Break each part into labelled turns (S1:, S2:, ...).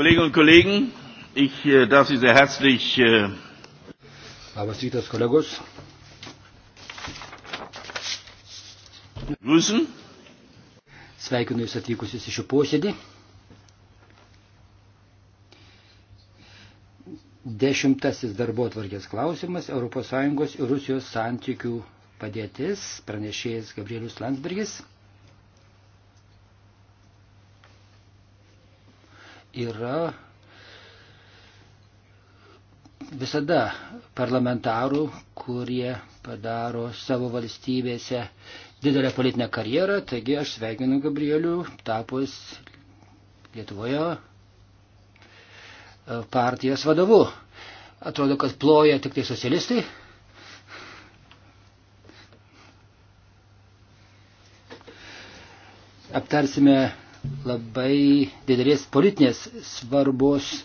S1: Kolleginnen und Kollegen, ich äh, darf Sie sehr herzlich. Äh,
S2: Labas rytas, kolegos. Grüßen. Sveikinu Jūs atvykusius į šį posėdį. Dešimtasis darbo atvarkės klausimas - ES ir Rusijos santykių padėtis, pranešėjas Gabrielius Landsbergis. yra visada parlamentarų, kurie padaro savo valstybėse didelę politinę karjerą, taigi aš sveikinu Gabrielių tapus Lietuvoje e, partijos vadovu. Atrodo, kad ploja tik tai socialistai. Aptarsime labai didelės politinės svarbos e,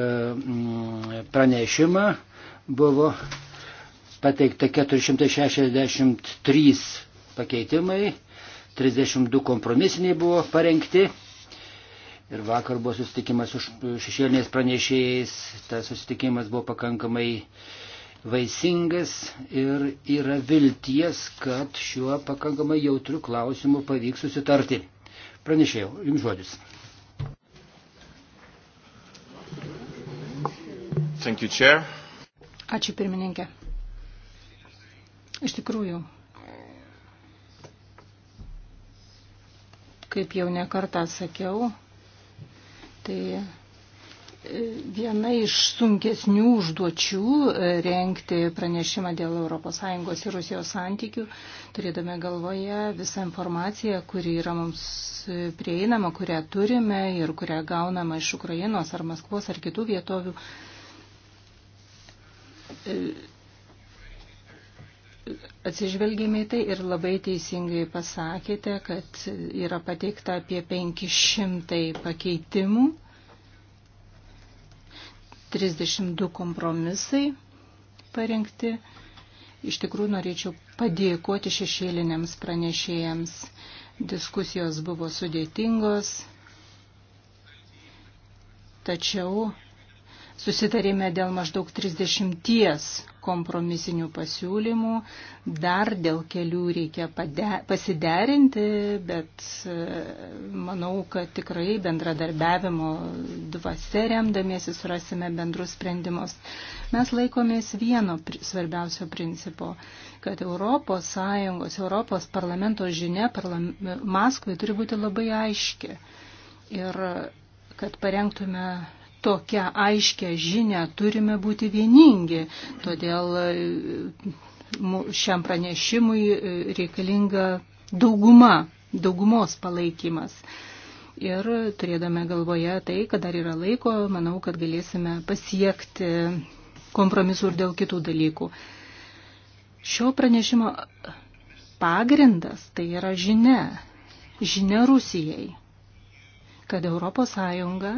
S2: mm, pranešimą buvo pateikta 463 pakeitimai, 32 kompromisiniai buvo parengti. Ir vakar buvo susitikimas su šešėliniais pranešėjais, tas susitikimas buvo pakankamai vaisingas ir yra vilties, kad šiuo pakankamai jautriu klausimu pavyks susitarti. Pranešėjau, jums žodis.
S3: Thank you, chair.
S4: Ačiū pirmininkė. Iš tikrųjų, kaip jau nekartą sakiau, tai viena iš sunkesnių užduočių e, renkti pranešimą dėl ES ir Rusijos santykių, turėdami galvoje visą informaciją, kuri yra mums prieinama, kurią turime ir kurią gaunama iš Ukrainos ar Maskvos ar kitų vietovių. E, atsižvelgėme į tai ir labai teisingai pasakėte, kad yra pateikta apie 500 pakeitimų 32 kompromisai parengti. Iš tikrųjų norėčiau padėkoti šešėliniams pranešėjams. Diskusijos buvo sudėtingos, tačiau Susitarėme dėl maždaug 30 kompromisinių pasiūlymų, dar dėl kelių reikia pasiderinti, bet e, manau, kad tikrai bendradarbiavimo dvasia remdamiesi surasime bendrus sprendimus. Mes laikomės vieno svarbiausio principo, kad Europos Sąjungos, Europos parlamento žinia parlam, Maskvai turi būti labai aiški. Ir kad parengtume tokią aiškę žinę turime būti vieningi. Todėl e, šiam pranešimui e, reikalinga dauguma, daugumos palaikymas. Ir turėdame galvoje tai, kad dar yra laiko, manau, kad galėsime pasiekti kompromisų ir dėl kitų dalykų. Šio pranešimo pagrindas tai yra žinia. Žinia Rusijai, kad Europos Sąjunga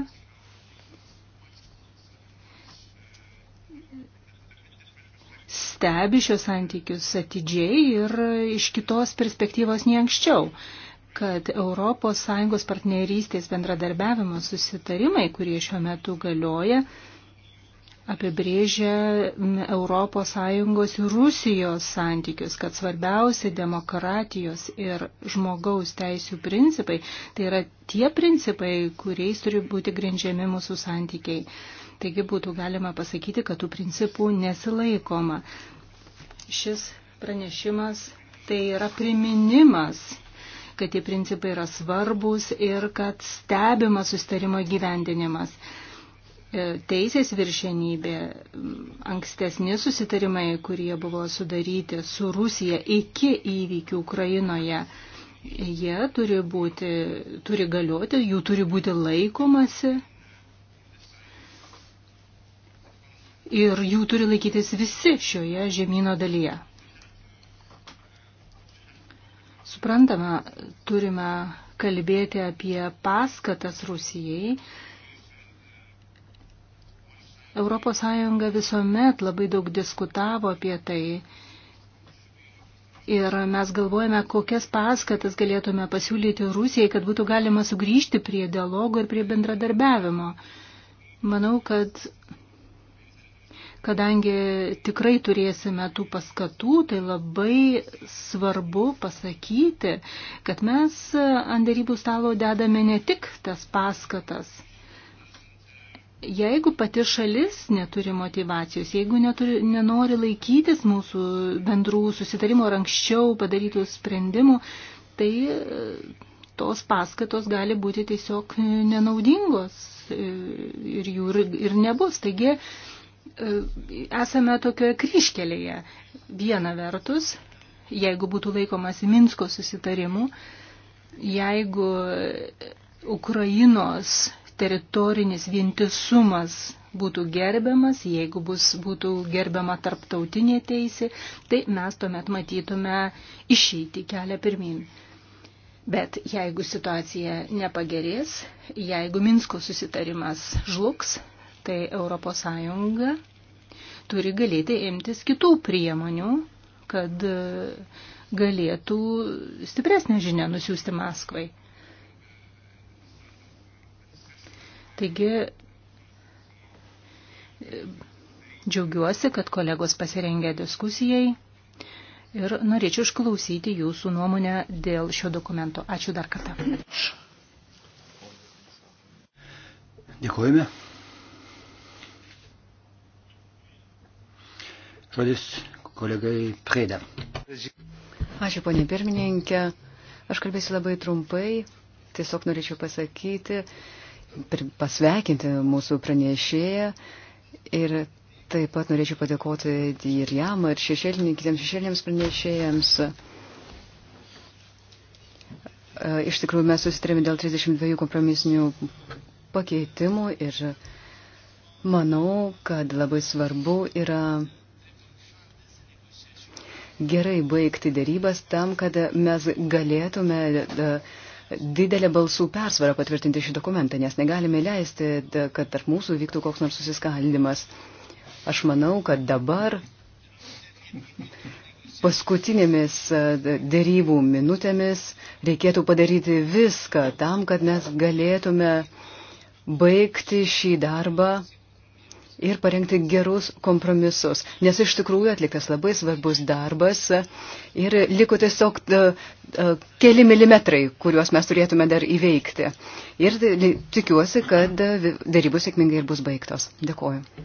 S4: stebi šios santykius atidžiai ir iš kitos perspektyvos nei anksčiau kad ES partnerystės bendradarbiavimo susitarimai, kurie šiuo metu galioja, apibrėžia ES ir Rusijos santykius, kad svarbiausi demokratijos ir žmogaus teisų principai, tai yra tie principai, kuriais turi būti grindžiami mūsų santykiai. Taigi būtų galima pasakyti, kad tų principų nesilaikoma. Šis pranešimas tai yra priminimas kad tie principai yra svarbus ir kad stebimas sustarimo gyvendinimas. E, teisės viršenybė, ankstesni susitarimai, kurie buvo sudaryti su Rusija iki įvykių Ukrainoje, jie turi, būti, turi galioti, jų turi būti laikomasi ir jų turi laikytis visi šioje žemynų dalyje. Suprantama, turime kalbėti apie paskatas Rusijai. Europos Sąjunga visuomet labai daug diskutavo apie tai ir mes galvojame, kokias paskatas galėtume pasiūlyti Rusijai, kad būtų galima sugrįžti prie dialogo ir prie bendradarbiavimo. Manau, kad Kadangi tikrai turėsime tų paskatų, tai labai svarbu pasakyti, kad mes ant darybų stalo dedame ne tik tas paskatas. Jeigu pati šalis neturi motivacijos, jeigu neturi, nenori laikytis mūsų bendrų susitarimų ar anksčiau padarytų sprendimų, tai e, tos paskatos gali būti tiesiog nenaudingos e, ir jų ir, ir nebus. Taigi esame tokioje kryškelėje. Viena vertus, jeigu būtų laikomasi Minsko susitarimų, jeigu Ukrainos teritorinis vientisumas būtų gerbiamas, jeigu bus, būtų gerbiama tarptautinė teisė, tai mes tuomet matytume išeiti kelią pirmin. Bet jeigu situacija nepagerės, jeigu Minsko susitarimas žlugs, tai ES turi galėti imtis kitų priemonių, kad e, galėtų stipresnę žinę nusiųsti Maskvai. Taigi, e, džiaugiuosi, kad kolegos pasirengė diskusijai ir norėčiau išklausyti jūsų nuomonę dėl šio dokumento. Ačiū dar kartą.
S2: Dėkojame. Žodis kolegai Preda.
S1: Ačiū, ponė pirmininkė. Aš kalbėsiu labai trumpai. Tiesiog norėčiau pasakyti, pasveikinti mūsų pranešėją ir taip pat norėčiau padėkoti ir jam, ir šešėlinį, kitiems šešėliniams pranešėjams. E, iš tikrųjų, mes susitarėme dėl 32 kompromisinių pakeitimų ir manau, kad labai svarbu yra gerai baigti dėrybas tam, kad mes galėtume didelę balsų persvarą patvirtinti šį dokumentą, nes negalime leisti, kad tarp mūsų vyktų koks nors susiskaldimas. Aš manau, kad dabar paskutinėmis dėrybų minutėmis reikėtų padaryti viską tam, kad mes galėtume baigti šį darbą ir parengti gerus kompromisus, nes iš tikrųjų atliktas labai svarbus darbas ir liko tiesiog e, e, keli milimetrai, kuriuos mes turėtume dar įveikti. Ir tai, tikiuosi, kad darybos sėkmingai ir bus baigtos. Dėkuoju.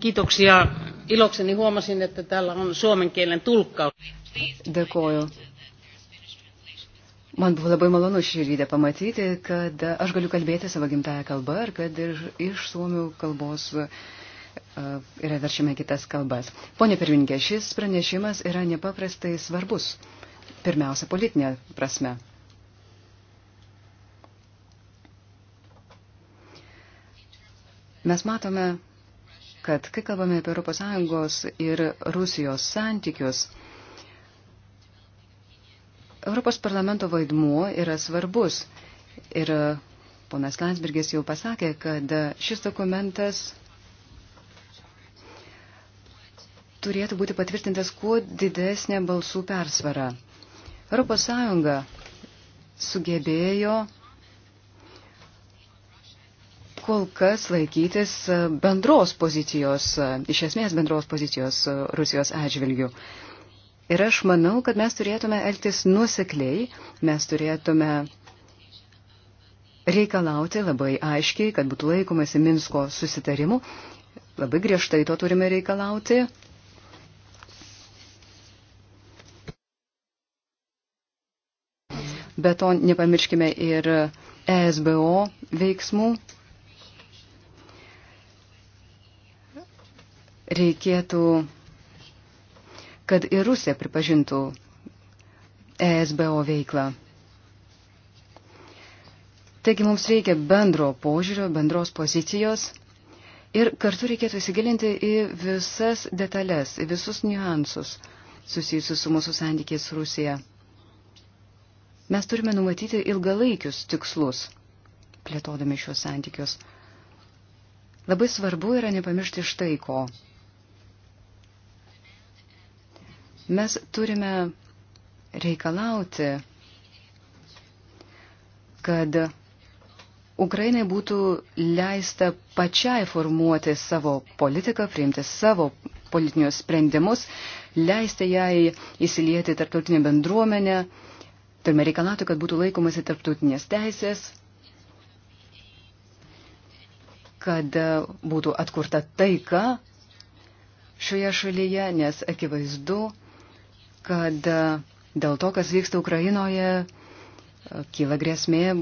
S4: Kiitoksia. Ilokseni huomasin, että täällä on suomen kielen tulkkaus. Dėkuoju.
S1: Man buvo labai malonu šį rytą pamatyti, kad aš galiu kalbėti savo gimtają kalbą ir kad ir iš suomių kalbos e, yra verčiama kitas kalbas. Pone pirmininkė, šis pranešimas yra nepaprastai svarbus. Pirmiausia, politinė prasme. Mes matome, kad kai kalbame apie ES ir Rusijos santykius, Europos parlamento vaidmuo yra svarbus. Ir e, ponas Landsbergis jau pasakė, kad e, šis dokumentas turėtų būti patvirtintas kuo didesnė balsų persvara. Europos Sąjunga sugebėjo kol kas laikytis e, bendros pozicijos, iš esmės bendros pozicijos Rusijos atžvilgių. Ir aš manau, kad mes turėtume elgtis nusekliai, mes turėtume reikalauti labai aiškiai, kad būtų laikomasi Minsko susitarimu. Labai griežtai to turime reikalauti. Be to nepamirškime ir ESBO veiksmų. Reikėtų kad ir Rusija pripažintų ESBO veiklą. Taigi mums reikia bendro požiūrio, bendros pozicijos ir kartu reikėtų įsigilinti į visas detalės, į visus niuansus susijusius su mūsų santykiais su Rusija. Mes turime numatyti ilgalaikius tikslus, plėtodami šios santykius. Labai svarbu yra nepamiršti štai ko. Mes turime reikalauti, kad Ukrainai būtų leista pačiai formuoti savo politiką, priimti savo politinius sprendimus, leisti jai įsilieti tarptautinę bendruomenę. Turime reikalauti, kad būtų laikomasi tarptautinės teisės, kad būtų atkurta taika šioje šalyje, nes akivaizdu, kad e, dėl to, kas vyksta Ukrainoje, e, kyla grėsmė e,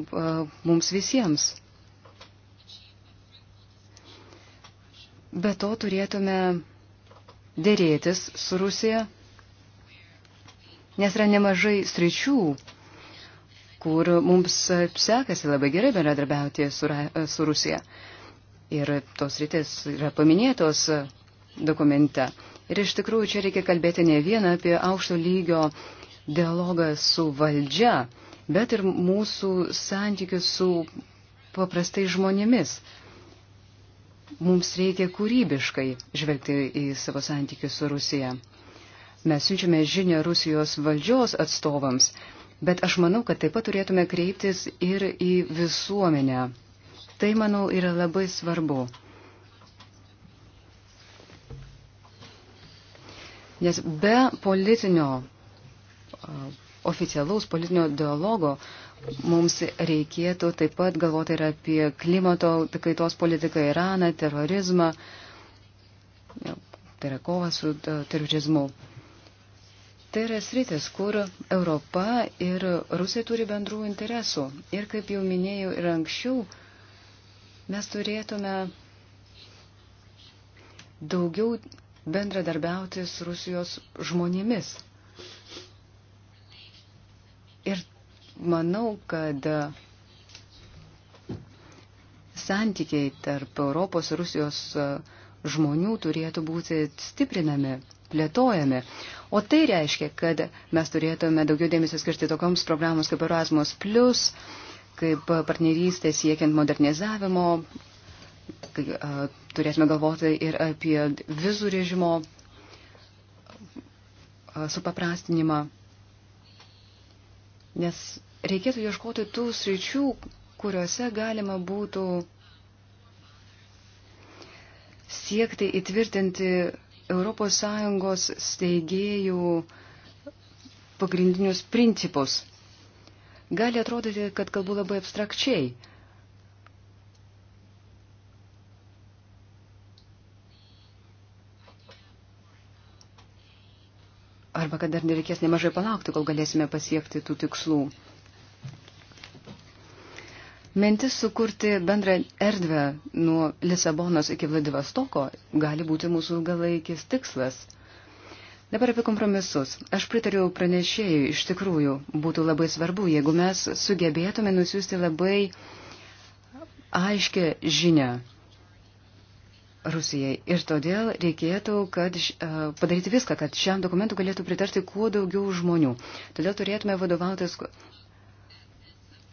S1: mums visiems. Be to turėtume dėrėtis su Rusija, nes yra nemažai sričių, kur mums sekasi labai gerai bendradarbiauti su, su Rusija. Ir tos rytis yra paminėtos dokumente. Ir iš tikrųjų čia reikia kalbėti ne vieną apie aukšto lygio dialogą su valdžia, bet ir mūsų santykius su paprastai žmonėmis. Mums reikia kūrybiškai žvelgti į savo santykius su Rusija. Mes siunčiame žinę Rusijos valdžios atstovams, bet aš manau, kad taip pat turėtume kreiptis ir į visuomenę. Tai, manau, yra labai svarbu. Nes be politinio, uh, oficialaus politinio dialogo mums reikėtų taip pat galvoti ir apie klimato kaitos politiką Iraną, terorizmą, tai yra kova su uh, terorizmu. Tai yra sritis, kur Europa ir Rusija turi bendrų interesų. Ir kaip jau minėjau ir anksčiau, mes turėtume daugiau bendradarbiauti su Rusijos žmonėmis. Ir manau, kad santykiai tarp Europos ir Rusijos žmonių turėtų būti stiprinami, plėtojami. O tai reiškia, kad mes turėtume daugiau dėmesio skirti tokioms programos kaip Erasmus, kaip partnerystė siekiant modernizavimo turėtume galvoti ir apie vizų režimo supaprastinimą, nes reikėtų ieškoti tų sričių, kuriuose galima būtų siekti įtvirtinti ES steigėjų pagrindinius principus. Gali atrodyti, kad kalbu labai abstrakčiai, arba kad dar nereikės nemažai palaukti, kol galėsime pasiekti tų tikslų. Mintis sukurti bendrą erdvę nuo Lisabonos iki Vladivostoko gali būti mūsų ilgalaikis tikslas. Dabar apie kompromisus. Aš pritariu pranešėjui, iš tikrųjų, būtų labai svarbu, jeigu mes sugebėtume nusiųsti labai aiškę žinę Rusijai. Ir todėl reikėtų kad, padaryti viską, kad šiam dokumentu galėtų pritarti kuo daugiau žmonių. Todėl turėtume vadovautis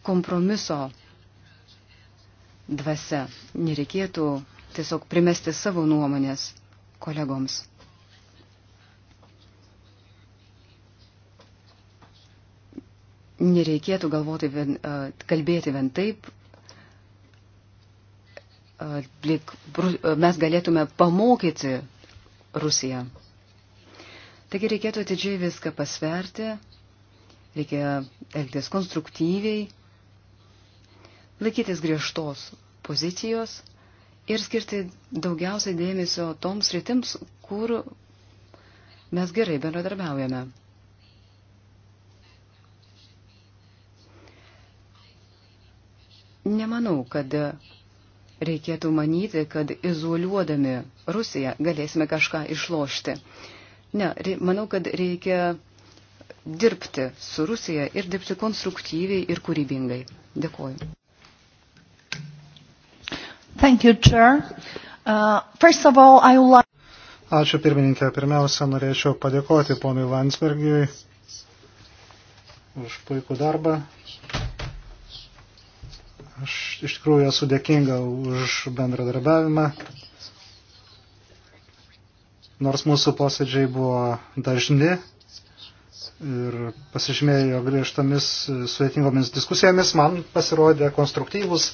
S1: kompromiso dvasia. Nereikėtų tiesiog primesti savo nuomonės kolegoms. Nereikėtų galvoti, vien, kalbėti vien taip, mes galėtume pamokyti Rusiją. Taigi reikėtų atidžiai viską pasverti, reikia elgtis konstruktyviai, laikytis griežtos pozicijos ir skirti daugiausiai dėmesio toms rytims, kur mes gerai bendradarbiaujame. Nemanau, kad reikėtų manyti, kad izoliuodami Rusiją galėsime kažką išlošti. Ne, manau, kad reikia dirbti su Rusija ir dirbti konstruktyviai ir kūrybingai. Dėkuoju.
S3: Thank you, Chair. Uh, first
S5: of all, I would like... Ačiū pirmininkė. Pirmiausia, norėčiau padėkoti ponui Landsbergiui už puikų darbą Aš iš tikrųjų esu dėkinga už bendradarbiavimą. Nors mūsų posėdžiai buvo dažni ir pasižymėjo griežtomis sudėtingomis diskusijomis, man pasirodė konstruktyvus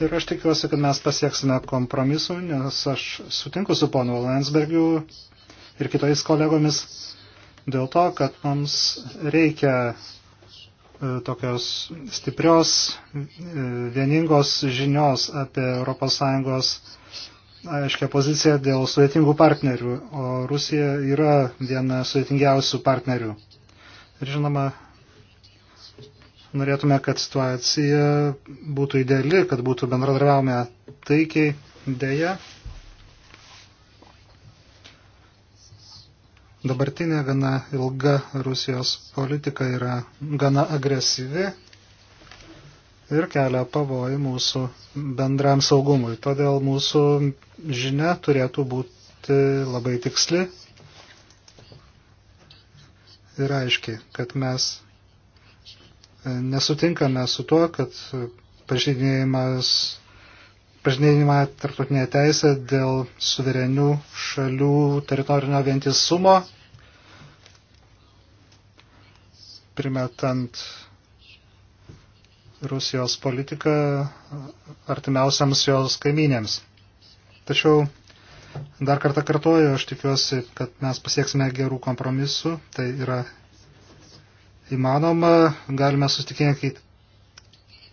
S5: ir aš tikiuosi, kad mes pasieksime kompromisų, nes aš sutinku su ponu Lansbergiu ir kitais kolegomis dėl to, kad mums reikia E, tokios stiprios, e, vieningos žinios apie ES aiškia poziciją dėl sudėtingų partnerių, o Rusija yra viena sudėtingiausių partnerių. Ir žinoma, norėtume, kad situacija būtų ideali, kad būtų bendradarbiavome taikiai, dėja, Dabartinė gana ilga Rusijos politika yra gana agresyvi ir kelia pavojų mūsų bendram saugumui. Todėl mūsų žinia turėtų būti labai tiksli ir aiškiai, kad mes e, nesutinkame su tuo, kad pažydinėjimas pažinėjimą tarptautinė teisė dėl suverenių šalių teritorinio vientisumo, primetant Rusijos politiką artimiausiams jos kaiminėms. Tačiau dar kartą kartuoju, aš tikiuosi, kad mes pasieksime gerų kompromisų. Tai yra įmanoma, galime susitikinėti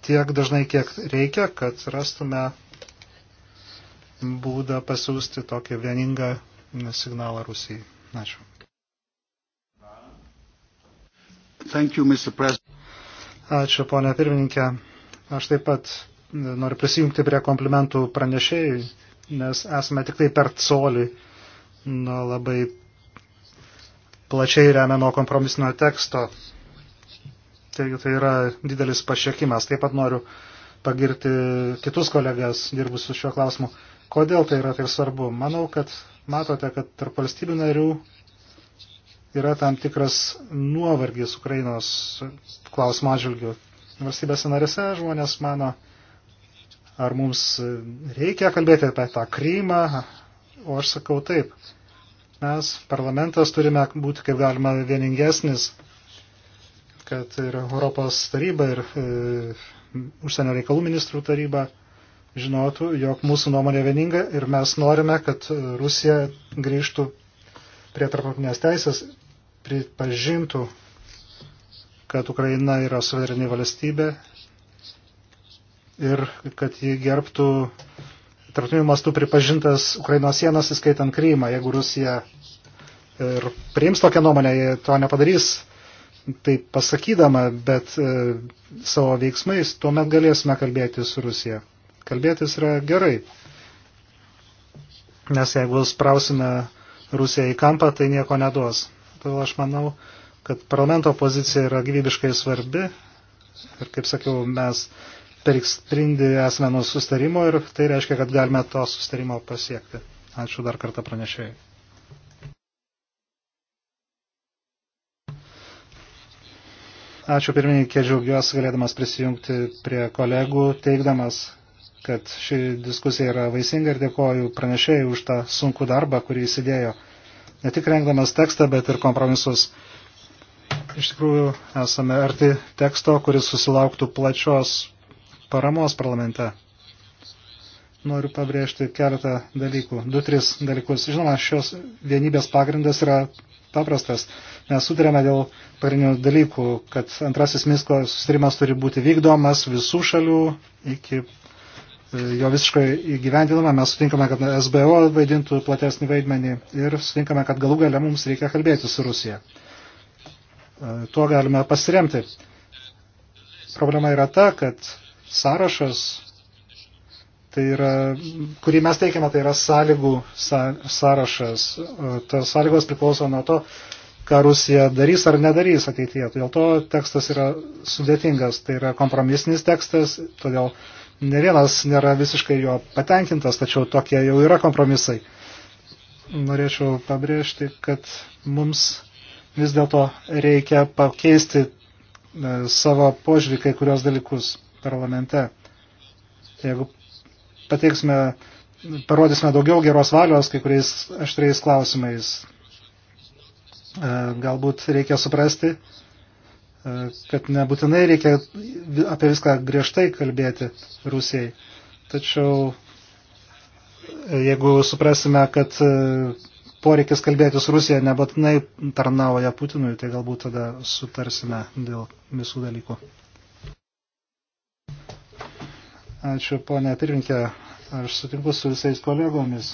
S5: tiek dažnai, kiek reikia, kad rastume būdą pasiūsti tokį vieningą signalą Rusijai. Ačiū.
S2: Thank you, Mr. President.
S5: Ačiū, ponė pirmininkė. Aš taip pat noriu prisijungti prie komplimentų pranešėjai, nes esame tik tai per colį nuo labai plačiai remiamo kompromisinio teksto. Taigi tai yra didelis pasiekimas. Taip pat noriu pagirti kitus kolegas dirbusius šiuo klausimu. Kodėl tai yra taip svarbu? Manau, kad matote, kad tarp valstybių narių yra tam tikras nuovargis Ukrainos klausimo atžvilgių. Valstybėse narėse žmonės mano, ar mums reikia kalbėti apie tą Krymą, o aš sakau taip. Mes, parlamentas, turime būti kaip galima vieningesnis, kad ir Europos taryba, ir e, užsienio reikalų ministrų taryba žinotų, jog mūsų nuomonė vieninga ir mes norime, kad Rusija grįžtų prie tarptautinės teisės, pripažintų, kad Ukraina yra suvereni valstybė ir kad ji gerbtų tarptautiniu mastu pripažintas Ukrainos sienas, įskaitant Krymą. Jeigu Rusija ir priims tokią nuomonę, jie to nepadarys, tai pasakydama, bet e, savo veiksmais tuomet galėsime kalbėti su Rusija. Kalbėtis yra gerai, nes jeigu sprausime Rusiją į kampą, tai nieko neduos. Todėl aš manau, kad parlamento pozicija yra gyvybiškai svarbi ir, kaip sakiau, mes per sprindį esame nuo sustarimo ir tai reiškia, kad galime to sustarimo pasiekti. Ačiū dar kartą pranešėjai. Ačiū pirmininkė, džiaugiuosi galėdamas prisijungti prie kolegų, teikdamas kad ši diskusija yra vaisinga ir dėkoju pranešėjai už tą sunkų darbą, kurį įsidėjo ne tik rengdamas tekstą, bet ir kompromisus. Iš tikrųjų, esame arti teksto, kuris susilauktų plačios paramos parlamente. Noriu pabrėžti keletą dalykų, du, tris dalykus. Žinoma, šios vienybės pagrindas yra paprastas. Mes sutarėme dėl pagrindinių dalykų, kad antrasis Minsko susitarimas turi būti vykdomas visų šalių iki jo visiškai įgyvendinama. Mes sutinkame, kad SBO vaidintų platesnį vaidmenį ir sutinkame, kad galų gale mums reikia kalbėti su Rusija. E, tuo galime pasiremti. Problema yra ta, kad sąrašas, tai yra, kurį mes teikiame, tai yra sąlygų sąrašas. E, Tas sąlygos priklauso nuo to, ką Rusija darys ar nedarys ateityje. Todėl to tekstas yra sudėtingas. Tai yra kompromisinis tekstas, todėl uh, ne vienas nėra visiškai jo patenkintas, tačiau tokie jau yra kompromisai. Norėčiau pabrėžti, kad mums vis dėlto reikia pakeisti e, savo požiūrį kai kurios dalykus parlamente. Jeigu pateiksime, parodysime daugiau geros valios kai kuriais aštriais klausimais, e, galbūt reikia suprasti, kad nebūtinai reikia apie viską griežtai kalbėti Rusijai. Tačiau e, jeigu suprasime, kad e, poreikis kalbėti su Rusija nebūtinai tarnauja Putinui, tai galbūt tada sutarsime dėl visų dalykų. Ačiū, ponė pirminkė. Aš sutinku su visais kolegomis.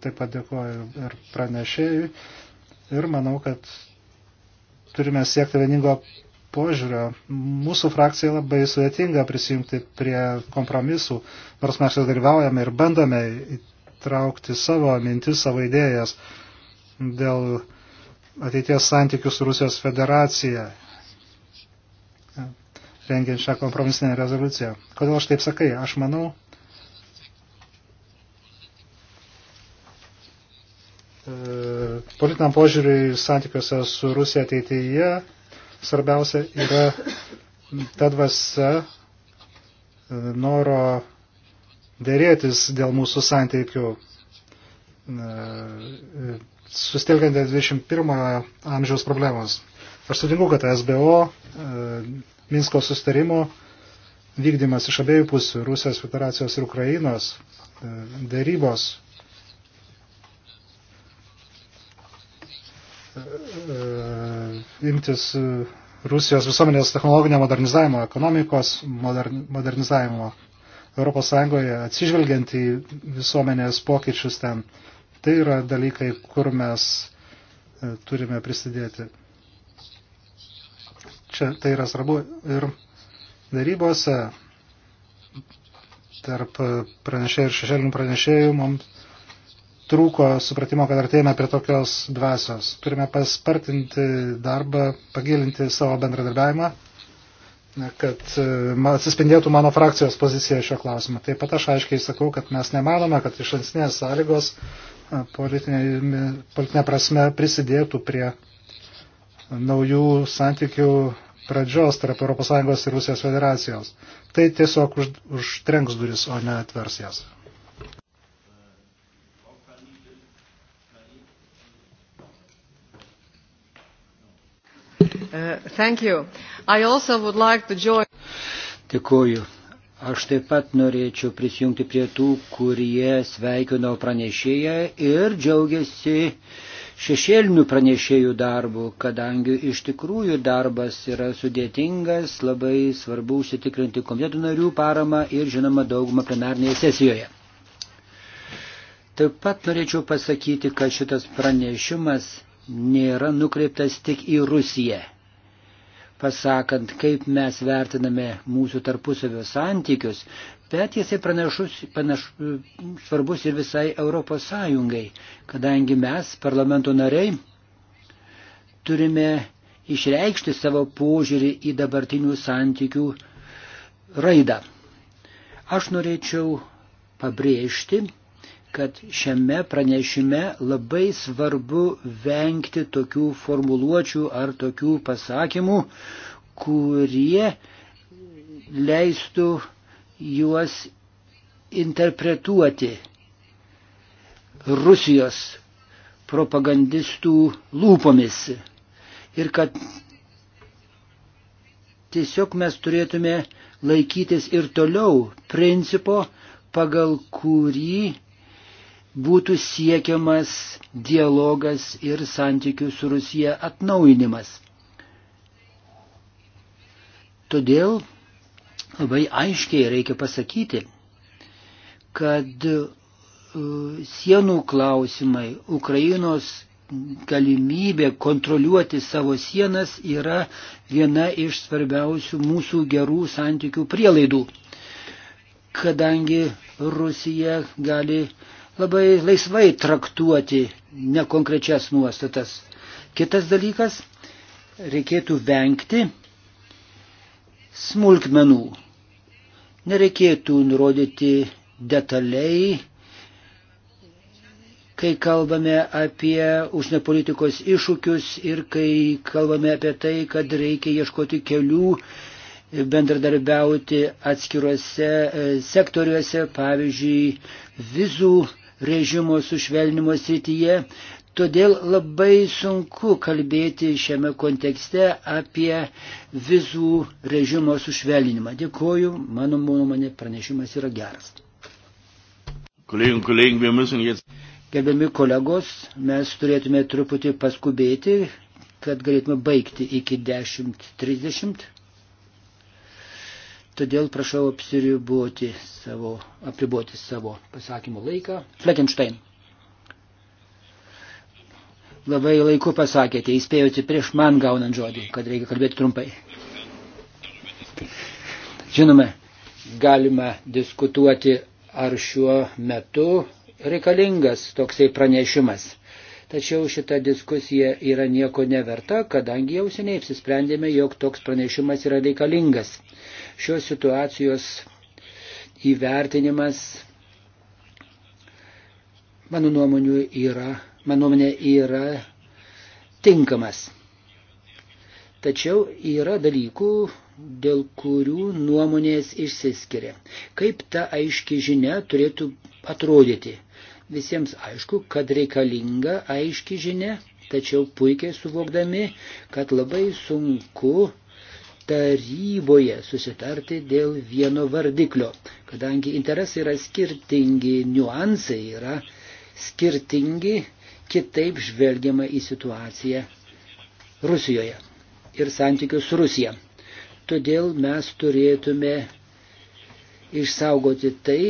S5: Taip pat dėkoju ir pranešėjui. Ir manau, kad turime siekti vieningo požiūrio. Mūsų frakcijai labai sudėtinga prisijungti prie kompromisų, nors mes čia dalyvaujame ir bandome įtraukti savo mintis, savo idėjas dėl ateities santykių su Rusijos federacija, rengiant šią kompromisinę rezoliuciją. Kodėl aš taip sakai? Aš manau, politiniam požiūriui santykiuose su Rusija ateityje svarbiausia yra ta dvasia noro dėrėtis dėl mūsų santykių. Sustelkiant 21 amžiaus problemos. Aš sutinku, kad SBO Minsko sustarimo vykdymas iš abiejų pusių Rusijos federacijos ir Ukrainos dėrybos E, e, imtis e, Rusijos visuomenės technologinio modernizavimo, ekonomikos modernizavimo Europos Sąjungoje, atsižvelgiant į visuomenės pokyčius ten. Tai yra dalykai, kur mes turime prisidėti. Čia tai yra svarbu ir darybose tarp pranešėjų ir šešėlinių pranešėjų mums trūko supratimo, kad artėjame prie tokios dvasios. Turime paspartinti darbą, pagilinti savo bendradarbiavimą, kad e, atsispindėtų mano frakcijos pozicija šio klausimu. Taip pat aš aiškiai sakau, kad mes nemanome, kad iš ansinės sąlygos e, politinė, politinė prasme prisidėtų prie naujų santykių pradžios tarp ES ir Rusijos federacijos. Tai tiesiog už, užtrenks duris, o ne atvers jas.
S1: Uh, like join...
S2: Dėkuoju. Aš taip pat norėčiau prisijungti prie tų, kurie sveikino pranešėją ir džiaugiasi šešėlinių pranešėjų darbu, kadangi iš tikrųjų darbas yra sudėtingas, labai svarbu užsitikrinti komitetų narių paramą ir žinoma daugumą plenarnėje sesijoje. Taip pat norėčiau pasakyti, kad šitas pranešimas nėra nukreiptas tik į Rusiją pasakant, kaip mes vertiname mūsų tarpusavio santykius, bet jisai pranašus, panaš, svarbus ir visai Europos Sąjungai, kadangi mes, parlamento nariai, turime išreikšti savo požiūrį į dabartinių santykių raidą. Aš norėčiau pabrėžti, kad šiame pranešime labai svarbu vengti tokių formuluočių ar tokių pasakymų, kurie leistų juos interpretuoti Rusijos propagandistų lūpomis. Ir kad tiesiog mes turėtume laikytis ir toliau principo, pagal kurį būtų siekiamas dialogas ir santykių su Rusija atnaujinimas. Todėl labai aiškiai reikia pasakyti, kad e, sienų klausimai, Ukrainos galimybė kontroliuoti savo sienas yra viena iš svarbiausių mūsų gerų santykių prielaidų, kadangi Rusija gali uh, labai laisvai traktuoti nekonkrečias nuostatas. Kitas dalykas, reikėtų vengti smulkmenų. Nereikėtų nurodyti detaliai, kai kalbame apie užsienio politikos iššūkius ir kai kalbame apie tai, kad reikia ieškoti kelių bendradarbiauti atskiruose e, sektoriuose, pavyzdžiui, vizų režimo sušvelnimo srityje. Todėl labai sunku kalbėti šiame kontekste apie vizų režimo sušvelninimą. Dėkoju, mano nuomonė pranešimas yra geras.
S3: Kolegin, kolegin, jetzt...
S2: Gerbiami kolegos, mes turėtume truputį paskubėti, kad galėtume baigti iki 10.30. Todėl prašau apsiriboti savo, apriboti savo pasakymo laiką. Fleckenstein. Labai laiku pasakėte, įspėjote prieš man gaunant žodį, kad reikia kalbėti trumpai. Žinoma, galima diskutuoti, ar šiuo metu reikalingas toksai pranešimas. Tačiau šita diskusija yra nieko neverta, kadangi jau seniai apsisprendėme, jog toks pranešimas yra reikalingas. Šios situacijos įvertinimas, mano nuomonė, yra, mano nuomonė yra tinkamas. Tačiau yra dalykų, dėl kurių nuomonės išsiskiria. Kaip ta aiški žinia turėtų atrodyti? Visiems aišku, kad reikalinga aiški žinia, tačiau puikiai suvokdami, kad labai sunku taryboje susitarti dėl vieno vardiklio, kadangi interesai yra skirtingi, niuansai yra skirtingi, kitaip žvelgiama į situaciją Rusijoje ir santykius su Rusija. Todėl mes turėtume išsaugoti tai,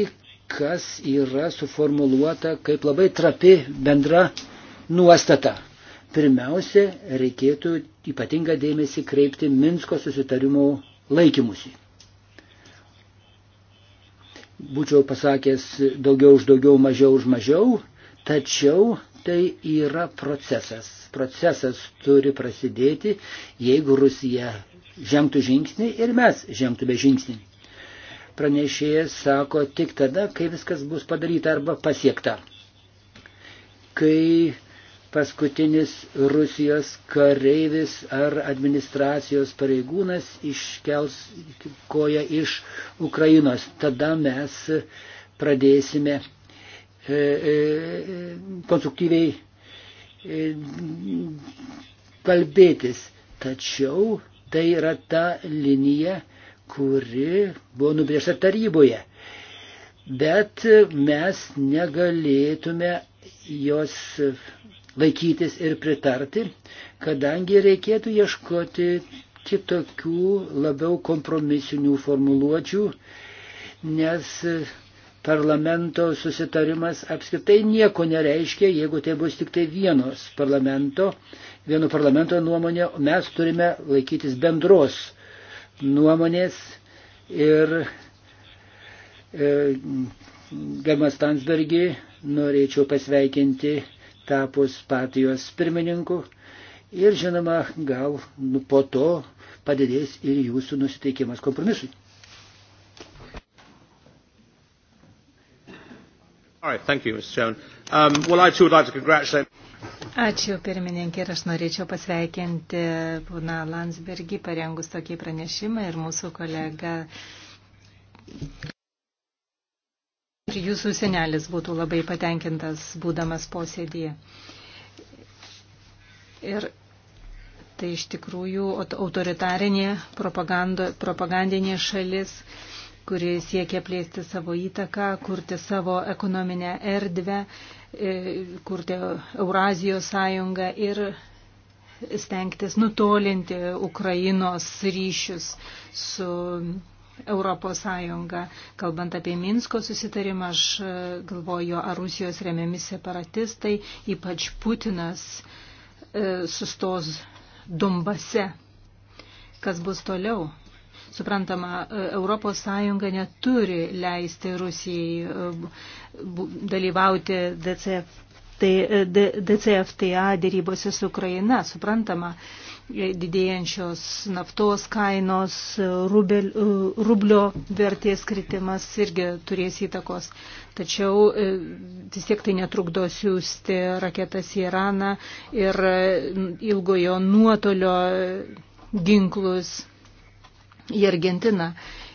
S2: kas yra suformuluota kaip labai trapi bendra nuostata. Pirmiausia, reikėtų ypatingą dėmesį kreipti Minsko susitarimo laikymusi. Būčiau pasakęs daugiau už daugiau, mažiau už mažiau, tačiau tai yra procesas. Procesas turi prasidėti, jeigu Rusija žengtų žingsnį ir mes žengtume žingsnį. Pranešėjas sako tik tada, kai viskas bus padaryta arba pasiekta. Kai paskutinis Rusijos kareivis ar administracijos pareigūnas iškels koją iš Ukrainos. Tada mes pradėsime e, e, konstruktyviai e, kalbėtis. Tačiau tai yra ta linija, kuri buvo nubriežta taryboje. Bet mes negalėtume jos laikytis ir pritarti, kadangi reikėtų ieškoti kitokių, labiau kompromisinių formuluočių, nes parlamento susitarimas apskritai nieko nereiškia, jeigu tai bus tik tai vienos parlamento, vieno parlamento nuomonė, mes turime laikytis bendros nuomonės ir e, Germas Tansbergį norėčiau pasveikinti tapus partijos pirmininku. Ir žinoma, gal nu, po to padidės ir jūsų nusiteikimas kompromisui.
S5: Um,
S4: Ačiū pirmininkė ir aš norėčiau pasveikinti Pūną Landsbergį parengus tokį pranešimą ir mūsų kolega Ir jūsų senelis būtų labai patenkintas būdamas posėdėje. Ir tai iš tikrųjų autoritarinė propagandinė šalis, kuri siekia plėsti savo įtaką, kurti savo ekonominę erdvę, e, kurti Eurazijos sąjungą ir stengtis nutolinti Ukrainos ryšius su Europos Sąjungą. Kalbant apie Minsko susitarimą, aš e, galvoju, ar Rusijos remiami separatistai, ypač Putinas, e, sustos Dombase. Kas bus toliau? Suprantama, ES neturi leisti Rusijai e, dalyvauti DCF, tai, DCFTA dėrybose su Ukraina. Suprantama, didėjančios naftos kainos, rubel, rublio vertės kritimas irgi turės įtakos. Tačiau e, vis tiek tai netrukdo siūsti raketas į Iraną ir ilgojo nuotolio ginklus į Argentiną.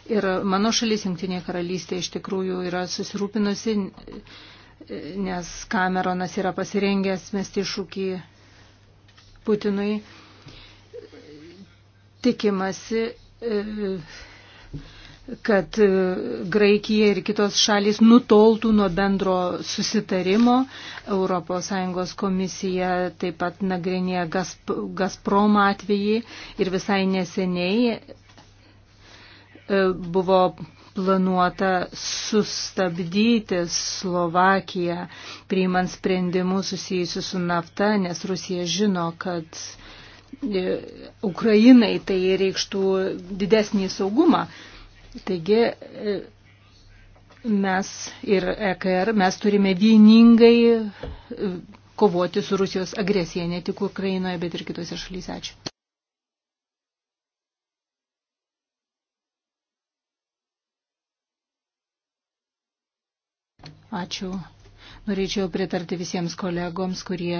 S4: Ir mano šalis, Junktinė karalystė, iš tikrųjų yra susirūpinusi, e, nes Kameronas yra pasirengęs mesti iššūkį Putinui tikimasi, e, kad e, Graikija ir kitos šalys nutoltų nuo bendro susitarimo. ES komisija taip pat nagrinėja Gazprom atvejį ir visai neseniai e, buvo planuota sustabdyti Slovakiją, priimant sprendimus susijusius su nafta, nes Rusija žino, kad E, Ukrainai tai reikštų didesnį saugumą. Taigi e, mes ir EKR mes turime vieningai e, kovoti su Rusijos agresija, ne tik Ukrainoje, bet ir kitose šalyse. Ačiū. Ačiū. Norėčiau pritarti visiems kolegoms, kurie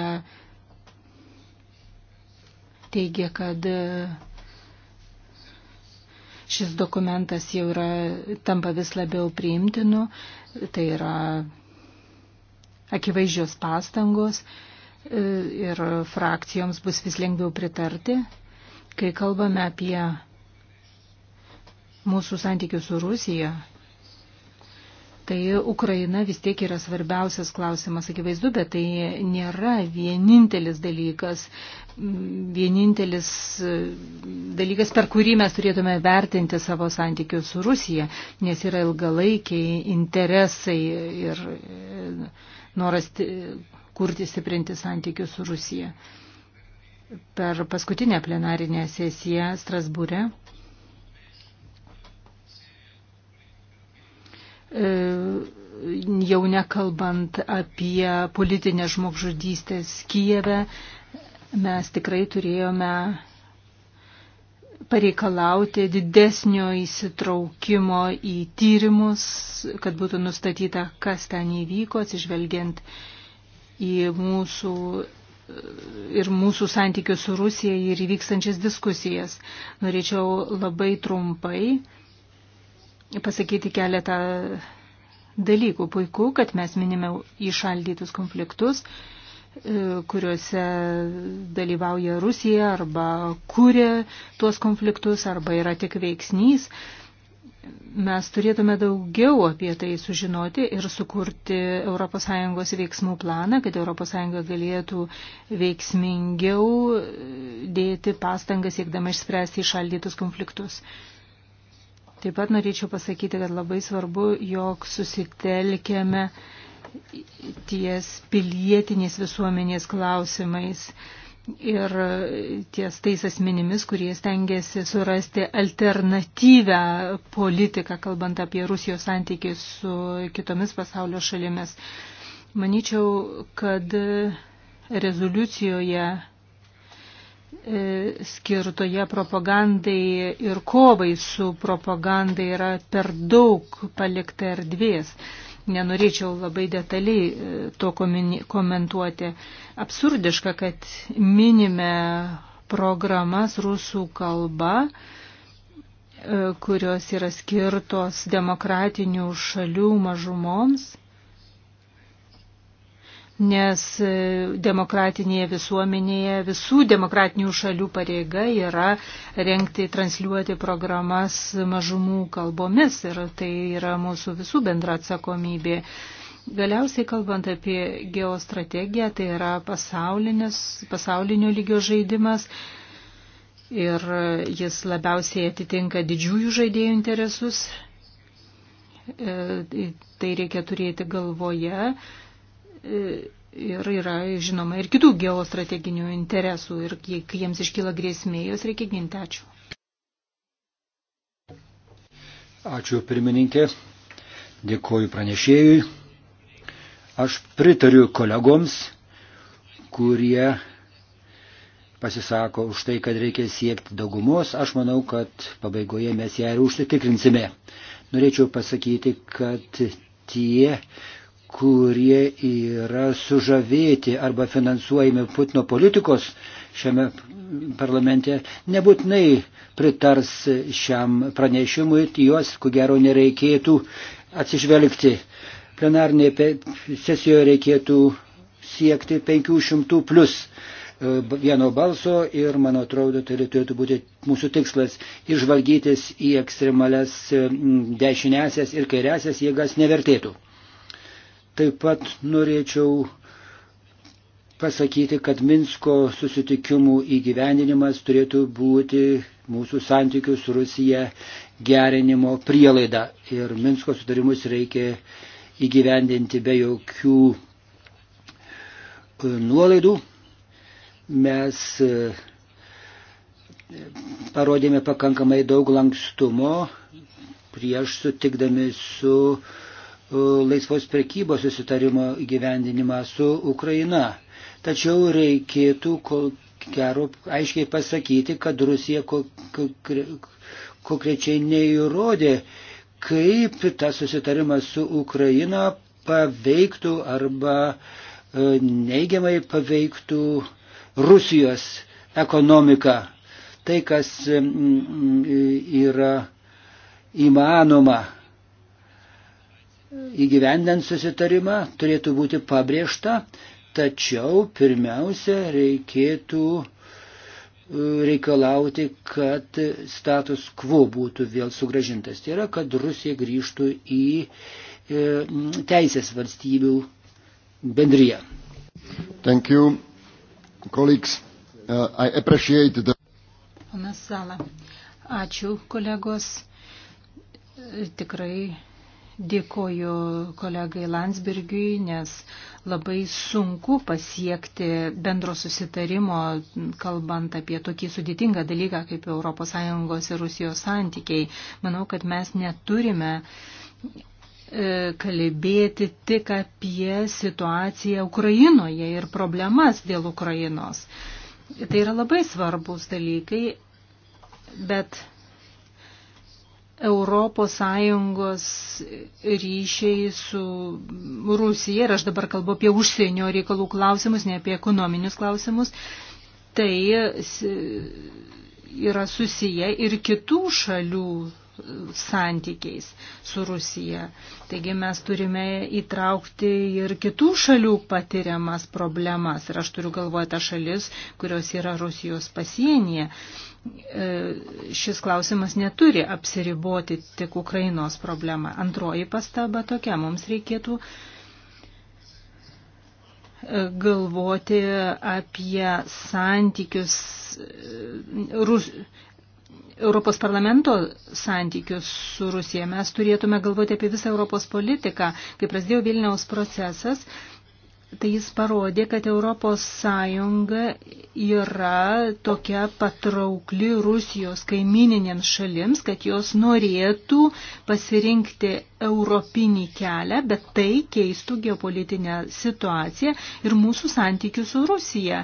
S4: teigia, kad e, šis dokumentas jau yra, tampa vis labiau priimtinu, tai yra akivaizdžios pastangos e, ir frakcijoms bus vis lengviau pritarti, kai kalbame apie mūsų santykių su Rusija Tai Ukraina vis tiek yra svarbiausias klausimas, akivaizdu, bet tai nėra vienintelis dalykas, vienintelis e, dalykas, per kurį mes turėtume vertinti savo santykius su Rusija, nes yra ilgalaikiai interesai ir e, noras kurti stiprinti santykius su Rusija. Per paskutinę plenarinę sesiją Strasbūre E, jau nekalbant apie politinę žmogžudystę Kijeve, mes tikrai turėjome pareikalauti didesnio įsitraukimo į tyrimus, kad būtų nustatyta, kas ten įvyko, atsižvelgiant į mūsų ir mūsų santykius su Rusija ir įvykstančias diskusijas. Norėčiau labai trumpai pasakyti keletą dalykų. Puiku, kad mes minime įšaldytus konfliktus, e, kuriuose dalyvauja Rusija arba kūrė tuos konfliktus arba yra tik veiksnys. Mes turėtume daugiau apie tai sužinoti ir sukurti ES veiksmų planą, kad ES galėtų veiksmingiau dėti pastangas siekdama išspręsti išaldytus konfliktus. Taip pat norėčiau pasakyti, kad labai svarbu, jog susitelkėme ties pilietinės visuomenės klausimais ir ties tais asmenimis, kurie stengiasi surasti alternatyvę politiką, kalbant apie Rusijos santykiai su kitomis pasaulio šalimis. Maničiau, kad rezoliucijoje E, skirtoje propagandai ir kovai su propaganda yra per daug palikta erdvės. Nenorėčiau labai detaliai e, to komentuoti. Absurdiška, kad minime programas rusų kalba, e, kurios yra skirtos demokratinių šalių mažumoms nes e, demokratinėje visuomenėje visų demokratinių šalių pareiga yra renkti, transliuoti programas mažumų kalbomis ir tai yra mūsų visų bendra atsakomybė. Galiausiai kalbant apie geostrategiją, tai yra pasaulinio lygio žaidimas ir jis labiausiai atitinka didžiųjų žaidėjų interesus. E, tai reikia turėti galvoje ir yra, žinoma, ir kitų geostrateginių interesų ir kai jiems iškyla grėsmė, jos reikia ginti. Ačiū.
S2: Ačiū pirmininkė. Dėkoju pranešėjui. Aš pritariu kolegoms, kurie pasisako už tai, kad reikia siekti daugumos. Aš manau, kad pabaigoje mes ją ir užsitikrinsime. Norėčiau pasakyti, kad tie, kurie yra sužavėti arba finansuojami Putino politikos šiame parlamente, nebūtinai pritars šiam pranešimui, juos, ko gero, nereikėtų atsižvelgti. Plenarnėje sesijoje reikėtų siekti 500 plus e, vieno balso ir, man atrodo, tai turėtų būti mūsų tikslas išvalgytis į ekstremales dešinėsias ir kairiasias jėgas nevertėtų. Taip pat norėčiau pasakyti, kad Minsko susitikimų įgyvendinimas turėtų būti mūsų santykių su Rusija gerinimo prielaida. Ir Minsko sutarimus reikia įgyvendinti be jokių e, nuolaidų. Mes e, parodėme pakankamai daug lankstumo prieš sutikdami su uh, E, laisvos prekybos susitarimo įgyvendinimą su Ukraina. Tačiau reikėtų kol gero aiškiai pasakyti, kad Rusija konkrečiai neįrodė, kaip tas susitarimas su Ukraina paveiktų arba e, neigiamai paveiktų Rusijos ekonomiką. Tai, kas mm, mm, yra įmanoma įgyvendant susitarimą turėtų būti pabrėžta, tačiau pirmiausia reikėtų e, reikalauti, kad status quo būtų vėl sugražintas. Tai yra, kad Rusija grįžtų į e, teisės valstybių bendryje.
S3: Thank you, colleagues. Uh, I appreciate the...
S4: Ponas Sala, ačiū kolegos. E, tikrai Dėkoju kolegai Landsbergiui, nes labai sunku pasiekti bendro susitarimo, kalbant apie tokį sudėtingą dalyką kaip ES ir Rusijos santykiai. Manau, kad mes neturime e, kalbėti tik apie situaciją Ukrainoje ir problemas dėl Ukrainos. Tai yra labai svarbus dalykai, bet ES ryšiai su Rusija, ir aš dabar kalbu apie užsienio reikalų klausimus, ne apie ekonominius klausimus, tai yra susiję ir kitų šalių santykiais su Rusija. Taigi mes turime įtraukti ir kitų šalių patiriamas problemas. Ir aš turiu galvoje tą šalis, kurios yra Rusijos pasienyje. E, šis klausimas neturi apsiriboti tik Ukrainos problemą. Antroji pastaba tokia, mums reikėtų e, galvoti apie santykius e, Rus, Europos parlamento santykius su Rusija. Mes turėtume galvoti apie visą Europos politiką. Kai prasidėjo Vilniaus procesas, Tai jis parodė, kad Europos Sąjunga yra tokia patraukli Rusijos kaimininėms šalims, kad jos norėtų pasirinkti europinį kelią, bet tai keistų geopolitinę situaciją ir mūsų santykių su Rusija.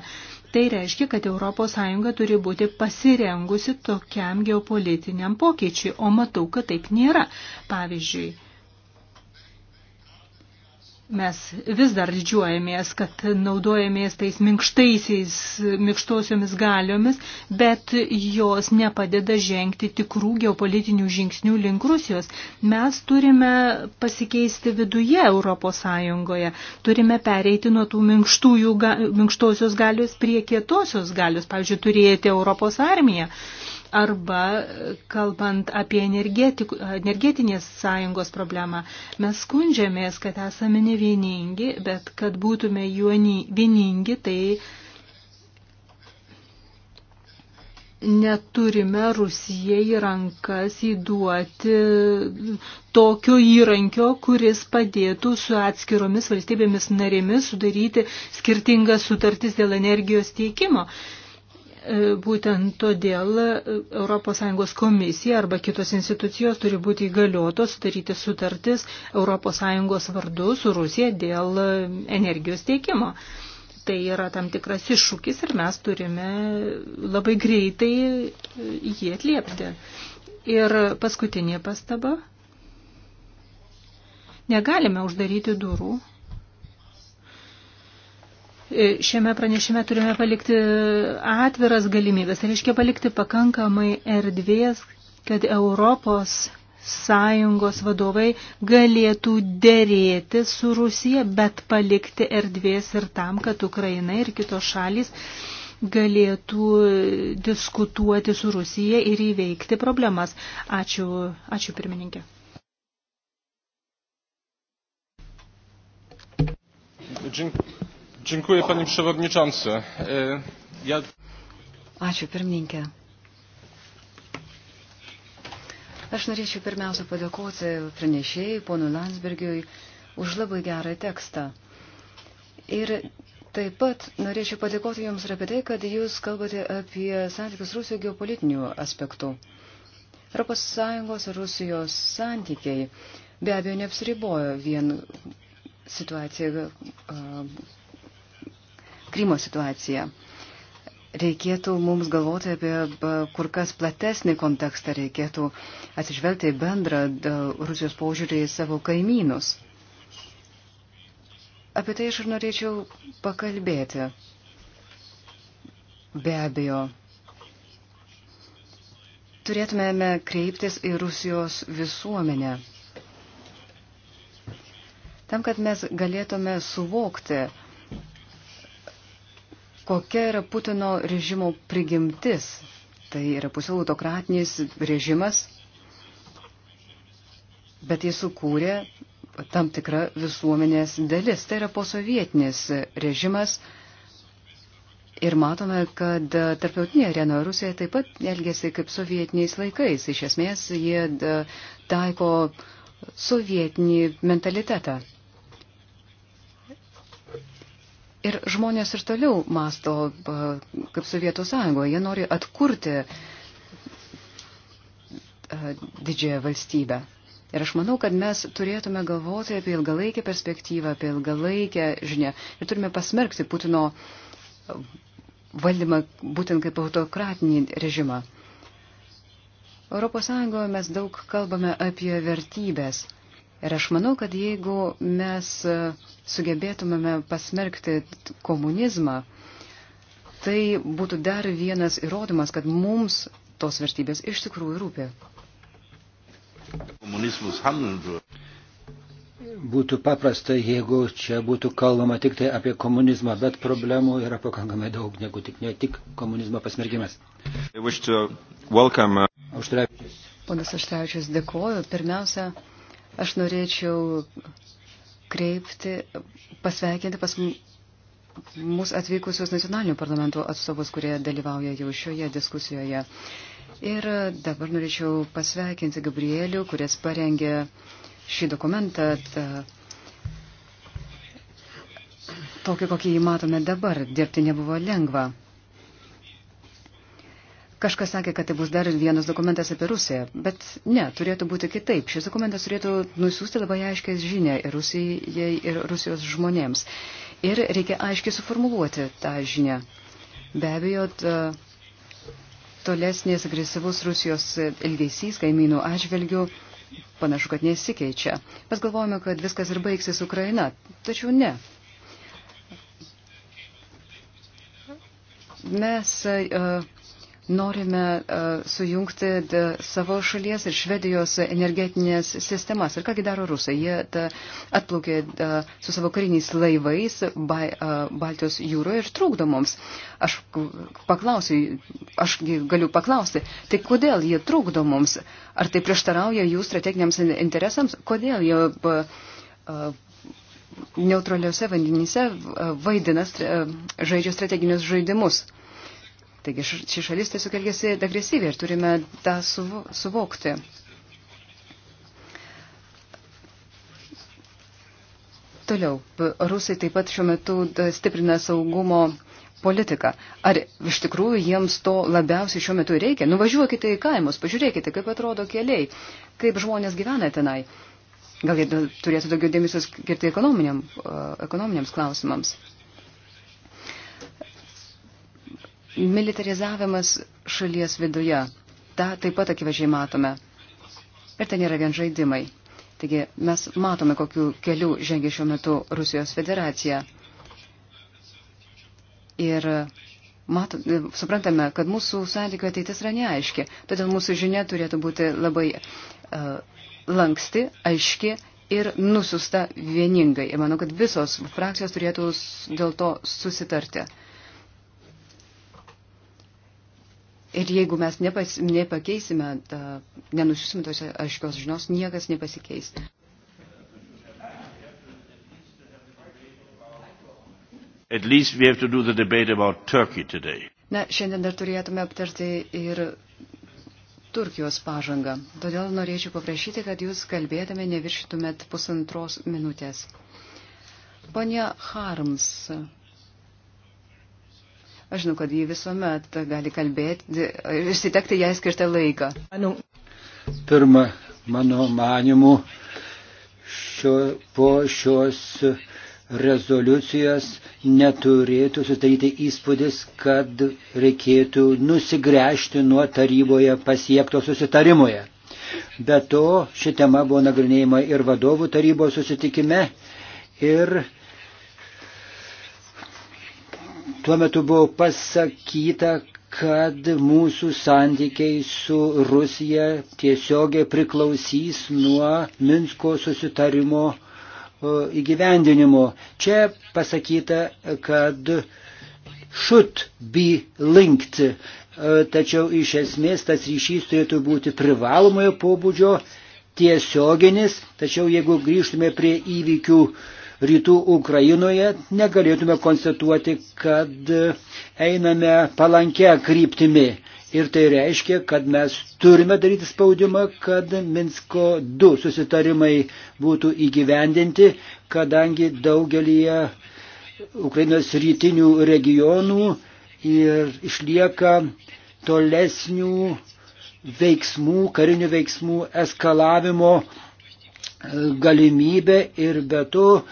S4: Tai reiškia, kad ES turi būti pasirengusi tokiam geopolitiniam pokyčiui, o matau, kad taip nėra. Pavyzdžiui, Mes vis dar didžiuojamės, kad naudojamės tais minkštaisiais, minkštosiomis galiomis, bet jos nepadeda žengti tikrų geopolitinių žingsnių link Rusijos. Mes turime pasikeisti viduje Europos Sąjungoje, turime pereiti nuo tų minkštųjų, minkštosios galios prie kietosios galios, pavyzdžiui, turėti Europos armiją. Arba, kalbant apie energetinės sąjungos problemą, mes skundžiamės, kad esame ne vieningi, bet kad būtume juoni, vieningi, tai neturime Rusijai į rankas įduoti tokio įrankio, kuris padėtų su atskiromis valstybėmis narėmis sudaryti skirtingas sutartis dėl energijos teikimo. Uh, E, būtent todėl e, ES komisija arba kitos institucijos turi būti įgaliotos sudaryti sutartis ES vardu su Rusija dėl e, energijos teikimo. Tai yra tam tikras iššūkis ir mes turime labai greitai jį atliepti. Ir paskutinė pastaba. Negalime uždaryti durų E, šiame pranešime turime palikti atviras galimybės, tai reiškia palikti pakankamai erdvės, kad Europos sąjungos vadovai galėtų dėrėti su Rusija, bet palikti erdvės ir tam, kad Ukraina ir kitos šalys galėtų diskutuoti su Rusija ir įveikti problemas. Ačiū, ačiū pirmininkė.
S5: Dziękuję. Dziękuję, panie przewodniczący. E, ja...
S1: Ačiū, pirmininkė. Aš norėčiau pirmiausia padėkoti pranešėjai, ponu Landsbergiui, už labai gerą tekstą. Ir taip pat norėčiau padėkoti Jums ir apie tai, kad Jūs kalbate apie santykius Rusijos geopolitinių aspektų. Europos Sąjungos ir Rusijos santykiai be abejo neapsiribojo vien situacija Krymo situaciją. Reikėtų mums galvoti apie kur kas platesnį kontekstą, reikėtų atsižvelgti į bendrą Rusijos požiūrį į savo kaimynus. Apie tai aš ir norėčiau pakalbėti. Be abejo, turėtumėme kreiptis į Rusijos visuomenę. Tam, kad mes galėtume suvokti, kokia yra Putino režimo prigimtis. Tai yra pusiau autokratinis režimas, bet jis sukūrė tam tikrą visuomenės dalis. Tai yra posovietinis režimas. Ir matome, kad tarptautinė arena Rusija taip pat elgėsi kaip sovietiniais laikais. Iš esmės, jie e, taiko sovietinį mentalitetą. Ir žmonės ir toliau masto kaip Sovietų sąjungoje. Jie nori atkurti didžiąją valstybę. Ir aš manau, kad mes turėtume galvoti apie ilgalaikę perspektyvą, apie ilgalaikę žinę. Ir turime pasmerkti Putino valdymą būtent kaip autokratinį režimą. Europos Sąjungoje mes daug kalbame apie vertybės. Ir aš manau, kad jeigu mes sugebėtumėme pasmerkti komunizmą, tai būtų dar vienas įrodymas, kad mums tos vertybės iš tikrųjų rūpė.
S2: Būtų paprasta, jeigu čia būtų kalbama tik tai apie komunizmą, bet problemų yra pakankamai daug, negu tik, ne tik komunizmo pasmerkimas.
S5: Uh,
S1: Ponas Aštrevičius, dėkoju. Pirmiausia, Aš norėčiau kreipti, pasveikinti pas mūsų atvykusius nacionalinių parlamentų atstovus, kurie dalyvauja jau šioje diskusijoje. Ir dabar norėčiau pasveikinti Gabrielių, kuris parengė šį dokumentą. Ta, tokį, kokį jį matome dabar, dirbti nebuvo lengva. Kažkas sakė, kad tai bus dar vienas dokumentas apie Rusiją, bet ne, turėtų būti kitaip. Šis dokumentas turėtų nusiųsti labai aiškiai žinę ir Rusijai, ir Rusijos žmonėms. Ir reikia aiškiai suformuluoti tą žinę. Be abejo, ta, tolesnės agresyvus Rusijos elgesys kaimynų atžvelgių panašu, kad nesikeičia. Mes galvojame, kad viskas ir baigsis Ukraina, tačiau ne. Mes uh, norime e, sujungti savo šalies ir Švedijos energetinės sistemas. Ir kągi daro rusai? Jie atplaukė su savo kariniais laivais e, Baltijos jūroje ir trūkdo mums. Aš paklausiu, aš galiu paklausti, tai kodėl jie trūkdo mums? Ar tai prieštarauja jų strateginiams interesams? Kodėl jie e, neutraliuose vandenyse vaidina, žaidžia strateginius žaidimus? Taigi ši šalis tiesiog elgėsi agresyviai ir turime tą suvokti. Toliau, rusai taip pat šiuo metu stiprina saugumo politiką. Ar iš tikrųjų jiems to labiausiai šiuo metu reikia? Nuvažiuokite į kaimus, pažiūrėkite, kaip atrodo keliai, kaip žmonės gyvena tenai. Gal jie turėtų daugiau dėmesio skirti ekonominiam, ekonominiams klausimams. militarizavimas šalies viduje. Ta taip pat akivaizdžiai matome. Ir tai nėra vien žaidimai. Taigi mes matome, kokiu keliu žengia šiuo metu Rusijos federacija. Ir mato, suprantame, kad mūsų santykių ateitis yra neaiški. Todėl mūsų žinia turėtų būti labai uh, lanksti, aiški ir nususta vieningai. Ir manau, kad visos frakcijos turėtų dėl to susitarti. Ir jeigu mes nepas, nepakeisime, nenusiusime tos aiškios žinios, niekas nepasikeis. Na, šiandien dar turėtume aptarti ir Turkijos pažangą. Todėl norėčiau paprašyti, kad jūs kalbėdami neviršytumėt pusantros minutės. Pone Harms, Aš žinau, kad jį visuomet gali kalbėti, išsitekti jai skirtą laiką.
S2: Pirma, mano manimu, šio, po šios rezoliucijos neturėtų sudaryti įspūdis, kad reikėtų nusigręžti nuo taryboje pasiekto susitarimuoje. Be to, ši tema buvo nagrinėjama ir vadovų tarybos susitikime ir Tuo metu buvo pasakyta, kad mūsų santykiai su Rusija tiesiogiai priklausys nuo Minsko susitarimo e, įgyvendinimo. Čia pasakyta, kad should be linked, e, tačiau iš esmės tas ryšys turėtų būti privalomojo pobūdžio tiesioginis, tačiau jeigu grįžtume prie įvykių rytų Ukrainoje, negalėtume konstatuoti, kad einame palankę kryptimi. Ir tai reiškia, kad mes turime daryti spaudimą, kad Minsko 2 susitarimai būtų įgyvendinti, kadangi daugelįje Ukrainos rytinių regionų ir išlieka tolesnių veiksmų, karinių veiksmų eskalavimo galimybę ir be to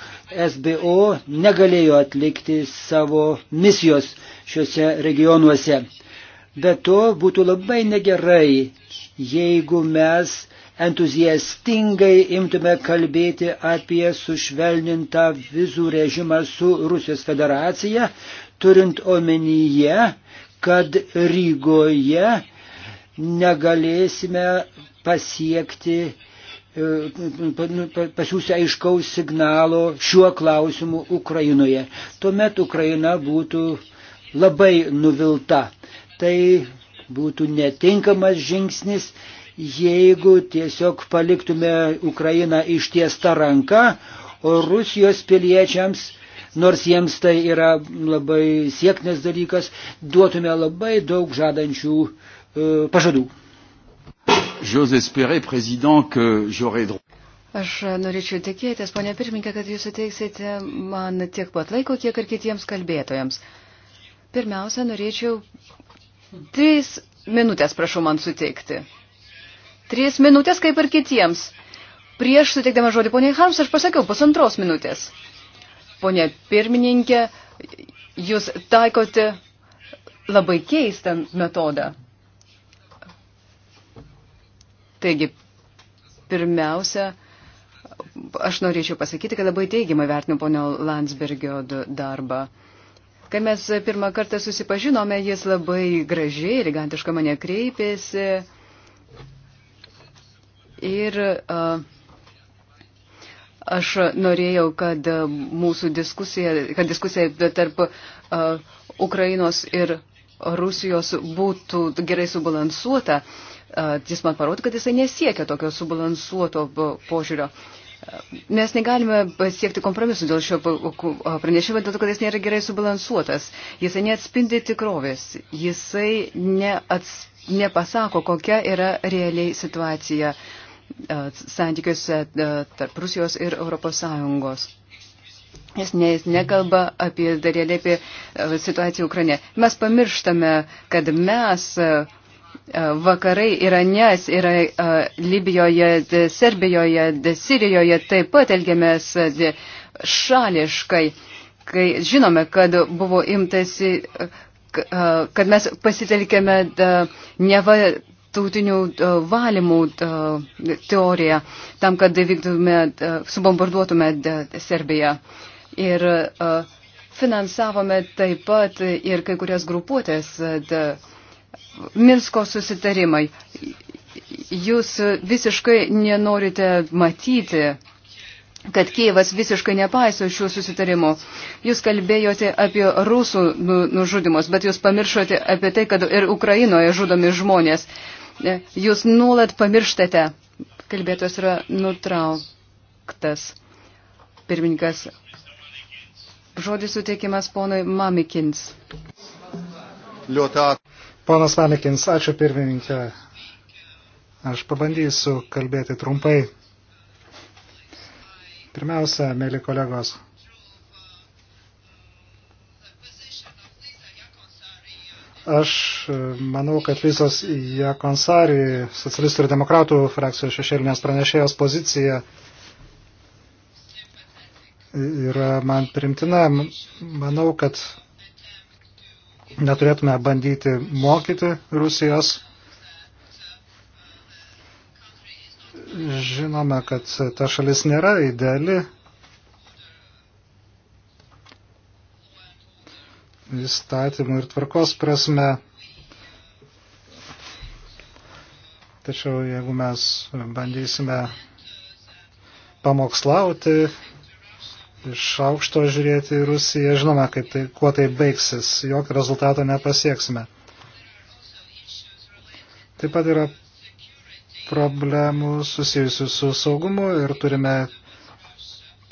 S2: SBO negalėjo atlikti savo misijos šiuose regionuose. Be to būtų labai negerai, jeigu mes entuziastingai imtume kalbėti apie sušvelnintą vizų režimą su Rusijos federacija, turint omenyje, kad Rygoje negalėsime pasiekti E, nu, pasiūsti aiškaus signalo šiuo klausimu Ukrainoje. Tuomet Ukraina būtų labai nuvilta. Tai būtų netinkamas žingsnis, jeigu tiesiog paliktume Ukrainą ištiesta ranka, o Rusijos piliečiams, nors jiems tai yra labai sieknes dalykas, duotume labai daug žadančių e, pažadų.
S3: J'ose espérer, président, que j'aurai droit.
S2: Aš norėčiau
S1: tikėtis, ponia pirmininkė, kad jūs suteiksite man tiek pat laiko, kiek ir kitiems kalbėtojams. Pirmiausia, norėčiau tris minutės, prašau man suteikti. Tris minutės kaip ir kitiems. Prieš suteikdama žodį poniai Harms aš pasakiau pusantros minutės. Pone pirmininkė, jūs taikote labai keistą metodą. Taigi, pirmiausia, aš norėčiau pasakyti, kad labai teigiamai vertinu ponio Landsbergio darbą. Kai mes pirmą kartą susipažinome, jis labai gražiai, elegantiškai mane kreipėsi. Ir aš norėjau, kad mūsų diskusija, kad diskusija tarp Ukrainos ir Rusijos būtų gerai subalansuota jis man parodė, kad jisai nesiekia tokio subalansuoto požiūrio. Mes negalime pasiekti kompromisų dėl šio pranešimo, dėl to, kad jis nėra gerai subalansuotas. Jisai neatspindi tikrovės, jisai neats, nepasako, kokia yra realiai situacija santykiuose tarp Rusijos ir Europos Sąjungos. Jis, ne, jis nekalba apie, realiai apie situaciją Ukraine. Mes pamirštame, kad mes E, vakarai Iranės ir e, Libijoje, Serbijoje, Sirijoje taip pat elgiamės e, šališkai, kai žinome, kad buvo imtasi, kad mes pasitelkėme neva tautinių valymų teoriją tam, kad vykdume, subombarduotume Serbiją. Ir finansavome taip pat ir kai kurias grupuotės. De, Minsko susitarimai. Jūs visiškai nenorite matyti, kad Kievas visiškai nepaiso šių susitarimų. Jūs kalbėjote apie rusų nu, nužudimus, bet jūs pamiršote apie tai, kad ir Ukrainoje žudomi žmonės. Jūs nuolat pamirštate. Kalbėtos yra nutrauktas. Pirmininkas. Žodis suteikimas ponui
S5: Mamikins. Liotą. Ponas Mamikins, ačiū pirmininkė. Aš pabandysiu kalbėti trumpai. Pirmiausia, mėly kolegos, aš e, manau, kad Lizos Jakonsari, socialistų ir demokratų frakcijos šešėlinės pranešėjos pozicija yra man primtina. Manau, kad neturėtume bandyti mokyti Rusijos. Žinome, kad ta šalis nėra ideali. Įstatymų ir tvarkos prasme. Tačiau jeigu mes bandysime pamokslauti iš aukšto žiūrėti į Rusiją, žinome, kaip tai, kuo tai baigsis, jokio rezultato nepasieksime. Taip pat yra problemų susijusių su saugumu ir turime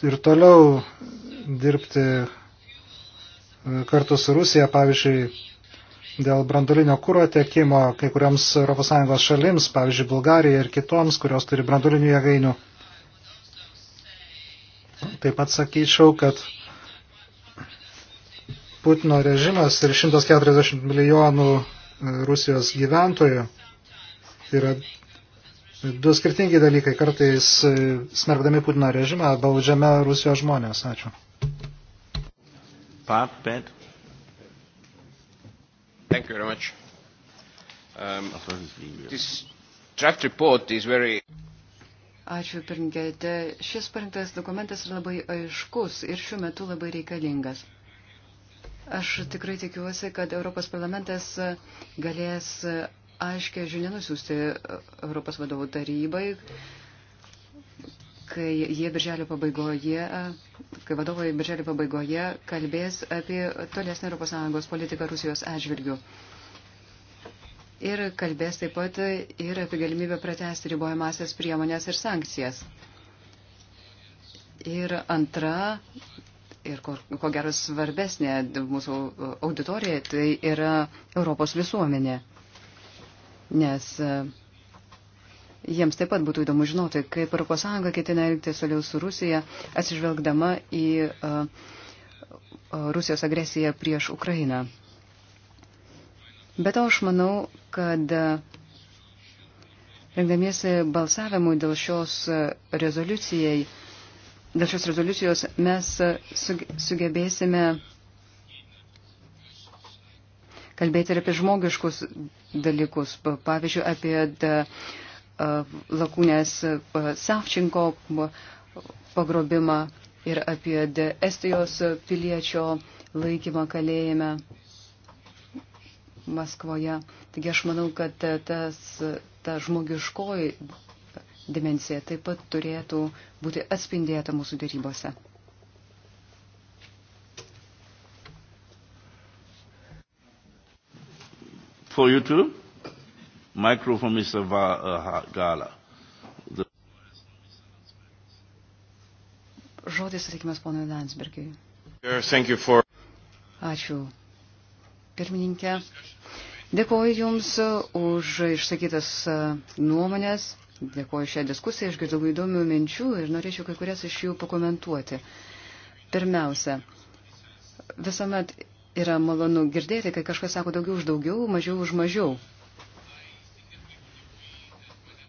S5: ir toliau dirbti e, kartu su Rusija, pavyzdžiui, dėl brandolinio kūro tiekimo kai kuriams ES šalims, pavyzdžiui, Bulgarijai ir kitoms, kurios turi brandolinių jėgainių. Taip pat sakyčiau, kad Putino režimas ir 140 milijonų Rusijos gyventojų yra du skirtingi dalykai. Kartais smerkdami Putino režimą baudžiame Rusijos žmonės. Ačiū.
S3: Papet. Thank you very much. Um, this draft report is very
S1: Ačiū, pirmininkė. Šis parinktas dokumentas yra labai aiškus ir šiuo metu labai reikalingas. Aš tikrai tikiuosi, kad Europos parlamentas galės aiškiai žinia nusiųsti Europos vadovų tarybai, kai jie birželio pabaigoje, kai vadovai birželio pabaigoje kalbės apie tolesnį ES politiką Rusijos atžvilgių ir kalbės taip pat ir apie galimybę pratesti ribojamasias priemonės ir sankcijas. Ir antra, ir ko, ko gero svarbesnė mūsų auditorija, tai yra Europos visuomenė. Nes e, jiems taip pat būtų įdomu žinoti, kaip Europos Sąjunga ketina elgtis toliau su Rusija, atsižvelgdama į uh, Rusijos agresiją prieš Ukrainą. Bet aš manau, kad e, rengdamiesi balsavimui dėl šios e, rezoliucijai, dėl šios rezoliucijos mes e, sugebėsime kalbėti ir apie žmogiškus dalykus, pavyzdžiui, apie da, lakūnės Savčinko pagrobimą ir apie Estijos piliečio laikymą kalėjime. Maskvoje. Taigi aš manau, kad tas, ta žmogiškoji dimensija taip pat turėtų būti atspindėta mūsų darybose. For you too? Microphone,
S3: Mr. Va, uh, Gala. The...
S1: Žodis, sakykimas, ponui Landsbergiui. For... Ačiū. Pirmininkė. Dėkuoju Jums e, už išsakytas e, nuomonės, dėkuoju šią diskusiją, išgirdau įdomių minčių ir norėčiau kai kurias iš jų pakomentuoti. Pirmiausia, visuomet yra malonu girdėti, kai kažkas sako daugiau už daugiau, mažiau už mažiau.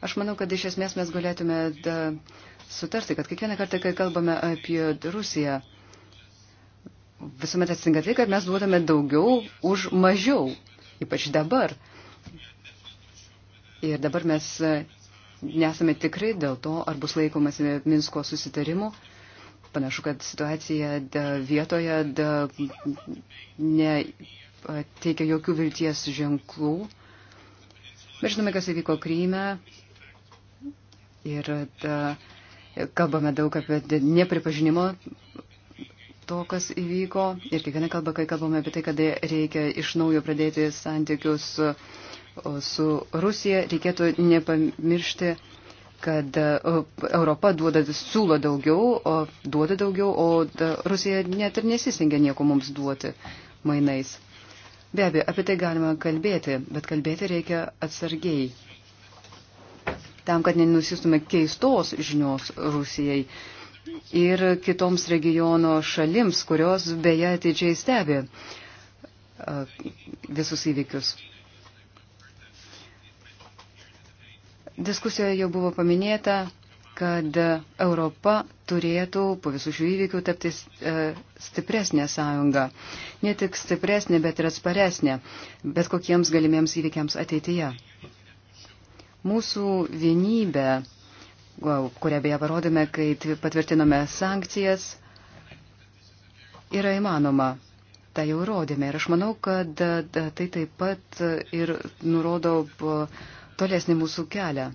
S1: Aš manau, kad iš esmės mes galėtume da, sutarti, kad kiekvieną kartą, kai kalbame apie Rusiją, visuomet atsinga tai, kad mes duodame daugiau už mažiau ypač dabar. Ir dabar mes nesame tikri dėl to, ar bus laikomas Minsko susitarimu. Panašu, kad situacija da vietoje da neteikia jokių vilties ženklų. Mes žinome, kas įvyko Kryme ir da, kalbame daug apie nepripažinimo to, kas įvyko. Ir kiekviena kalba, kai kalbame apie tai, kad reikia iš naujo pradėti santykius su Rusija, reikėtų nepamiršti, kad Europa duoda, siūlo daugiau, o duoda daugiau, o Rusija net ir nesisingia nieko mums duoti mainais. Be abejo, apie tai galima kalbėti, bet kalbėti reikia atsargiai. Tam, kad nenusistume keistos žinios Rusijai, uh, ir kitoms regiono šalims, kurios beje atidžiai stebi e, visus įvykius. Diskusijoje jau buvo paminėta, kad Europa turėtų po visų šių įvykių tapti e, stipresnė sąjunga. Ne tik stipresnė, bet ir atsparesnė, bet kokiems galimiems įvykiams ateityje. Mūsų vienybė kurią beje parodėme, kai patvirtinome sankcijas, yra įmanoma. Ta jau rodėme. Ir aš manau, kad tai taip pat ir nurodo tolesnį mūsų kelią.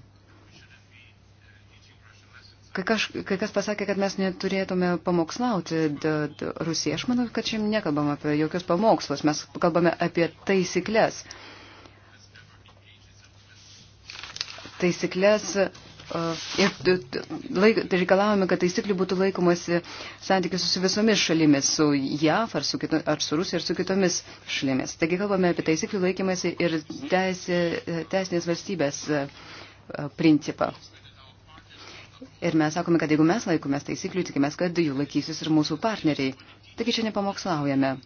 S1: Kai, kaž, kai kas pasakė, kad mes neturėtume pamokslauti d, d, Rusiją, aš manau, kad šiandien nekalbam apie jokius pamokslus, mes kalbame apie taisyklės. Taisyklės ir laik, reikalavome, kad taisyklių būtų laikomasi santykius su visomis šalimis, su JAF ar su, kito, ar su Rusija ar su kitomis šalimis. Taigi kalbame apie taisyklių laikymasi ir teisė, teisinės valstybės e, principą. Ir mes sakome, kad jeigu mes laikomės taisyklių, tikimės, kad jų laikysis ir mūsų partneriai. Taigi čia nepamokslaujame.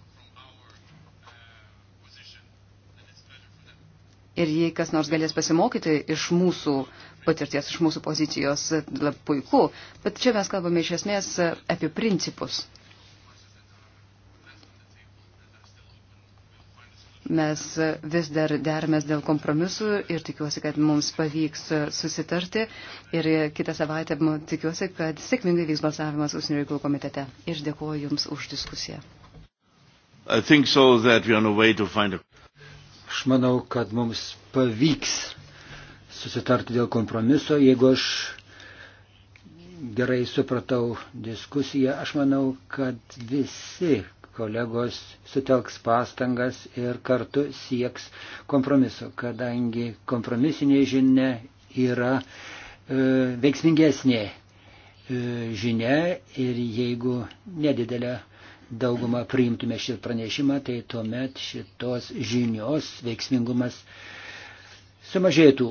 S1: Ir jei kas nors galės pasimokyti iš mūsų patirties iš mūsų pozicijos labai puiku, bet čia mes kalbame iš esmės apie principus. Mes vis dar deramės dėl kompromisų ir tikiuosi, kad mums pavyks susitarti. Ir kitą savaitę tikiuosi, kad sėkmingai vyks balsavimas užsienio reikalų komitete. Ir dėkuoju Jums už diskusiją.
S2: So a... Aš manau, kad mums pavyks susitarti dėl kompromiso. Jeigu aš gerai supratau diskusiją, aš manau, kad visi kolegos sutelks pastangas ir kartu sieks kompromiso, kadangi kompromisinė žinia yra e, veiksmingesnė e, žinia ir jeigu nedidelė daugumą priimtume šitą pranešimą, tai tuomet šitos žinios veiksmingumas sumažėtų.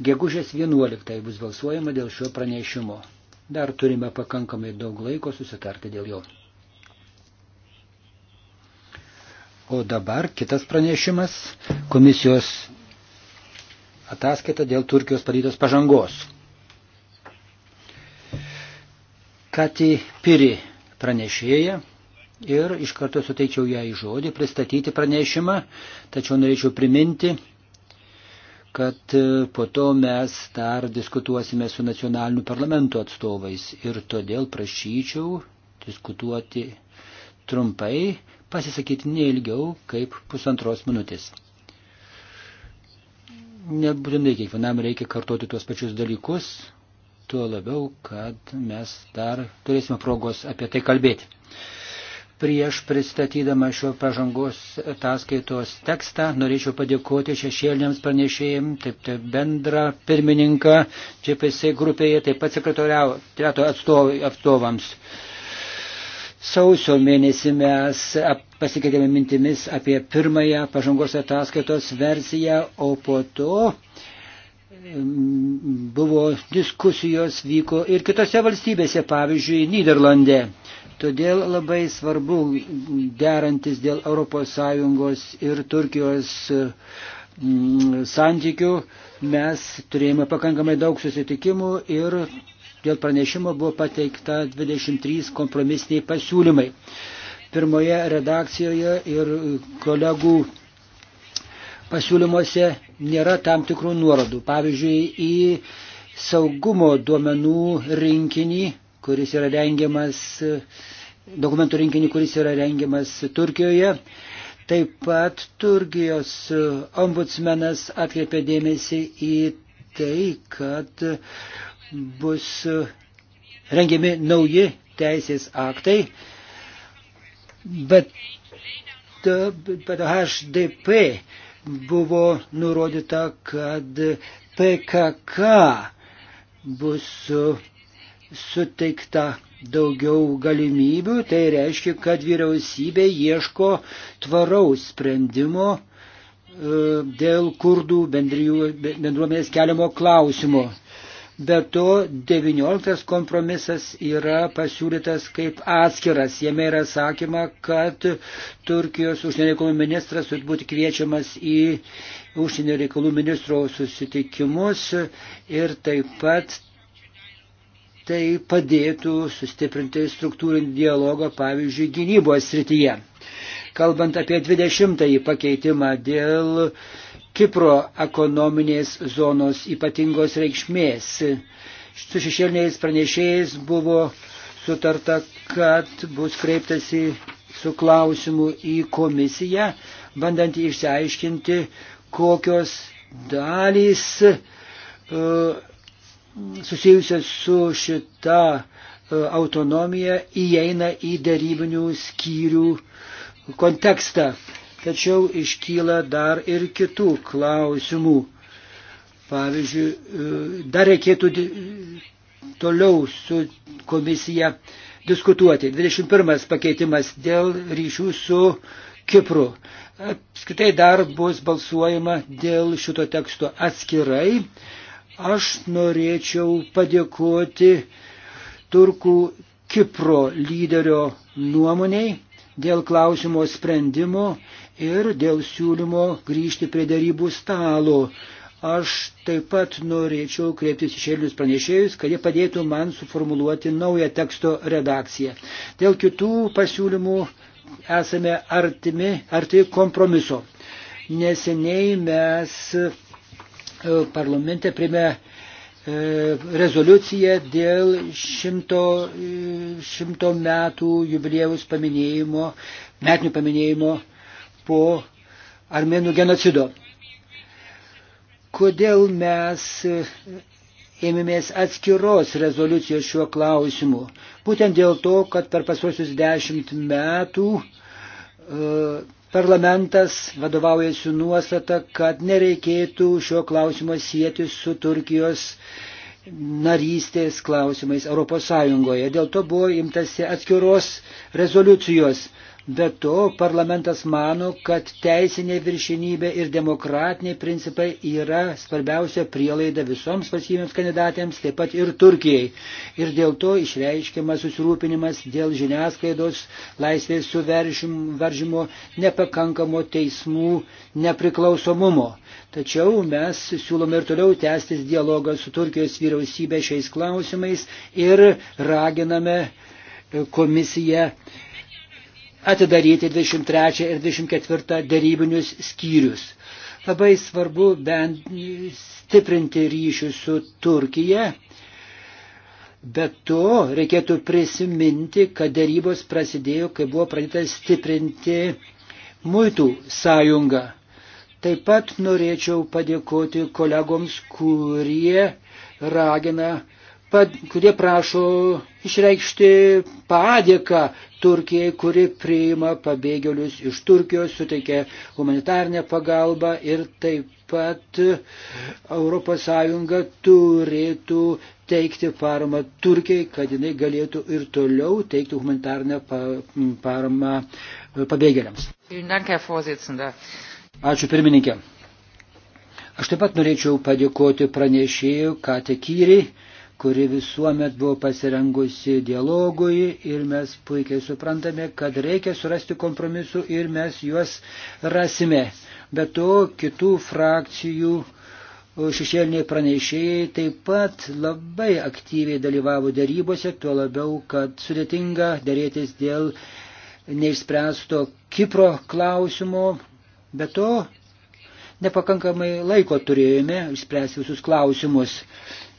S2: Gegužės 11 bus balsuojama dėl šio pranešimo. Dar turime pakankamai daug laiko susitarti dėl jo. O dabar kitas pranešimas - komisijos ataskaita dėl Turkijos padarytos pažangos. Kati Piri pranešėja ir iš karto suteikčiau ją į žodį pristatyti pranešimą, tačiau norėčiau priminti, kad e, po to mes dar diskutuosime su nacionaliniu parlamento atstovais ir todėl prašyčiau diskutuoti trumpai, pasisakyti neilgiau kaip pusantros minutės. Nebūtinai kiekvienam reikia kartoti tuos pačius dalykus, tuo labiau, kad mes dar turėsime progos apie tai kalbėti. Prieš pristatydama šio pažangos ataskaitos tekstą norėčiau padėkoti šešėliniams pranešėjim, taip tai bendra pirmininką GPC grupėje, taip pat sekretoriato atstovai, atstovams. Sausio mėnesį mes pasikeitėme mintimis apie pirmąją pažangos ataskaitos versiją, o po to mm, buvo diskusijos vyko ir kitose valstybėse, pavyzdžiui, Niderlandė. Todėl labai svarbu derantis dėl ES ir Turkijos mm, santykių. Mes turėjome pakankamai daug susitikimų ir dėl pranešimo buvo pateikta 23 kompromisiniai pasiūlymai. Pirmoje redakcijoje ir kolegų pasiūlymuose nėra tam tikrų nuorodų. Pavyzdžiui, į saugumo duomenų rinkinį kuris yra rengiamas, dokumentų rinkinį, kuris yra rengiamas Turkijoje. Taip pat Turkijos ombudsmenas atkreipė dėmesį į tai, kad bus rengiami nauji teisės aktai, bet, bet HDP buvo nurodyta, kad PKK bus suteikta daugiau galimybių, tai reiškia, kad vyriausybė ieško tvaraus sprendimo e, dėl kurdų bendrijų, bendruomenės keliamo klausimo. Be to, 19 kompromisas yra pasiūlytas kaip atskiras. Jame yra sakoma, kad Turkijos užsienio reikalų ministras turi būti kviečiamas į užsienio reikalų ministro susitikimus ir taip pat tai padėtų sustiprinti struktūrinį dialogą, pavyzdžiui, gynybos srityje. Kalbant apie 20-ąjį pakeitimą dėl Kipro ekonominės zonos ypatingos reikšmės, su šešėliniais pranešėjais buvo sutarta, kad bus kreiptasi su klausimu į komisiją, bandant išsiaiškinti, kokios dalys uh, susijusios su šita e, autonomija įeina į darybinių skyrių kontekstą. Tačiau iškyla dar ir kitų klausimų. Pavyzdžiui, e, dar reikėtų toliau su komisija diskutuoti. 21 pakeitimas dėl ryšių su Kipru. Apskritai dar bus balsuojama dėl šito teksto atskirai. Aš norėčiau padėkoti turkų Kipro lyderio nuomoniai dėl klausimo sprendimo ir dėl siūlymo grįžti prie darybų stalo. Aš taip pat norėčiau kreiptis į šėlius pranešėjus, kad jie padėtų man suformuluoti naują teksto redakciją. Dėl kitų pasiūlymų esame artimi, arti kompromiso. Neseniai mes parlamente primė e, rezoliuciją dėl šimto, e, šimto metų jubiliejaus paminėjimo, metinių paminėjimo po armenų genocido. Kodėl mes e, ėmėmės atskiros rezoliucijos šiuo klausimu? Būtent dėl to, kad per pasuosius dešimt metų uh, Parlamentas vadovaujasi nuostata, kad nereikėtų šio klausimo sieti su Turkijos narystės klausimais ES. Dėl to buvo imtasi atskiros rezoliucijos. Be to, parlamentas mano, kad teisinė viršinybė ir demokratiniai principai yra svarbiausia prielaida visoms valstybėms kandidatėms, taip pat ir Turkijai. Ir dėl to išreiškiamas susirūpinimas dėl žiniasklaidos laisvės suvaržymo nepakankamo teismų nepriklausomumo. Tačiau mes siūlome ir toliau tęstis dialogą su Turkijos vyriausybė šiais klausimais ir raginame komisiją atidaryti 23 ir 24 dėrybinius skyrius. Labai svarbu bent stiprinti ryšių su Turkija. Bet to reikėtų prisiminti, kad dėrybos prasidėjo, kai buvo pradėta stiprinti muitų sąjungą. Taip pat norėčiau padėkoti kolegoms, kurie ragina kurie prašo išreikšti padėką Turkijai, kuri priima pabėgėlius iš Turkijos, suteikia humanitarnę pagalbą ir taip pat ES turėtų teikti paramą Turkijai, kad jinai galėtų ir toliau teikti humanitarnę paramą e, pabėgėliams. Ačiū pirmininkė. Aš taip pat norėčiau padėkoti pranešėjų Kate Kyriai kuri visuomet buvo pasirengusi dialogui ir mes puikiai suprantame, kad reikia surasti kompromisų ir mes juos rasime. Be to, kitų frakcijų šešėliniai pranešėjai taip pat labai aktyviai dalyvavo darybose, tuo labiau, kad sudėtinga dėrėtis dėl neišspręsto Kipro klausimo. Be to, nepakankamai laiko turėjome išspręsti visus klausimus.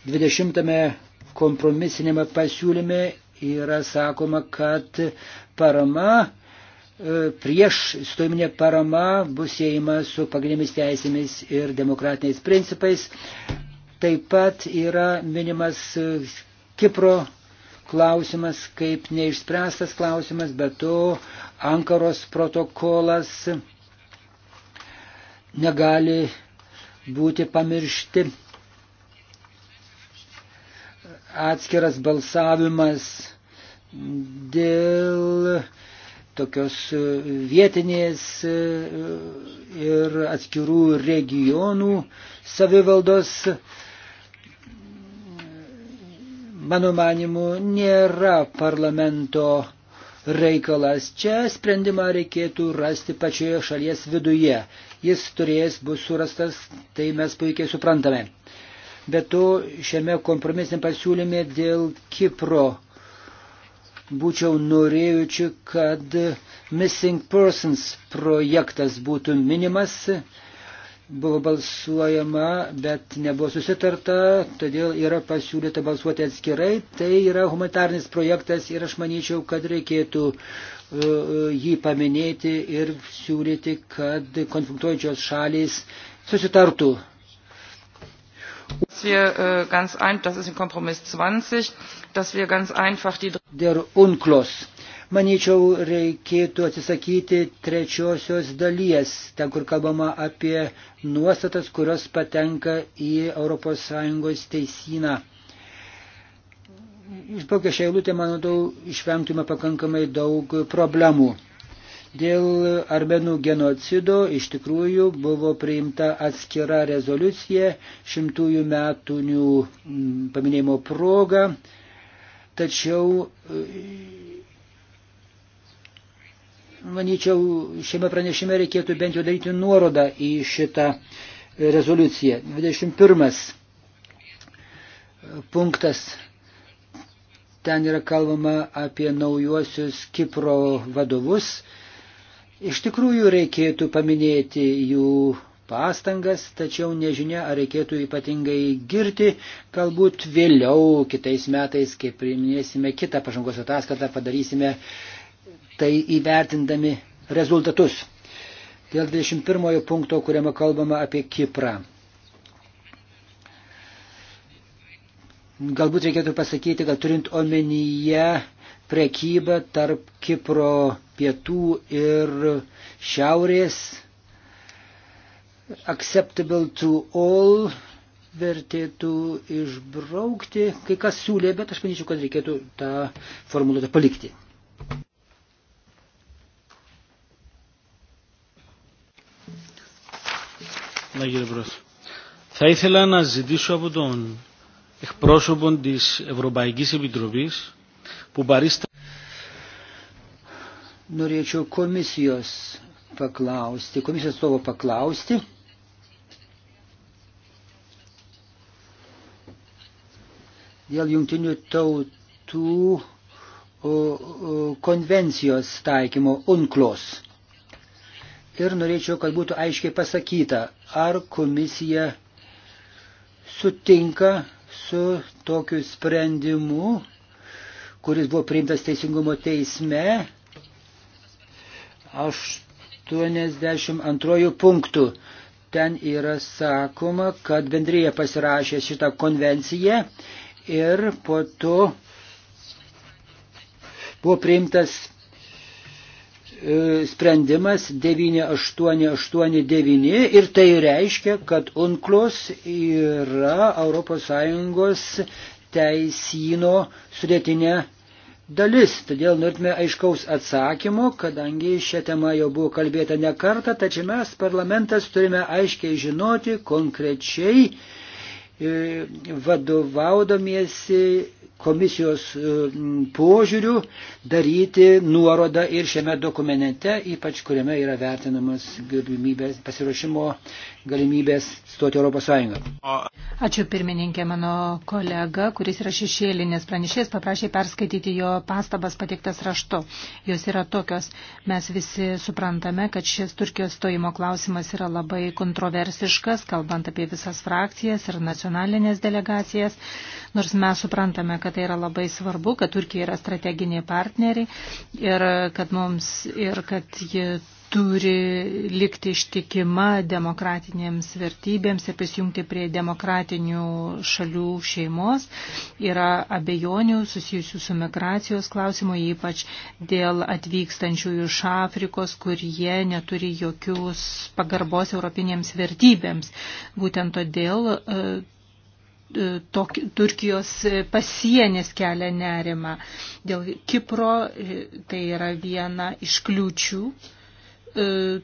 S2: 20 kompromisinėme pasiūlyme yra sakoma, kad parama e, prieš stojiminė parama bus siejama su pagrindinėmis teisėmis ir demokratiniais principais. Taip pat yra minimas e, Kipro klausimas kaip neišspręstas klausimas, bet to Ankaros protokolas negali būti pamiršti atskiras balsavimas dėl tokios vietinės ir atskirų regionų savivaldos, mano manimu, nėra parlamento reikalas. Čia sprendimą reikėtų rasti pačioje šalies viduje. Jis turės bus surastas, tai mes puikiai suprantame. Bet to šiame kompromisiniam pasiūlyme dėl Kipro būčiau norėjusi, kad Missing Persons projektas būtų minimas. Buvo balsuojama, bet nebuvo susitarta, todėl yra pasiūlyta balsuoti atskirai. Tai yra humanitarnis projektas ir aš manyčiau, kad reikėtų e, e, jį paminėti ir siūlyti, kad konfliktuojančios šalys susitartų Dėl unklos. Maničiau, reikėtų atsisakyti trečiosios dalies, ten kur kalbama apie nuostatas, kurios patenka į ES teisiną. Išplaukę šią eilutę, manau, išvengtume pakankamai daug problemų. Dėl armenų genocido iš tikrųjų buvo priimta atskira rezoliucija šimtųjų metinių mm, paminėjimo proga, tačiau, e, manyčiau, šiame pranešime reikėtų bent jau daryti nuorodą į šitą e, rezoliuciją. 21 e, punktas Ten yra kalbama apie naujuosius Kipro vadovus Iš tikrųjų reikėtų paminėti jų pastangas, tačiau nežinia, ar reikėtų ypatingai girti, galbūt vėliau kitais metais, kai priminėsime kitą pažangos ataskaitą, padarysime tai įvertindami rezultatus. Dėl 21 punkto, kuriame kalbama apie Kiprą. Galbūt reikėtų pasakyti, kad turint omenyje prekyba tarp Kipro pietų ir šiaurės. Acceptable to all vertėtų išbraukti. Kai kas siūlė, bet aš manyčiau, kad reikėtų tą formuluotę palikti.
S5: Να κύριε Πρόεδρε. Θα ήθελα να ζητήσω από τον εκπρόσωπο της Ευρωπαϊκής Επιτροπής Pubarista.
S2: Norėčiau komisijos paklausti, komisijos atstovo paklausti. Dėl jungtinių tautų konvencijos taikymo UNCLOS ir norėčiau, kad būtų aiškiai pasakyta, ar komisija sutinka su tokiu sprendimu kuris buvo priimtas teisingumo teisme 82 punktų. Ten yra sakoma, kad bendryje pasirašė šitą konvenciją ir po to buvo priimtas e, sprendimas 9889 ir tai reiškia, kad UNCLOS yra ES teisino sudėtinė dalis. Todėl norėtume aiškaus atsakymo, kadangi šią temą jau buvo kalbėta ne kartą, tačiau mes parlamentas turime aiškiai žinoti konkrečiai e, vadovaudomiesi komisijos e, požiūrių daryti nuorodą ir šiame dokumente, ypač kuriame yra vertinamas galimybės, pasiruošimo galimybės stoti Europos Sąjungą.
S4: Ačiū pirmininkė, mano kolega, kuris yra šešėlinis pranešėjas, paprašė perskaityti jo pastabas pateiktas raštu. Jos yra tokios. Mes visi suprantame, kad šis Turkijos stojimo klausimas yra labai kontroversiškas, kalbant apie visas frakcijas ir nacionalinės delegacijas, nors mes suprantame, kad kad tai yra labai svarbu, kad Turkija yra strateginiai partneriai ir kad mums ir kad ji turi likti ištikima demokratinėms vertybėms ir prisijungti prie demokratinių šalių šeimos. Yra abejonių susijusių su migracijos klausimu, ypač dėl atvykstančiųjų iš Afrikos, kurie neturi jokius pagarbos europinėms vertybėms. Būtent todėl e, E, tok, Turkijos pasienis kelia nerima. Dėl Kipro e, tai yra viena iš kliūčių e,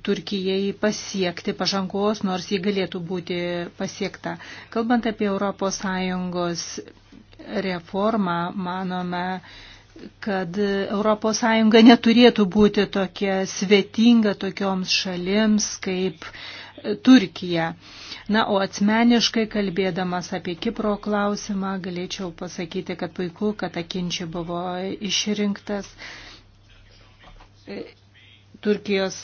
S4: Turkijai pasiekti pažangos, nors jį galėtų būti pasiekta. Kalbant apie ES reformą, manome, kad ES neturėtų būti tokia svetinga tokioms šalims kaip Turkija. Uh, Na, o asmeniškai kalbėdamas apie Kipro klausimą, galėčiau pasakyti, kad puiku, kad Akinčiai buvo išrinktas e, Turkijos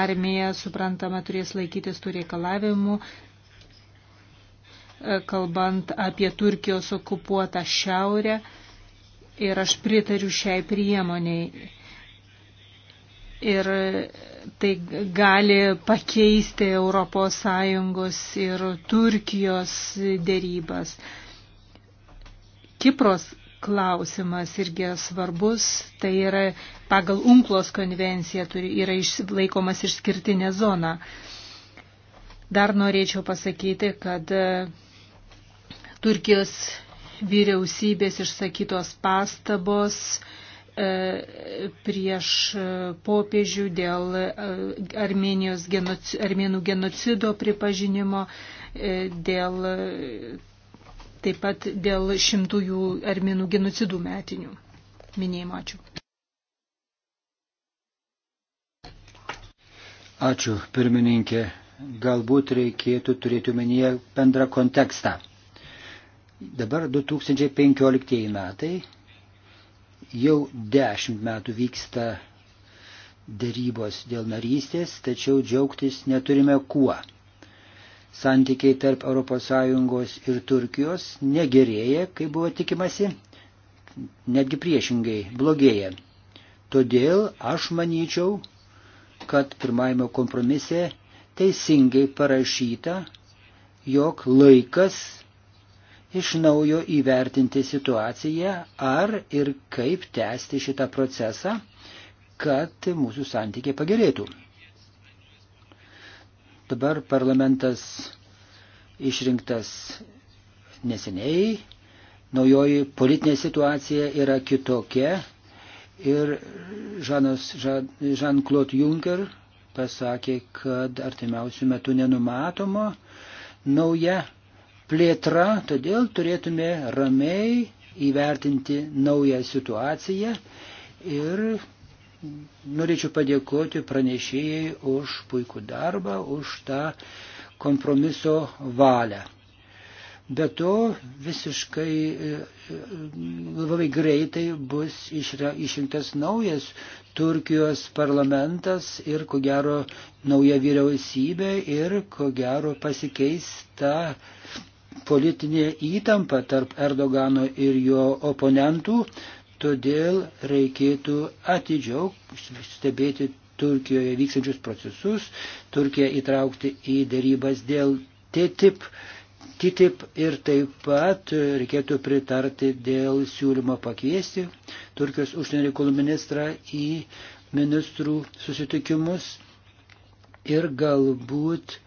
S4: armija, suprantama, turės laikytis tų reikalavimų, e, kalbant apie Turkijos okupuotą šiaurę. Ir aš pritariu šiai priemoniai ir tai gali pakeisti ES ir Turkijos dėrybas. Kipros klausimas irgi svarbus, tai yra pagal UNKLOS konvenciją turi, yra išlaikomas išskirtinė zona. Dar norėčiau pasakyti, kad e, Turkijos vyriausybės išsakytos pastabos E, prieš popiežių dėl e, Armenijos genoci, armenų genocido pripažinimo, e, dėl, taip pat dėl šimtųjų armenų genocidų metinių minėjimo. Ačiū.
S2: Ačiū, pirmininkė. Galbūt reikėtų turėti omenyje bendrą kontekstą. Dabar 2015 metai Jau dešimt metų vyksta dėrybos dėl narystės, tačiau džiaugtis neturime kuo. Santykiai tarp ES ir Turkijos negerėja, kaip buvo tikimasi, netgi priešingai blogėja. Todėl aš manyčiau, kad pirmajame kompromise teisingai parašyta, jog laikas iš naujo įvertinti situaciją, ar ir kaip tęsti šitą procesą, kad mūsų santykiai pagerėtų. Dabar parlamentas išrinktas neseniai, naujoji politinė situacija yra kitokia ir Jean-Claude Juncker pasakė, kad artimiausių metų nenumatoma nauja plėtra, todėl turėtume ramiai įvertinti naują situaciją ir norėčiau padėkoti pranešėjai už puikų darbą, už tą kompromiso valią. Be to visiškai e, e, labai greitai bus išrinktas naujas Turkijos parlamentas ir ko gero nauja vyriausybė ir ko gero pasikeis ta politinė įtampa tarp Erdogano ir jo oponentų, todėl reikėtų atidžiau stebėti Turkijoje vyksančius procesus, Turkiją įtraukti į dėrybas dėl TTIP, TTIP ir taip pat reikėtų pritarti dėl siūlymo pakviesti Turkijos užsienio reikalų ministrą į ministrų susitikimus ir galbūt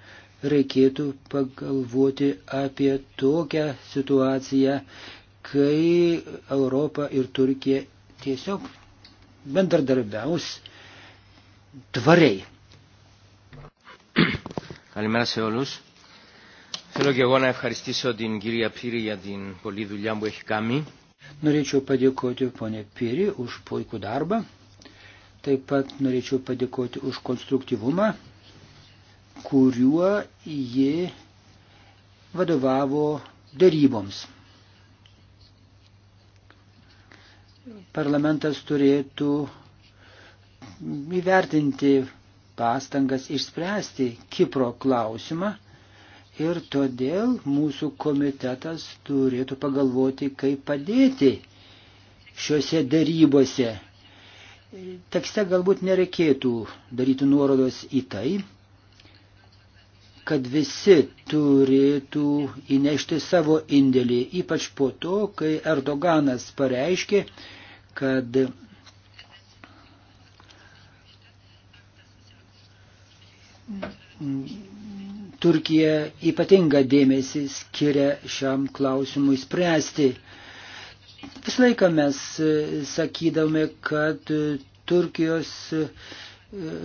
S2: reikėtų pagalvoti apie tokią situaciją, kai Europa ir Turkija tiesiog bendradarbiaus tvariai.
S3: Καλημέρα σε όλους. Θέλω και εγώ να ευχαριστήσω την κυρία Πύρη για την πολλή δουλειά που έχει κάνει.
S2: Norėčiau padėkoti ponė Piri už puikų darbą. Taip pat norėčiau padėkoti už konstruktyvumą kuriuo ji vadovavo daryboms. Parlamentas turėtų įvertinti pastangas išspręsti Kipro klausimą ir todėl mūsų komitetas turėtų pagalvoti, kaip padėti šiuose darybose. Tekste galbūt nereikėtų daryti nuorodos į tai, kad visi turėtų įnešti savo indėlį, ypač po to, kai Erdoganas pareiškė, kad Turkija ypatinga dėmesį skiria šiam klausimui spręsti. Visą laiką mes e, sakydavome, kad Turkijos e, e,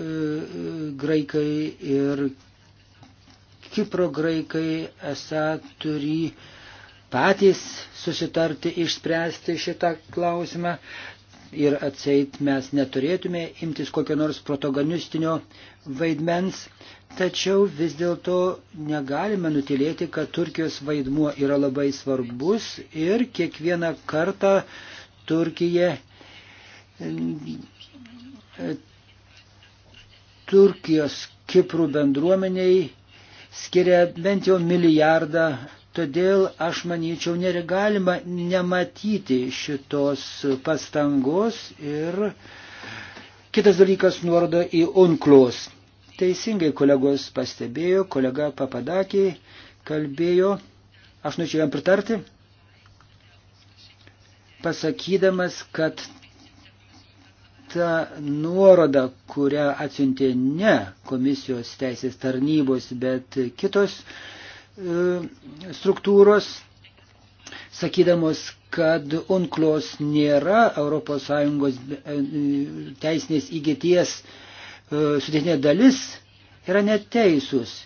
S2: graikai ir Kipro graikai esą turi patys susitarti, išspręsti šitą klausimą ir atseit mes neturėtume imtis kokio nors protagonistinio vaidmens, tačiau vis dėlto negalime nutilėti, kad Turkijos vaidmuo yra labai svarbus ir kiekvieną kartą Turkija Turkijos Kiprų bendruomeniai skiria bent jau milijardą. Todėl aš manyčiau, negalima nematyti šitos pastangos ir kitas dalykas nuoroda į unklos. Teisingai kolegos pastebėjo, kolega Papadakiai kalbėjo, aš norėčiau jam pritarti, pasakydamas, kad ta nuoroda, kurią atsiuntė ne komisijos teisės tarnybos, bet kitos e, struktūros, sakydamos, kad UNCLOS nėra ES e, teisinės įgyties e, sudėtinė dalis, yra neteisūs.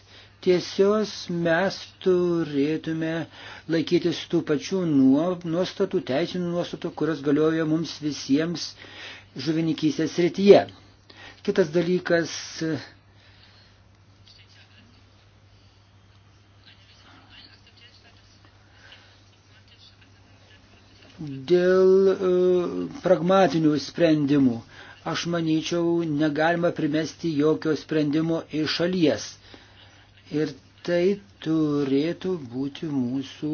S2: Tiesiog mes turėtume laikytis tų pačių nuostatų, teisinių nuostatų, kurios galioja mums visiems žuvininkysės srityje. Kitas dalykas dėl e, pragmatinių sprendimų. Aš manyčiau, negalima primesti jokio sprendimo iš šalies. Ir tai turėtų būti mūsų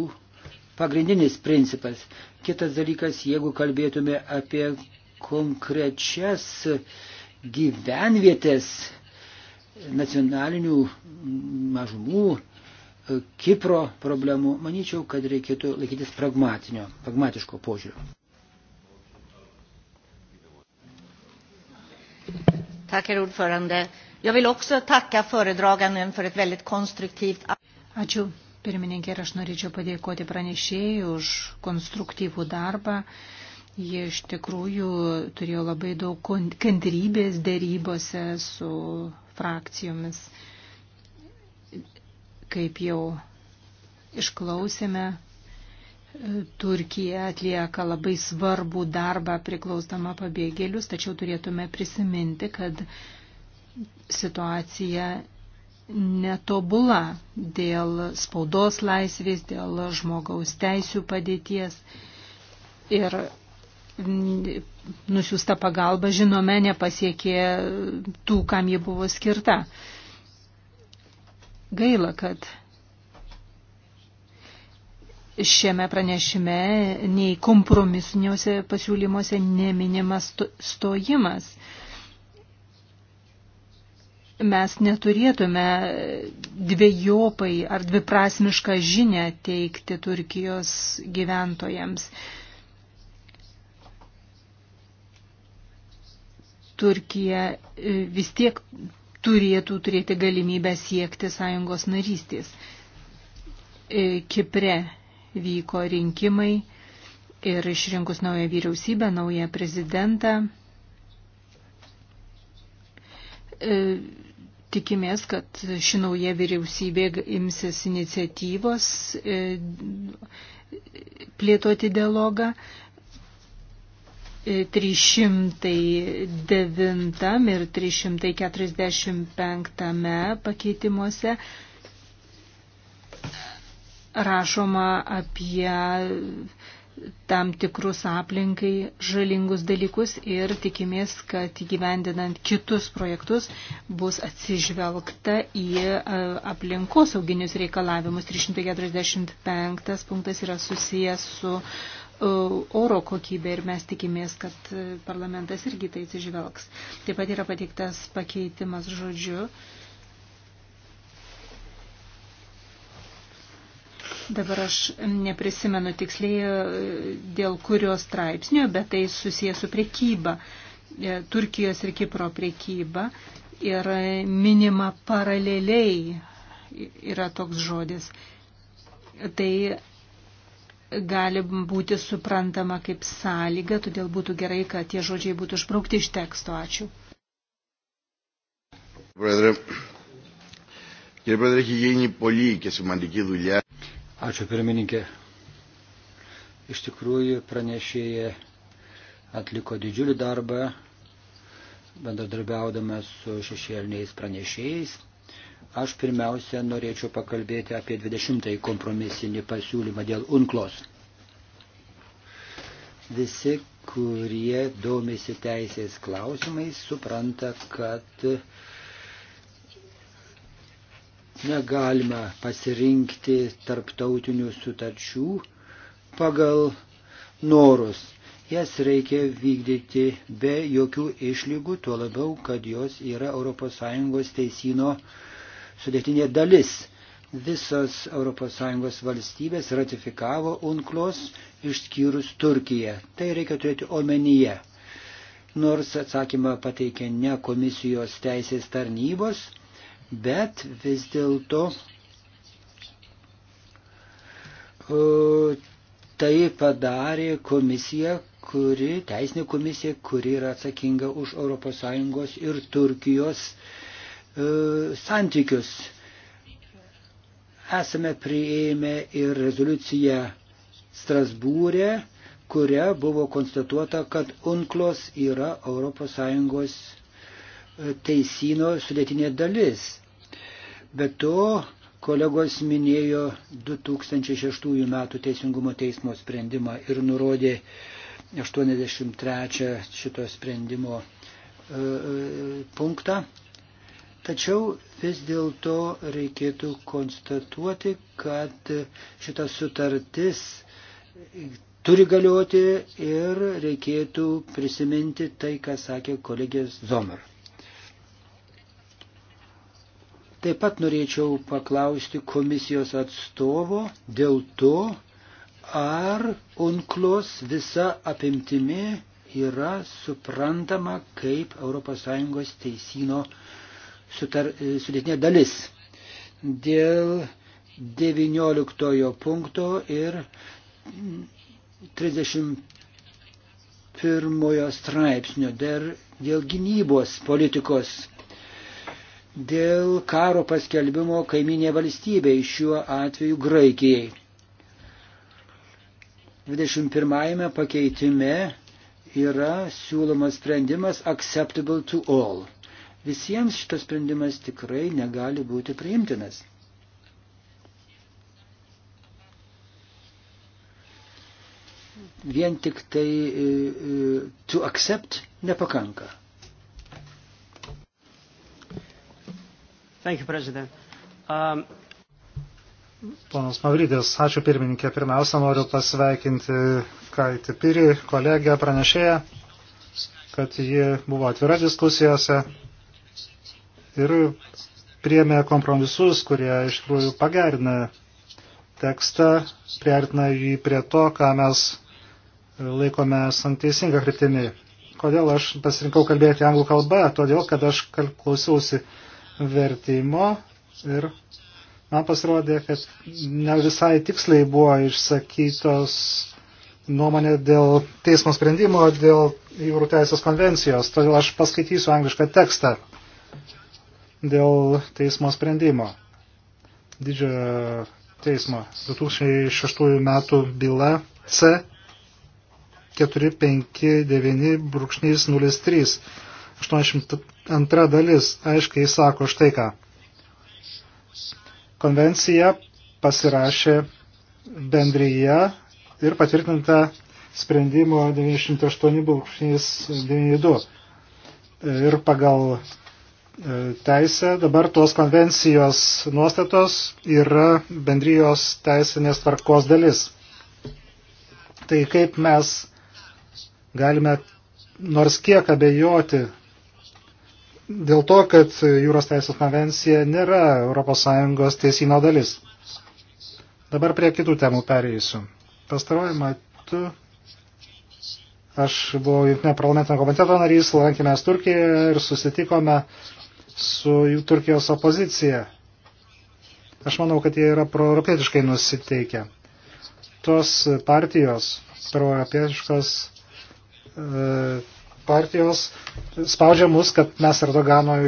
S2: pagrindinis principas. Kitas dalykas, jeigu kalbėtume apie konkrečias gyvenvietės nacionalinių mažumų, Kipro problemų, manyčiau, kad reikėtų laikytis pragmatinio, pragmatiško požiūrio.
S4: Tack, herr ordförande. Jag vill också tacka föredraganden för ett väldigt konstruktivt Ačiū, pirmininkė, ir aš norėčiau padėkoti pranešėjai už konstruktyvų darbą. Uh, Jie iš tikrųjų turėjo labai daug kantrybės dėrybose su frakcijomis. Kaip jau išklausėme, Turkija atlieka labai svarbų darbą priklausdama pabėgėlius, tačiau turėtume prisiminti, kad situacija netobula dėl spaudos laisvės, dėl žmogaus teisių padėties. Ir nusiųsta pagalba, žinome, nepasiekė tų, kam ji buvo skirta. Gaila, kad šiame pranešime nei kompromisiniuose pasiūlymuose neminimas stojimas. Mes neturėtume dviejopai ar dviprasmišką žinę teikti Turkijos gyventojams. Turkija e, vis tiek turėtų turėti galimybę siekti sąjungos narystės. E, Kipre vyko rinkimai ir išrinkus naują vyriausybę, naują prezidentą. E, Tikimės, kad ši nauja vyriausybė imsis iniciatyvos plėtoti dialogą. 309 ir 345 pakeitimuose rašoma apie tam tikrus aplinkai žalingus dalykus ir tikimės, kad gyvendinant kitus projektus bus atsižvelgta į e, aplinkosauginius reikalavimus. 345 punktas yra susijęs su uh, E, oro kokybę ir mes tikimės, kad parlamentas irgi tai atsižvelgs. Taip pat yra pateiktas pakeitimas žodžiu. Dabar aš neprisimenu tiksliai e, dėl kurio straipsnio, bet tai susijęs su priekyba, e, Turkijos ir Kipro priekyba. Ir minima paraleliai yra toks žodis. Tai gali būti suprantama kaip sąlyga, todėl būtų gerai, kad tie žodžiai būtų išbraukti iš teksto. Ačiū.
S2: Ačiū pirmininkė. Iš tikrųjų pranešėja atliko didžiulį darbą, bendradarbiaudama su šešėliniais pranešėjais. Aš pirmiausia norėčiau pakalbėti apie 20-ąjį kompromisinį pasiūlymą dėl UNKLOS. Visi, kurie domisi teisės klausimais, supranta, kad negalima pasirinkti tarptautinių sutarčių pagal norus. Jas reikia vykdyti be jokių išlygų, tuo labiau, kad jos yra ES teisino sudėtinė dalis. Visos ES valstybės ratifikavo UNCLOS išskyrus Turkiją. Tai reikia turėti omenyje. Nors atsakymą pateikė ne komisijos teisės tarnybos, bet vis dėlto tai padarė komisija, kuri, teisinė komisija, kuri yra atsakinga už ES ir Turkijos uh, E, santykius. Esame prieėmę ir rezoliuciją Strasbūrė, kuria buvo konstatuota, kad UNCLOS yra ES teisino sudėtinė dalis. Be to, kolegos minėjo 2006 metų Teisingumo teismo sprendimą ir nurodė 83 šito sprendimo e, e, punktą. Tačiau vis dėlto reikėtų konstatuoti, kad šita sutartis turi galioti ir reikėtų prisiminti tai, ką sakė kolegės Zomar. Taip pat norėčiau paklausti komisijos atstovo dėl to, ar UNCLOS visa apimtimi yra suprantama kaip ES teisino sutar, e, sudėtinė dalis. Dėl 19 punkto ir 31 straipsnio dėl, dėl gynybos politikos dėl karo paskelbimo kaiminė valstybei, šiuo atveju Graikijai. 21 pakeitime yra siūlomas sprendimas acceptable to all visiems šitas sprendimas tikrai negali būti priimtinas. Vien tik tai e, e, to accept nepakanka. Thank you, President. Um...
S5: Ponas Mavrydės, ačiū pirmininkė. Pirmiausia, noriu pasveikinti Kaitį Pirį, kolegę pranešėją, kad ji buvo atvira diskusijose ir priemė kompromisus, kurie iš tikrųjų pagerina tekstą, priartina jį prie to, ką mes laikome santeisinga kryptimi. Kodėl aš pasirinkau kalbėti anglų kalbą? Todėl, kad aš klausiausi vertimo ir man pasirodė, kad ne visai tiksliai buvo išsakytos nuomonė dėl teismo sprendimo, dėl jūrų teisės konvencijos. Todėl aš paskaitysiu anglišką tekstą dėl teismo sprendimo. Didžiojo teismo 2006 metų byla C 459-03. 82 dalis aiškiai sako štai ką. Konvencija pasirašė bendryje ir patvirtinta sprendimo 98-92. Ir pagal E, teisę. Dabar tos konvencijos nuostatos yra bendrijos teisinės tvarkos dalis. Tai kaip mes galime nors kiek abejoti dėl to, kad jūros teisės konvencija nėra ES teisino dalis. Dabar prie kitų temų pereisiu. Pastaruoju metu aš buvau Junktinio parlamento komiteto narys, lankėmės Turkijoje ir susitikome su jų Turkijos opozicija. Aš manau, kad jie yra proeuropietiškai nusiteikę. Tos partijos, proeuropietiškos e, partijos, spaudžia mus, kad mes Erdoganoj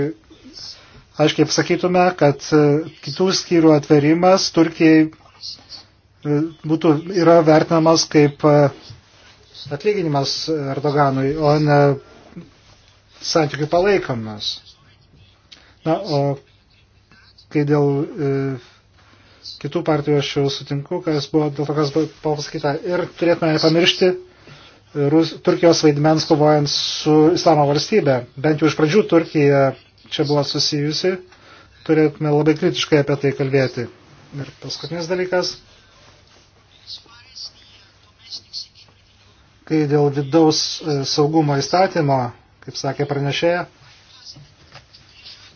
S5: aiškiai pasakytume, kad e, kitų skyrių atverimas Turkijai e, būtų, yra vertinamas kaip atlyginimas Erdoganui, o ne santykių palaikomas. Na, o kai dėl e, kitų partijų aš jau sutinku, kas buvo dėl to, kas buvo pasakyta. Ir turėtume nepamiršti e, Rus, Turkijos vaidmens kovojant su Islamo valstybė. Bent jau iš pradžių Turkija čia buvo susijusi. Turėtume labai kritiškai apie tai kalbėti. Ir paskutinis dalykas. Kai dėl vidaus e, saugumo įstatymo, kaip sakė pranešėja,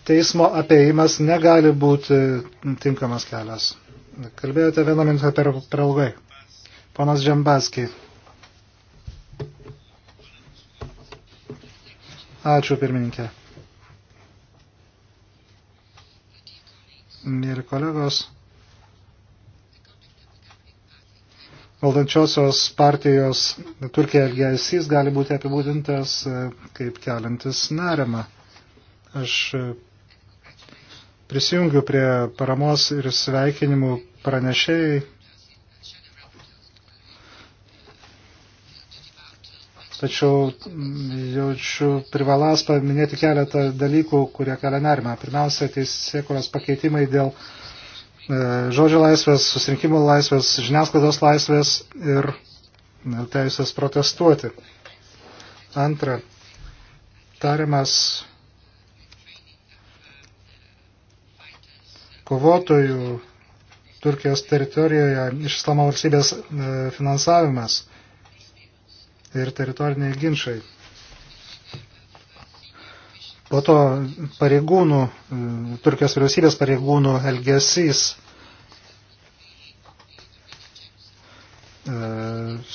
S5: teismo apėjimas negali būti tinkamas kelias. Kalbėjote vieną minutę per, per ilgai. Ponas Džembaskiai. Ačiū pirmininkė. Mėly kolegos, valdančiosios partijos Turkija elgesys gali būti apibūdintas e, kaip keliantis nerimą. Aš Prisijungiu prie paramos ir sveikinimų pranešėjai. Tačiau jaučiu privalas paminėti keletą dalykų, kurie kelia nerimą. Pirmiausia, teisėkuros pakeitimai dėl e, žodžio laisvės, susirinkimų laisvės, žiniasklaidos laisvės ir e, teisės protestuoti. Antra, tariamas kovotojų Turkijos teritorijoje iš Islamo valstybės e, finansavimas ir teritoriniai ginčiai. Po to pareigūnų, e, Turkijos vyriausybės pareigūnų elgesys e,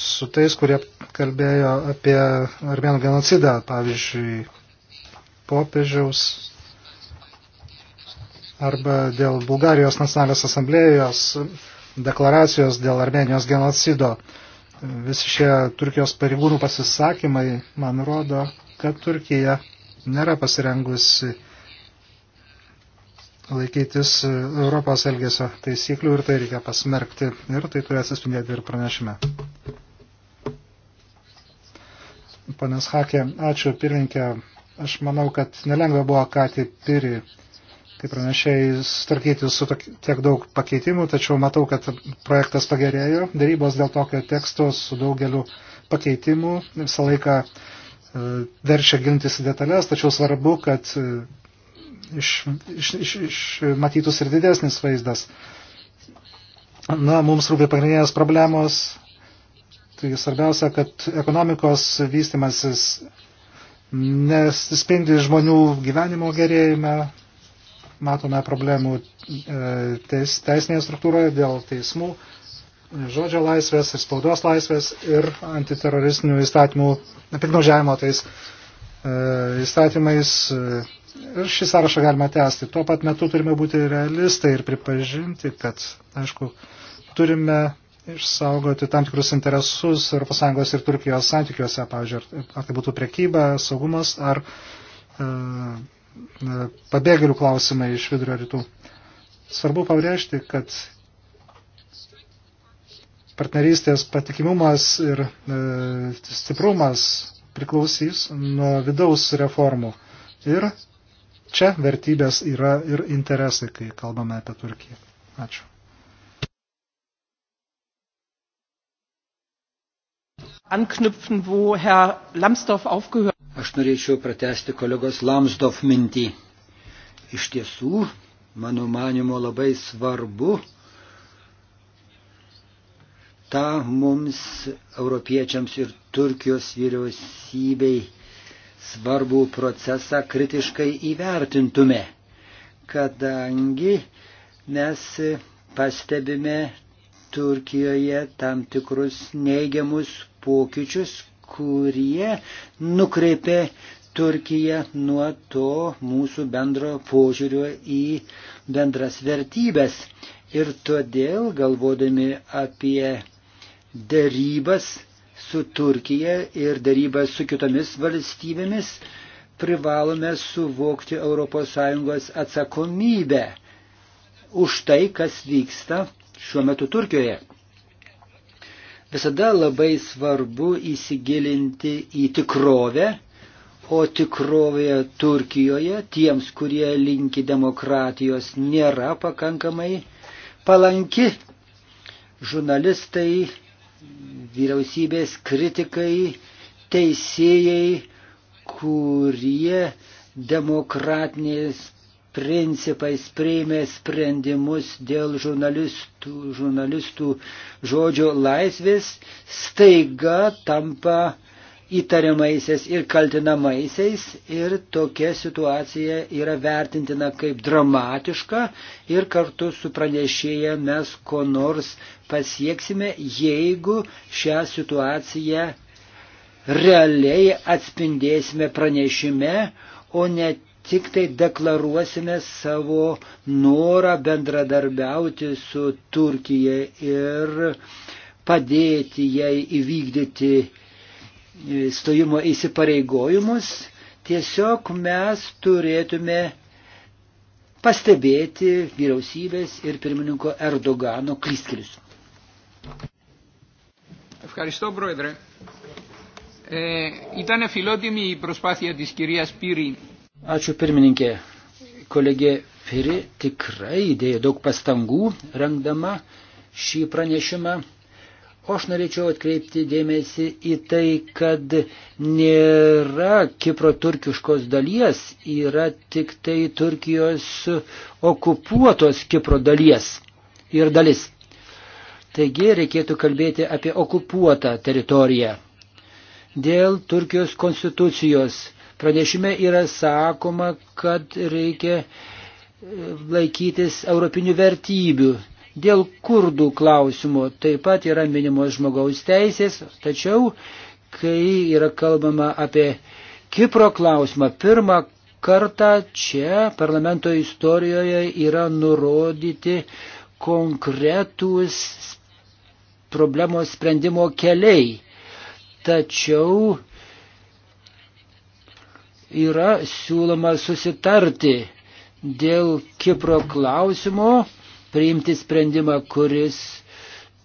S5: su tais, kurie kalbėjo apie armėnų genocidą, pavyzdžiui, popiežiaus arba dėl Bulgarijos nacionalinės asamblėjos deklaracijos dėl Armenijos genocido. Visi šie Turkijos pareigūnų pasisakymai man rodo, kad Turkija nėra pasirengusi laikytis Europos elgesio taisyklių ir tai reikia pasmerkti ir tai turi atsispindėti ir pranešime. Panas Hakė, ačiū pirminkė. Aš manau, kad nelengva buvo ką tik piri kaip pranešėjai, sutarkyti su tok, tiek daug pakeitimų, tačiau matau, kad projektas pagerėjo. Darybos dėl tokio teksto su daugeliu pakeitimų visą laiką e, verčia gintis į detalės, tačiau svarbu, kad e, iš, iš, iš, iš matytus ir didesnis vaizdas. Na, mums rūpi pagrindinės problemos. Tai svarbiausia, kad ekonomikos vystimasis nesispindi žmonių gyvenimo gerėjime, matome problemų e, teis, teisinėje struktūroje dėl teismų, žodžio laisvės ir spaudos laisvės ir antiteroristinių įstatymų, piknaudžiavimo tais e, įstatymais. Ir šį sąrašą galima tęsti. Tuo pat metu turime būti realistai ir pripažinti, kad, aišku, turime išsaugoti tam tikrus interesus ES ir Turkijos santykiuose, pavyzdžiui, ar, ar tai būtų prekyba, saugumas, ar e, pabėgėlių klausimai iš vidurio rytų. Svarbu pabrėžti, kad partnerystės patikimumas ir e, stiprumas priklausys nuo vidaus reformų. Ir čia vertybės yra ir interesai, kai kalbame apie Turkiją. Ačiū.
S3: Anknüpfen, wo Herr
S2: Lambsdorff aufgehört. Aš norėčiau pratesti kolegos Lamsdorf mintį. Iš tiesų, mano manimo labai svarbu tą mums, europiečiams ir Turkijos vyriausybei svarbų procesą kritiškai įvertintume, kadangi mes pastebime Turkijoje tam tikrus neigiamus pokyčius, kurie nukreipė Turkiją nuo to mūsų bendro požiūrio į bendras vertybės. Ir todėl, galvodami apie darybas su Turkija ir darybas su kitomis valstybėmis, privalome suvokti ES atsakomybę už tai, kas vyksta šiuo metu Turkijoje. Visada labai svarbu įsigilinti į tikrovę, o tikrovėje Turkijoje tiems, kurie linki demokratijos, nėra pakankamai palanki. Žurnalistai, vyriausybės kritikai, teisėjai, kurie demokratinės principais priėmė sprendimus dėl žurnalistų, žurnalistų žodžio laisvės, staiga tampa įtariamaisiais ir kaltinamaisiais ir tokia situacija yra vertintina kaip dramatiška ir kartu su pranešėja mes ko nors pasieksime, jeigu šią situaciją realiai atspindėsime pranešime, o ne tik tai deklaruosime savo norą bendradarbiauti su Turkija ir padėti jai įvykdyti e, stojimo įsipareigojimus, tiesiog mes turėtume pastebėti vyriausybės ir pirmininko Erdogano klystkelius.
S3: Ευχαριστώ, Πρόεδρε. Ε, ήταν φιλότιμη η προσπάθεια της κυρίας Πύρη
S2: Ačiū pirmininkė. Kolegė Firi tikrai įdėjo daug pastangų rengdama šį pranešimą. O aš norėčiau atkreipti dėmesį į tai, kad nėra Kipro turkiškos dalies, yra tik tai Turkijos okupuotos Kipro dalies ir dalis. Taigi reikėtų kalbėti apie okupuotą teritoriją. Dėl Turkijos konstitucijos Pranešime yra sakoma, kad reikia e, laikytis europinių vertybių. Dėl kurdų klausimo taip pat yra minimos žmogaus teisės, tačiau kai yra kalbama apie Kipro klausimą, pirmą kartą čia parlamento istorijoje yra nurodyti konkretūs problemos sprendimo keliai. Tačiau yra siūloma susitarti dėl Kipro klausimo, priimti sprendimą, kuris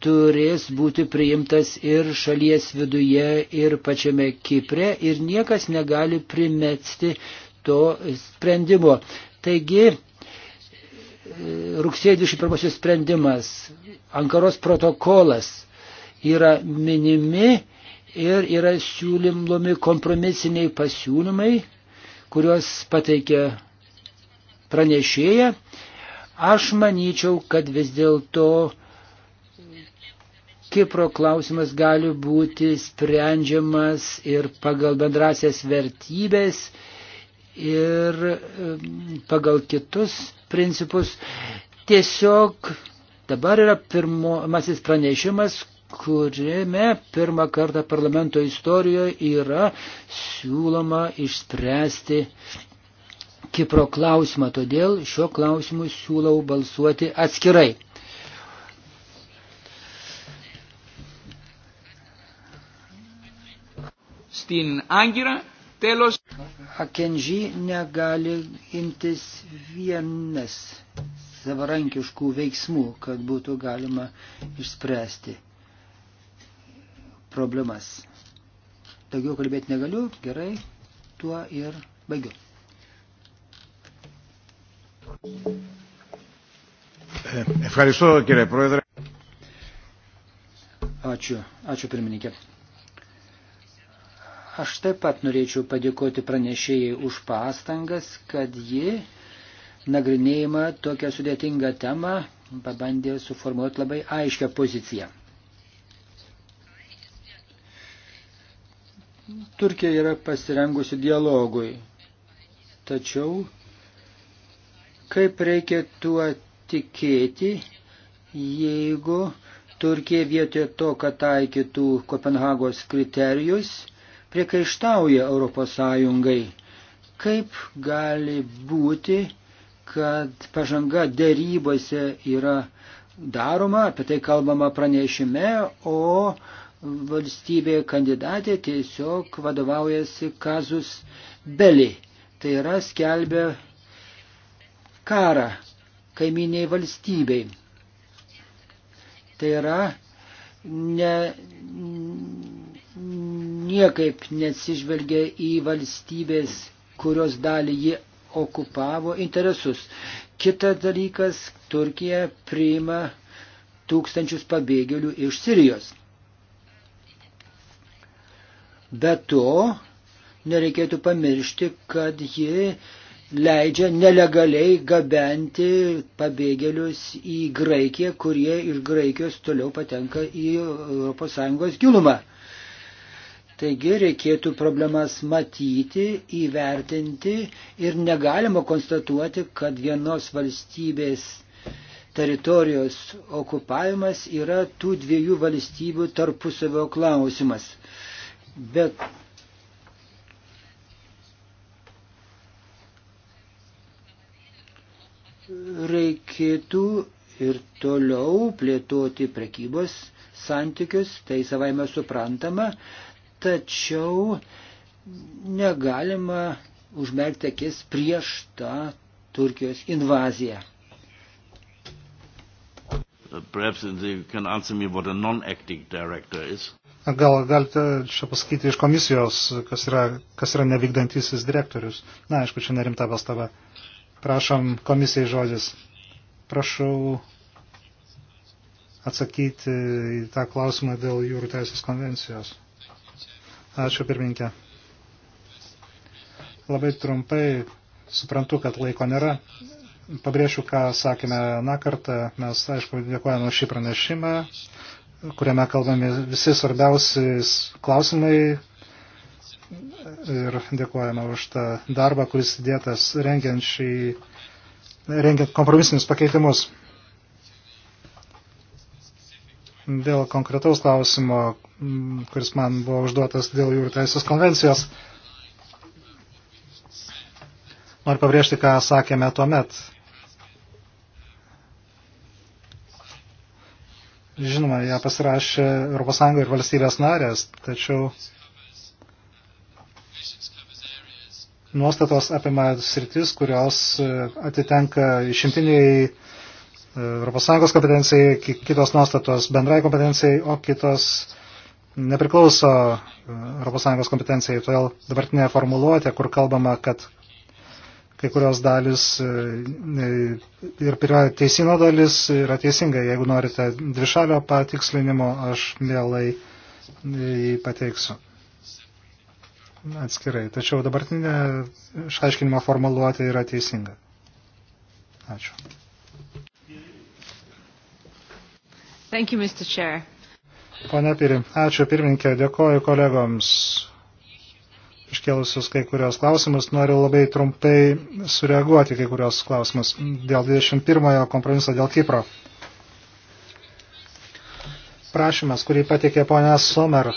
S2: turės būti priimtas ir šalies viduje, ir pačiame Kipre, ir niekas negali primesti to sprendimo. Taigi, rugsėjo 21 sprendimas, Ankaros protokolas yra minimi ir yra siūlymomi kompromisiniai pasiūlymai kuriuos pateikė pranešėja, aš manyčiau, kad vis dėlto Kipro klausimas gali būti sprendžiamas ir pagal bendrasias vertybės, ir e, pagal kitus principus. Tiesiog dabar yra pirmasis pranešimas, kuriame pirmą kartą parlamento istorijoje yra siūloma išspręsti Kipro klausimą. Todėl šiuo klausimu siūlau balsuoti atskirai. Στην Άγκυρα Τέλος. Ακενζή negali imtis vienas savarankiškų veiksmų, kad būtų galima išspręsti problemas. Daugiau kalbėti negaliu, gerai, tuo ir baigiu.
S3: Ευχαριστώ κύριε Πρόεδρε.
S2: Ačiū, ačiū pirmininkė. Aš taip pat norėčiau padėkoti pranešėjai už pastangas, kad ji nagrinėjimą tokią sudėtingą temą pabandė suformuoti labai aiškę poziciją. Turkija yra pasirengusi dialogui. Tačiau kaip reikia tuo tikėti, jeigu Turkija vietoje to, kad taikytų Kopenhagos kriterijus, priekaištauja Europos Sąjungai. Kaip gali būti, kad pažanga dėrybose yra daroma, apie tai kalbama pranešime, o valstybė kandidatė tiesiog vadovaujasi kazus beli. Tai yra skelbia karą kaiminiai valstybei. Tai yra ne, niekaip nesižvelgia į valstybės, kurios dalį ji okupavo interesus. Kitas dalykas, Turkija priima tūkstančius pabėgėlių iš Sirijos. Be to, nereikėtų pamiršti, kad ji leidžia nelegaliai gabenti pabėgėlius į Graikiją, kurie iš Graikijos toliau patenka į ES gilumą. Taigi reikėtų problemas matyti, įvertinti ir negalima konstatuoti, kad vienos valstybės teritorijos okupavimas yra tų dviejų valstybių tarpusavio klausimas. Bet reikėtų ir toliau plėtoti prekybos santykius, tai savaime suprantama, tačiau negalima užmerkti akis prieš tą Turkijos
S3: invaziją. Uh, perhaps you can answer me what a non-acting director is.
S5: Gal galite čia pasakyti iš komisijos, kas yra, kas yra nevykdantysis direktorius. Na, aišku, čia nerimta pastaba. Prašom komisijai žodis. Prašau atsakyti į tą klausimą dėl jūrų teisės konvencijos. Ačiū pirminkė. Labai trumpai suprantu, kad laiko nėra. Pabrėšiu, ką sakėme na kartą. Mes, aišku, dėkojame už šį pranešimą kuriame kalbame visi svarbiausi klausimai ir dėkojame už tą darbą, kuris dėtas rengiant, šį, rengiant kompromisinius pakeitimus. Dėl konkretaus klausimo, kuris man buvo užduotas dėl jūrų teisės konvencijos, noriu pabrėžti, ką sakėme tuo metu Žinoma, ją pasirašė ES ir valstybės narės, tačiau nuostatos apima sritis, kurios e, atitenka išimtiniai ES kompetencijai, kitos nuostatos bendrai kompetencijai, o kitos nepriklauso ES kompetencijai. Todėl dabartinė formuluotė, kur kalbama, kad kai kurios dalis e, e, ir yra teisino dalis yra teisinga. Jeigu norite dvišalio patikslinimo, aš mielai e, jį pateiksiu atskirai. Tačiau dabartinė išaiškinimo formuluotė yra teisinga. Ačiū.
S4: Thank you, Mr. Chair.
S5: Pone Piri, ačiū pirmininkė, dėkoju kolegoms iškėlusius kai kurios klausimus, noriu labai trumpai sureaguoti kai kurios klausimus dėl 21 kompromiso dėl Kipro. Prašymas, kurį patikė ponia Somer,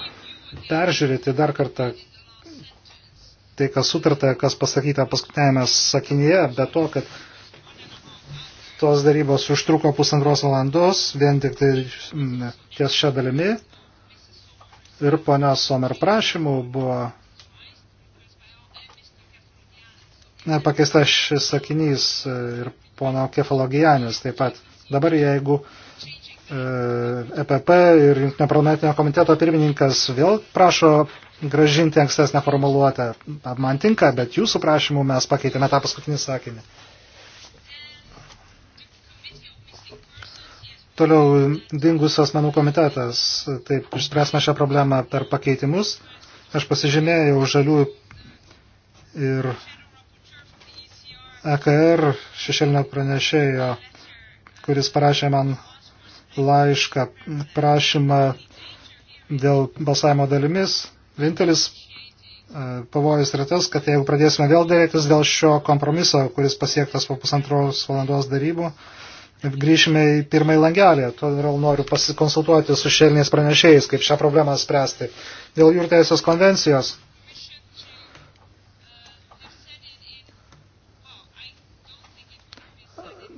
S5: peržiūrėti dar kartą tai, kas sutarta, kas pasakyta paskutinėme sakinyje, be to, kad tos darybos užtruko pusantros valandos, vien tik tai mm, ties šią dalimi. Ir ponios Somer prašymų buvo pakeista šis sakinys e, ir pono Kefalogijanis taip pat. Dabar jeigu EPP e ir Junktinio parlamentinio komiteto pirmininkas vėl prašo gražinti ankstesnę formuluotę, man tinka, bet jūsų prašymų mes pakeitėme tą paskutinį sakinį. Toliau dingus asmenų komitetas. Taip, išspręsime šią problemą per pakeitimus. Aš pasižymėjau žalių ir EKR šešėlinio pranešėjo, kuris parašė man laišką prašymą dėl balsavimo dalimis. Vintelis e, pavojus yra tas, kad jeigu pradėsime vėl dėrėtis dėl šio kompromiso, kuris pasiektas po pusantros valandos darybų, grįšime į pirmąjį langelį. Todėl noriu pasikonsultuoti su šelniais pranešėjais, kaip šią problemą spręsti. Dėl jūrų teisės konvencijos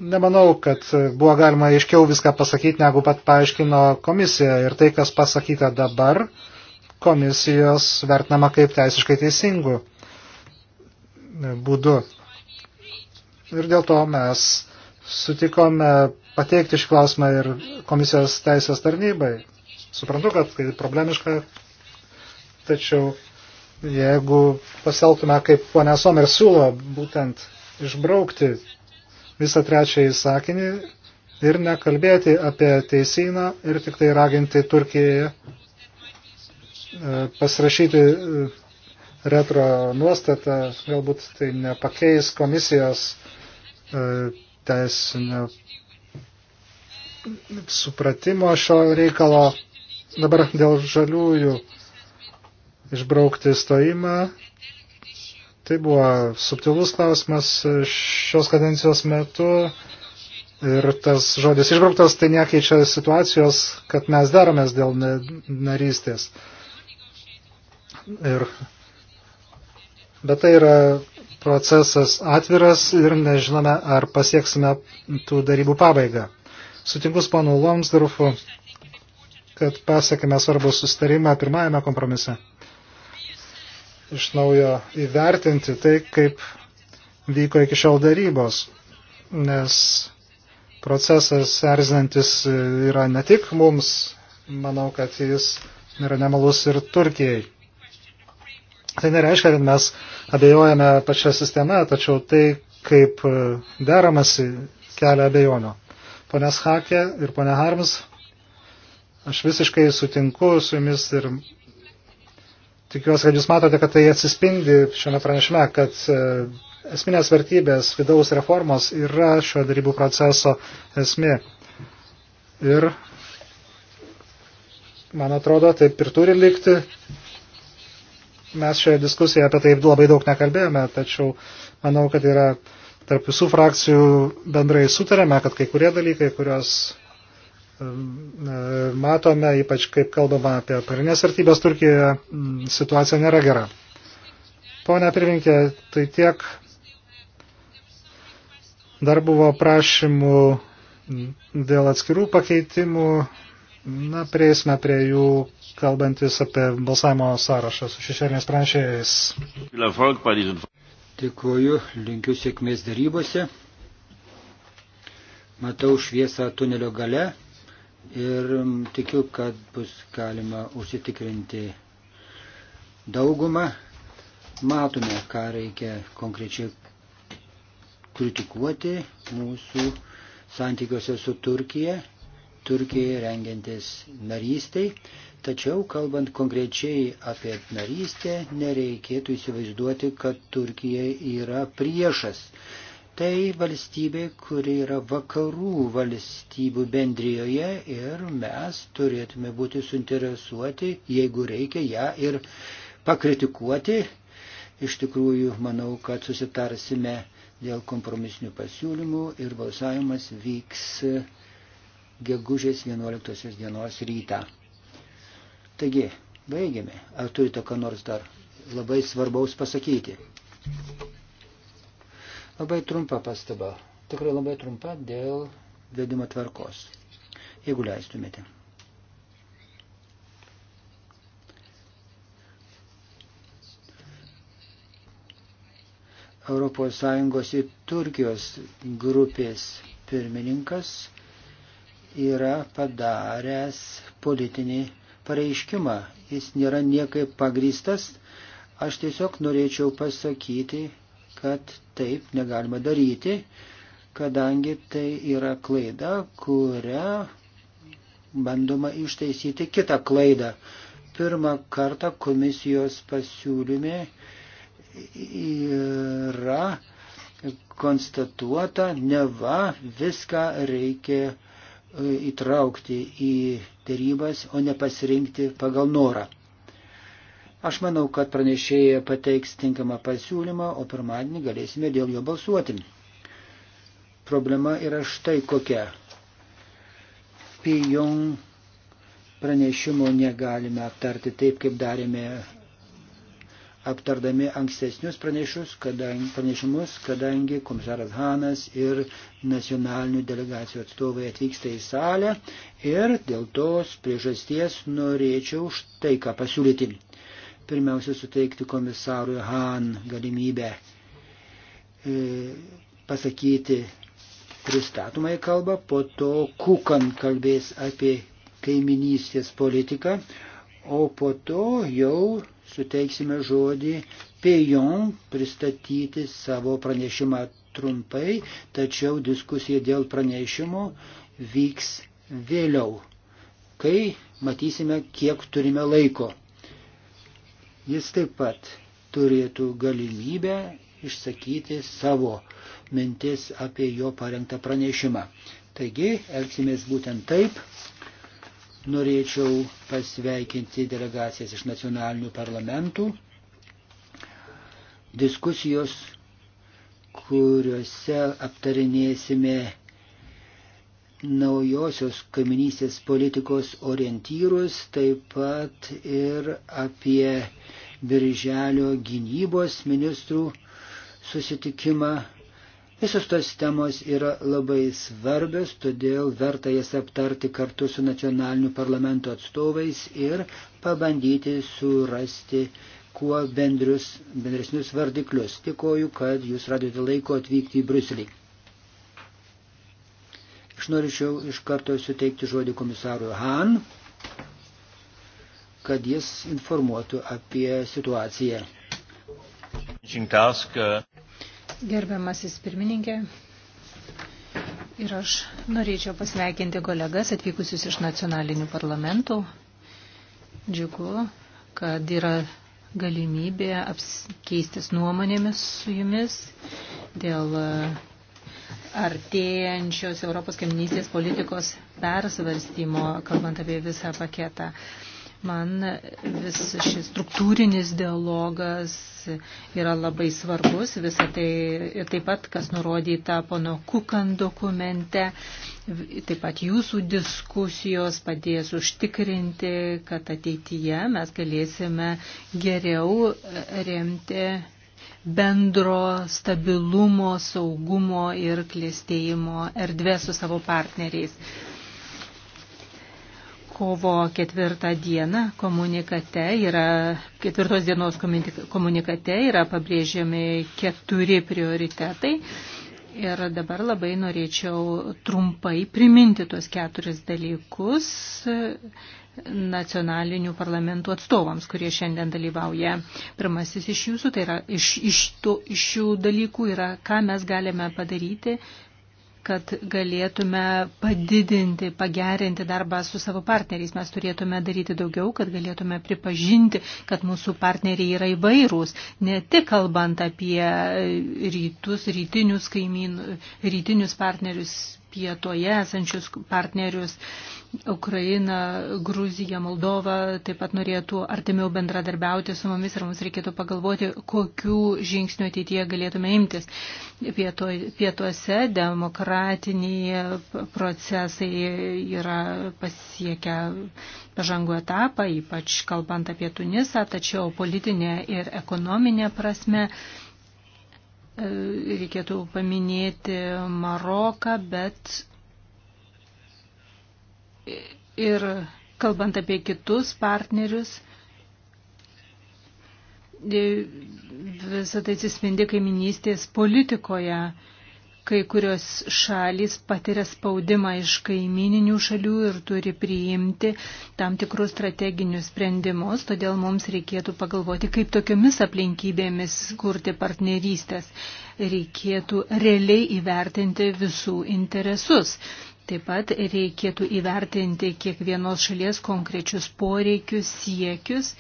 S5: nemanau, kad buvo galima aiškiau viską pasakyti, negu pat paaiškino komisija. Ir tai, kas pasakyta dabar, komisijos vertinama kaip teisiškai teisingų būdu. Ir dėl to mes sutikome pateikti šį klausimą ir komisijos teisės tarnybai. Suprantu, kad tai problemiška, tačiau jeigu pasielgtume, kaip ponė Somer siūlo, būtent išbraukti visą trečiąjį sakinį ir nekalbėti apie teisyną ir tik tai raginti Turkiją e, pasirašyti e, retro nuostatą, galbūt tai nepakeis komisijos e, teisinio supratimo šio reikalo. Dabar dėl žaliųjų išbraukti stojimą Tai buvo subtilus klausimas šios kadencijos metu ir tas žodis išbrauktas tai nekeičia situacijos, kad mes daromės dėl narystės. Ir, bet tai yra procesas atviras ir nežinome, ar pasieksime tų darybų pabaigą. Sutinku su panu Lomsdorfu, kad pasiekime svarbų sustarimą pirmajame kompromise iš naujo įvertinti tai, kaip vyko iki šiol darybos, nes procesas erzinantis yra ne tik mums, manau, kad jis yra nemalus ir Turkijai. Tai nereiškia, kad mes abejojame pačią sistemą, tačiau tai, kaip deramasi, kelia abejonių. Ponas Hakė ir ponė Harms, aš visiškai sutinku su jumis ir tikiuosi, kad jūs matote, kad tai atsispindi šiame pranešime, kad e, esminės vertybės vidaus reformos yra šio darybų proceso esmė. Ir, man atrodo, taip ir turi likti. Mes šioje diskusijoje apie tai labai daug nekalbėjome, tačiau manau, kad yra tarp visų frakcijų bendrai sutarėme, kad kai kurie dalykai, kurios matome, ypač kaip kalbama apie karinės artybės Turkijoje, situacija nėra gera. Pone pirminkė, tai tiek. Dar buvo prašymų dėl atskirų pakeitimų. Na, prieisime prie jų, kalbantis apie balsavimo sąrašą su šešėlinės pranešėjais.
S2: Dėkuoju, linkiu sėkmės darybose. Matau šviesą tunelio gale ir um, tikiu, kad bus galima užsitikrinti daugumą. Matome, ką reikia konkrečiai kritikuoti mūsų santykiuose su Turkija, Turkijai rengiantis narystiai. Tačiau, kalbant konkrečiai apie narystę, nereikėtų įsivaizduoti, kad Turkija yra priešas tai valstybė, kuri yra vakarų valstybių bendrijoje ir mes turėtume būti suinteresuoti, jeigu reikia ją ir pakritikuoti. Iš tikrųjų, manau, kad susitarsime dėl kompromisinių pasiūlymų ir balsavimas vyks gegužės 11 dienos rytą. Taigi, baigėme. Ar turite ką nors dar labai svarbaus pasakyti? Labai trumpa pastaba, tikrai labai trumpa dėl vedimo tvarkos, jeigu leistumėte. ES ir Turkijos grupės pirmininkas yra padaręs politinį pareiškimą. Jis nėra niekaip pagristas. Aš tiesiog norėčiau pasakyti, kad taip negalima daryti, kadangi tai yra klaida, kurią bandoma ištaisyti kitą klaidą. Pirmą kartą komisijos pasiūlyme yra konstatuota, neva viską reikia e, įtraukti į dėrybas, o ne pasirinkti pagal norą. Aš manau, kad pranešėja pateiks tinkamą pasiūlymą, o pirmadienį galėsime dėl jo balsuoti. Problema yra štai kokia. Pijong pranešimo negalime aptarti taip, kaip darėme aptardami ankstesnius pranešimus, kadangi, pranešimus, kadangi komisaras Hanas ir nacionalinių delegacijų atstovai atvyksta į salę ir dėl tos priežasties norėčiau štai ką pasiūlyti pirmiausia suteikti komisarui Han galimybę e, pasakyti pristatomai kalbą, po to Kukan kalbės apie kaiminystės politiką, o po to jau suteiksime žodį Pejon pristatyti savo pranešimą trumpai, tačiau diskusija dėl pranešimo vyks vėliau, kai matysime, kiek turime laiko jis taip pat turėtų galimybę išsakyti savo mintis apie jo parengtą pranešimą. Taigi, elgsimės būtent taip. Norėčiau pasveikinti delegacijas iš nacionalinių parlamentų. Diskusijos, kuriuose aptarinėsime naujosios kaiminystės politikos orientyrus, taip pat ir apie Birželio gynybos ministrų susitikimą. Visos tos temos yra labai svarbios, todėl verta jas aptarti kartu su nacionaliniu parlamento atstovais ir pabandyti surasti kuo bendrius, bendresnius vardiklius. Tikoju, kad jūs radote laiko atvykti į Bruselį. Aš norėčiau iš karto suteikti žodį komisarui Han, kad jis informuotų apie situaciją.
S4: Gerbiamasis pirmininkė, ir aš norėčiau pasveikinti kolegas atvykusius iš nacionalinių parlamentų. Džiugu, kad yra galimybė apskeistis nuomonėmis su jumis dėl artėjančios Europos kaiminystės politikos persvarstymo, kalbant apie visą paketą. Man vis šis struktūrinis dialogas yra labai svarbus, visą tai ir taip pat, kas nurodyta pono Kukan dokumente, taip pat jūsų diskusijos padės užtikrinti, kad ateityje mes galėsime geriau remti bendro stabilumo, saugumo ir klėstėjimo erdvė su savo partneriais. Kovo ketvirtą dieną komunikate yra, ketvirtos dienos komunikate yra pabrėžiami keturi prioritetai. Ir dabar labai norėčiau trumpai priminti tuos keturis dalykus nacionalinių parlamentų atstovams, kurie šiandien dalyvauja. Pirmasis iš jūsų, tai yra iš, iš, to, iš šių dalykų yra, ką mes galime padaryti, kad galėtume padidinti, pagerinti darbą su savo partneriais. Mes turėtume daryti daugiau, kad galėtume pripažinti, kad mūsų partneriai yra įvairūs, ne tik kalbant apie rytus, rytinius kaimynus, rytinius partnerius, pietoje esančius partnerius, Ukraina, Gruzija, Moldova taip pat norėtų artimiau bendradarbiauti su mumis ir mums reikėtų pagalvoti, kokių žingsnių ateityje galėtume imtis. Pietuose demokratiniai procesai yra pasiekę pažangų etapą, ypač kalbant apie Tunisą, tačiau politinė ir ekonominė prasme e, reikėtų paminėti Maroką, bet ir kalbant apie kitus partnerius, e, visą tai atsispindi kaiminystės politikoje. Kai kurios šalys patiria spaudimą iš kaimininių šalių ir turi priimti tam tikrus strateginius sprendimus, todėl mums reikėtų pagalvoti, kaip tokiomis aplinkybėmis kurti partnerystės. Reikėtų realiai įvertinti visų interesus. Taip pat reikėtų įvertinti kiekvienos šalies konkrečius poreikius, siekius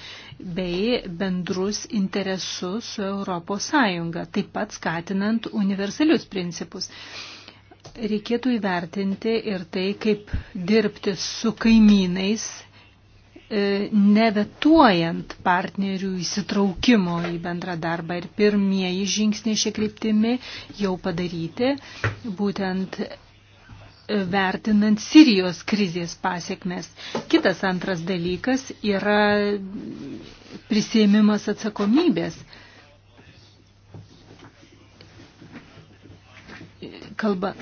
S4: bei bendrus interesus su ES, taip pat skatinant universalius principus. Reikėtų įvertinti ir tai, kaip dirbti su kaimynais, e, nevetuojant partnerių įsitraukimo į bendrą darbą ir pirmieji žingsniai šia kryptimi jau padaryti, būtent vertinant Sirijos krizės pasiekmes. Kitas antras dalykas yra prisėmimas atsakomybės. Kalba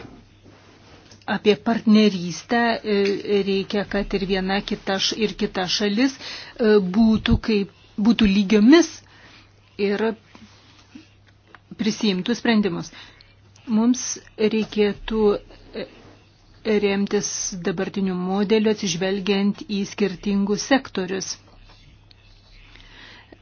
S4: apie partnerystę e, reikia, kad ir viena kita, ir kita šalis e, būtų, kaip, būtų lygiomis ir prisijimtų sprendimus. Mums reikėtų e, remtis dabartiniu modeliu atsižvelgiant į skirtingus sektorius.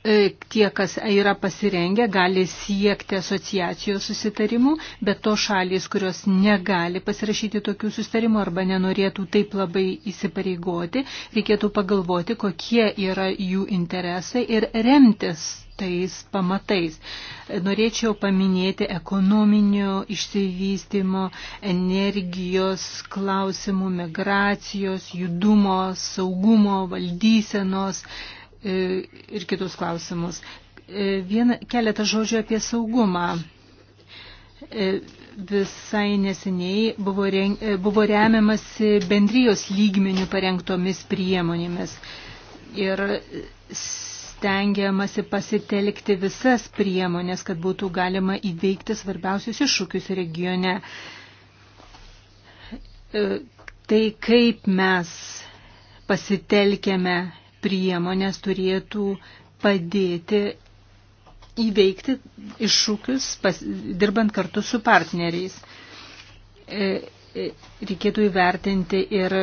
S4: E, tie, kas yra pasirengę, gali siekti asociacijos susitarimų, bet to šalis, kurios negali pasirašyti tokių susitarimų arba nenorėtų taip labai įsipareigoti, reikėtų pagalvoti, kokie yra jų interesai ir remtis tais pamatais. Norėčiau paminėti ekonominio išsivystimo, energijos klausimų, migracijos, judumo, saugumo, valdysenos E, ir kitus klausimus. E, viena, keletą žodžių apie saugumą. E, visai neseniai buvo, reng, buvo remiamasi bendrijos lygmenių parengtomis priemonėmis ir stengiamasi pasitelkti visas priemonės, kad būtų galima įveikti svarbiausius iššūkius regione. Tai kaip mes pasitelkėme priemonės turėtų padėti įveikti iššūkius, pas, dirbant kartu su partneriais. E, E, reikėtų įvertinti ir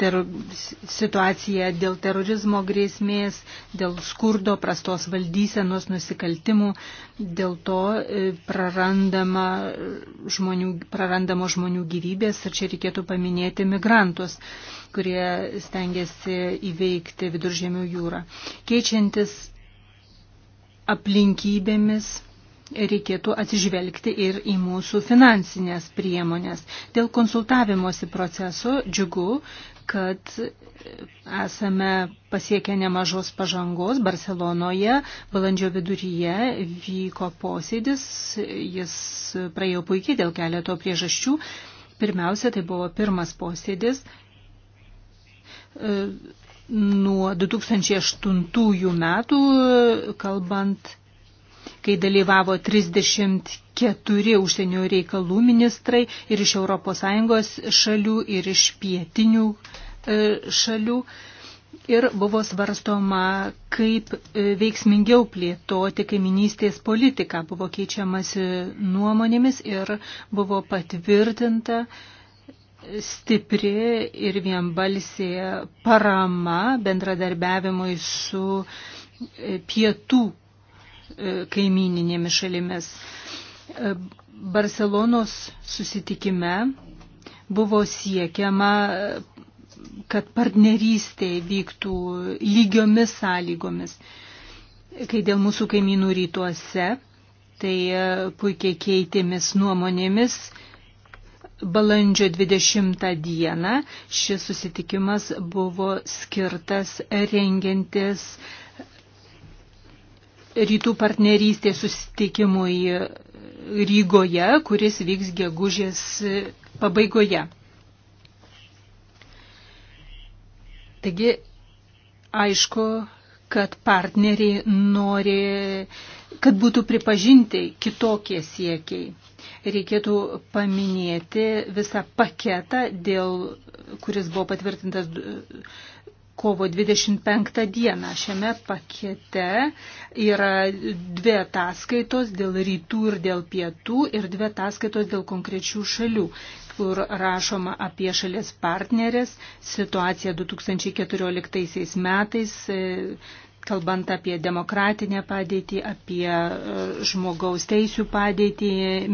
S4: ter, situaciją dėl terorizmo grėsmės, dėl skurdo, prastos valdysenos, nusikaltimų, dėl to e, prarandama žmonių, prarandamo žmonių gyvybės ir čia reikėtų paminėti migrantus, kurie stengiasi įveikti viduržėmių jūrą. Keičiantis aplinkybėmis reikėtų atsižvelgti ir į mūsų finansinės priemonės. Dėl konsultavimosi proceso džiugu, kad esame pasiekę nemažos pažangos. Barcelonoje balandžio viduryje vyko posėdis, jis praėjo puikiai dėl keleto priežasčių. Pirmiausia, tai buvo pirmas posėdis e, nuo 2008 metų, kalbant kai dalyvavo 34 užsienio reikalų ministrai ir iš ES šalių, ir iš pietinių e, šalių. Ir buvo svarstoma, kaip e, veiksmingiau plėtoti kaiminystės politiką. Buvo keičiamasi nuomonėmis ir buvo patvirtinta stipri ir vienbalsė parama bendradarbiavimui su e, pietų E, kaimininėmis šalimis. E, Barcelonos susitikime buvo siekiama, e, kad partnerystė vyktų lygiomis sąlygomis. Kai dėl mūsų kaimynų rytuose, tai puikiai keitėmis nuomonėmis. Balandžio 20 dieną šis susitikimas buvo skirtas rengiantis uh, rytų partnerystės susitikimui Rygoje, kuris vyks gegužės pabaigoje. Taigi, aišku, kad partneriai nori, kad būtų pripažinti kitokie siekiai. Reikėtų paminėti visą paketą, dėl, kuris buvo patvirtintas kovo 25 dieną. Šiame pakete yra dvi ataskaitos dėl rytų ir dėl pietų ir dvi ataskaitos dėl konkrečių šalių kur rašoma apie šalies partnerės situaciją 2014 metais, e, kalbant apie demokratinę padėtį, apie e, žmogaus teisų padėtį,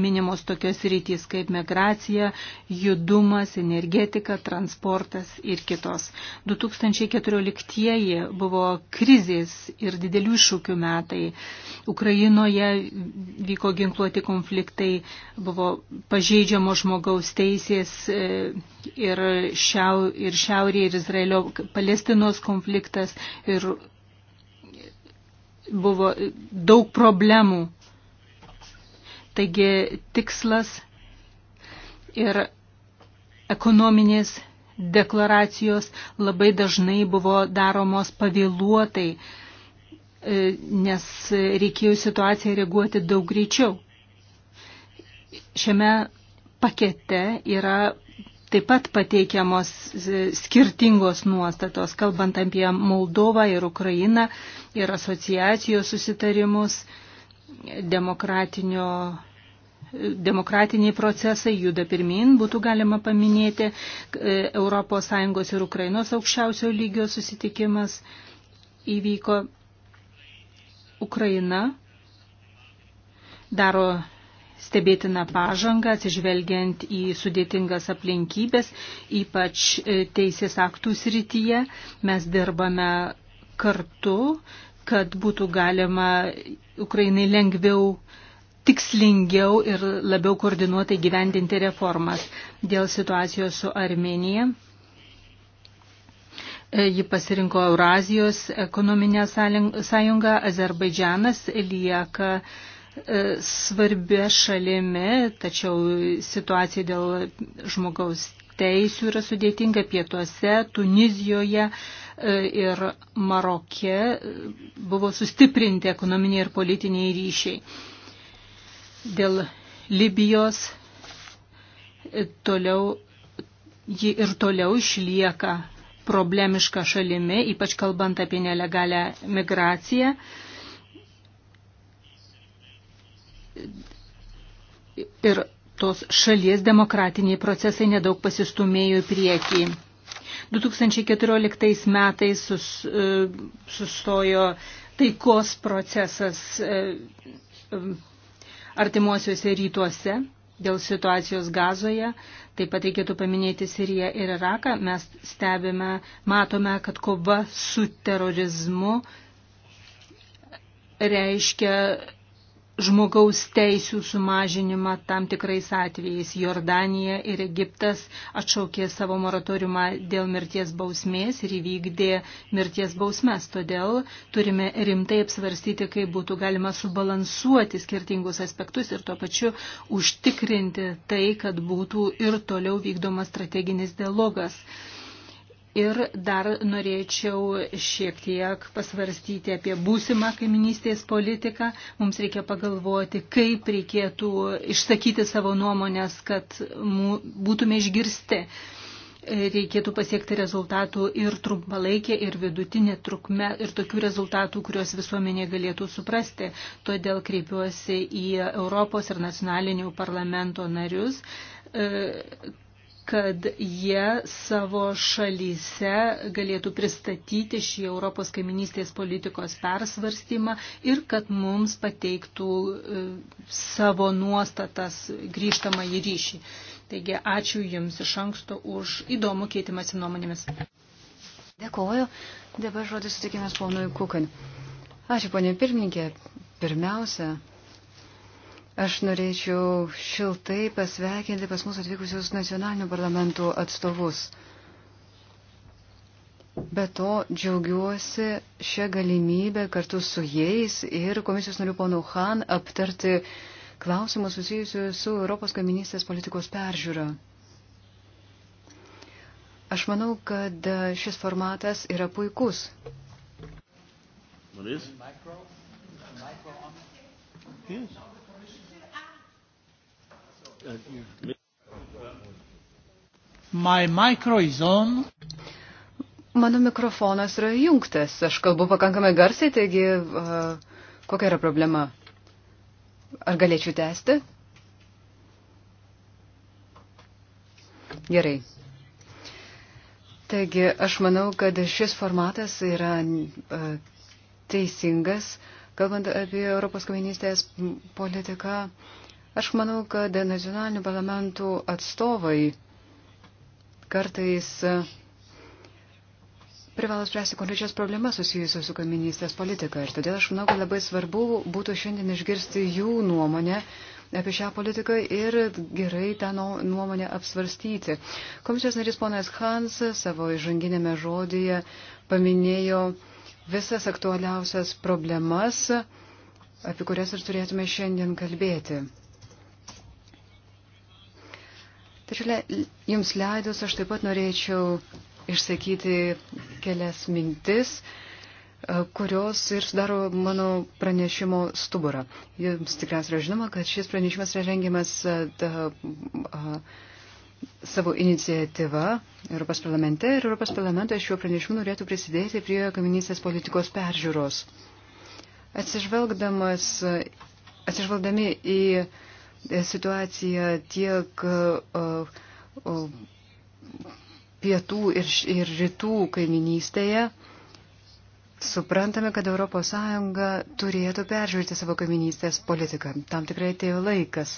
S4: minimos tokios rytys kaip migracija, judumas, energetika, transportas ir kitos. 2014 buvo krizės ir didelių iššūkių metai. Ukrainoje vyko ginkluoti konfliktai, buvo pažeidžiamo žmogaus teisės e, ir, šiau, ir šiaurėje ir Izraelio Palestinos konfliktas ir buvo daug problemų. Taigi tikslas ir ekonominės deklaracijos labai dažnai buvo daromos pavėluotai, e, nes reikėjo situaciją reaguoti daug greičiau. Šiame pakete yra Taip pat pateikiamos e, skirtingos nuostatos, kalbant apie Moldovą ir Ukrainą ir asociacijos susitarimus, e, demokratiniai procesai juda pirmin, būtų galima paminėti ES ir Ukrainos aukščiausio lygio susitikimas įvyko Ukraina daro stebėtiną pažangą, atsižvelgiant į sudėtingas aplinkybės, ypač e, teisės aktų srityje. Mes dirbame kartu, kad būtų galima Ukrainai lengviau tikslingiau ir labiau koordinuotai gyvendinti reformas dėl situacijos su Armenija. E, ji pasirinko Eurazijos ekonominę sąjungą, Azerbaidžianas lieka uh, E, svarbia šalimi, tačiau situacija dėl žmogaus teisų yra sudėtinga pietuose, Tunizijoje e, ir Marokė e, buvo sustiprinti ekonominiai ir politiniai ryšiai. Dėl Libijos toliau, ji ir toliau išlieka problemiška šalimi, ypač kalbant apie nelegalę migraciją ir tos šalies demokratiniai procesai nedaug pasistumėjo į priekį. 2014 metais sus, e, sustojo taikos procesas e, e, artimuosiuose rytuose dėl situacijos gazoje. Taip pat reikėtų paminėti Siriją ir Iraką. Mes stebime, matome, kad kova su terorizmu reiškia žmogaus teisų sumažinimą tam tikrais atvejais. Jordanija ir Egiptas atšaukė savo moratoriumą dėl mirties bausmės ir įvykdė mirties bausmes. Todėl turime rimtai apsvarstyti, kaip būtų galima subalansuoti skirtingus aspektus ir tuo pačiu užtikrinti tai, kad būtų ir toliau vykdomas strateginis dialogas Ir dar norėčiau šiek tiek pasvarstyti apie būsimą kaiminystės politiką. Mums reikia pagalvoti, kaip reikėtų išsakyti savo nuomonės, kad būtume išgirsti. Reikėtų pasiekti rezultatų ir trumpalaikė, ir vidutinė trukme, ir tokių rezultatų, kuriuos visuomenė galėtų suprasti. Todėl kreipiuosi į Europos ir nacionalinių parlamento narius e, kad jie savo šalyse galėtų pristatyti šį Europos kaiminystės politikos persvarstymą ir kad mums pateiktų e, savo nuostatas grįžtamą į ryšį. Taigi ačiū Jums iš anksto už įdomų keitimąsi nuomonėmis. Dėkuoju.
S1: Dabar žodis sutikimas ponui Kukan. Ačiū, ponė pirmininkė. Pirmiausia, Aš norėčiau šiltai pasveikinti pas mus atvykusius nacionalinių parlamentų atstovus. Be to džiaugiuosi šią galimybę kartu su jais ir komisijos nariu ponu Han aptarti klausimus susijusius su Europos kaiminystės politikos peržiūra. Aš manau, kad šis formatas yra puikus.
S2: What is? Micro, micro on.
S3: Yes.
S1: My micro is on. Mano mikrofonas yra jungtas. Aš kalbu pakankamai garsiai, taigi uh, kokia yra problema? Ar galėčiau tęsti? Gerai. Taigi, aš manau, kad šis formatas yra uh, teisingas, kalbant apie Europos komunistės politiką. Uh, Aš manau, kad nacionalinių parlamentų atstovai kartais e, privalo spręsti konkrečias problemas susijusios su kaiminystės politika. Ir todėl aš manau, kad labai svarbu būtų šiandien išgirsti jų nuomonę apie šią politiką ir gerai tą nu-, nuomonę apsvarstyti. Komisijos narys ponas Hans savo įžanginėme žodėje paminėjo visas aktualiausias problemas, apie kurias ir turėtume šiandien kalbėti. Tačiau le, jums leidus aš taip pat norėčiau išsakyti kelias mintis, e, kurios ir sudaro mano pranešimo stuburą. Jums tikras yra žinoma, kad šis pranešimas yra rengiamas e, da, a, savo iniciatyva Europos parlamente ir Europos parlamentas šiuo pranešimu norėtų prisidėti prie kaiminystės politikos peržiūros. Atsižvelgdamas, atsižvelgdami į situacija tiek uh, uh, pietų ir, ir rytų kaiminystėje, suprantame, kad ES turėtų peržiūrėti savo kaiminystės politiką. Tam tikrai atėjo laikas.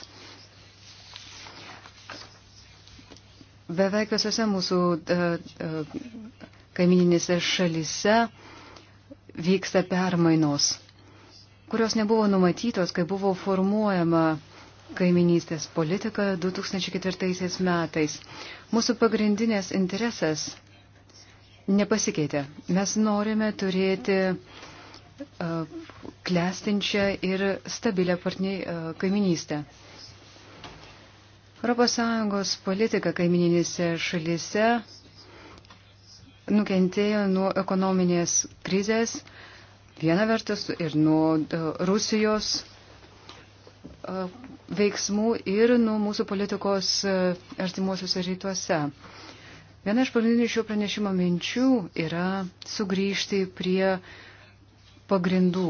S1: Beveik visose mūsų uh, kaimininėse šalise vyksta permainos, kurios nebuvo numatytos, kai buvo formuojama uh, kaiminystės politiką 2004 metais. Mūsų pagrindinės interesas nepasikeitė. Mes norime turėti uh, klestinčią ir stabilę partnį, uh, e, kaiminystę. ES politika kaimininėse šalyse nukentėjo nuo ekonominės krizės, viena vertus ir nuo e, Rusijos E, veiksmų ir nuo mūsų politikos e, artimuosiuose rytuose. Viena iš pagrindinių šio pranešimo minčių yra sugrįžti prie pagrindų.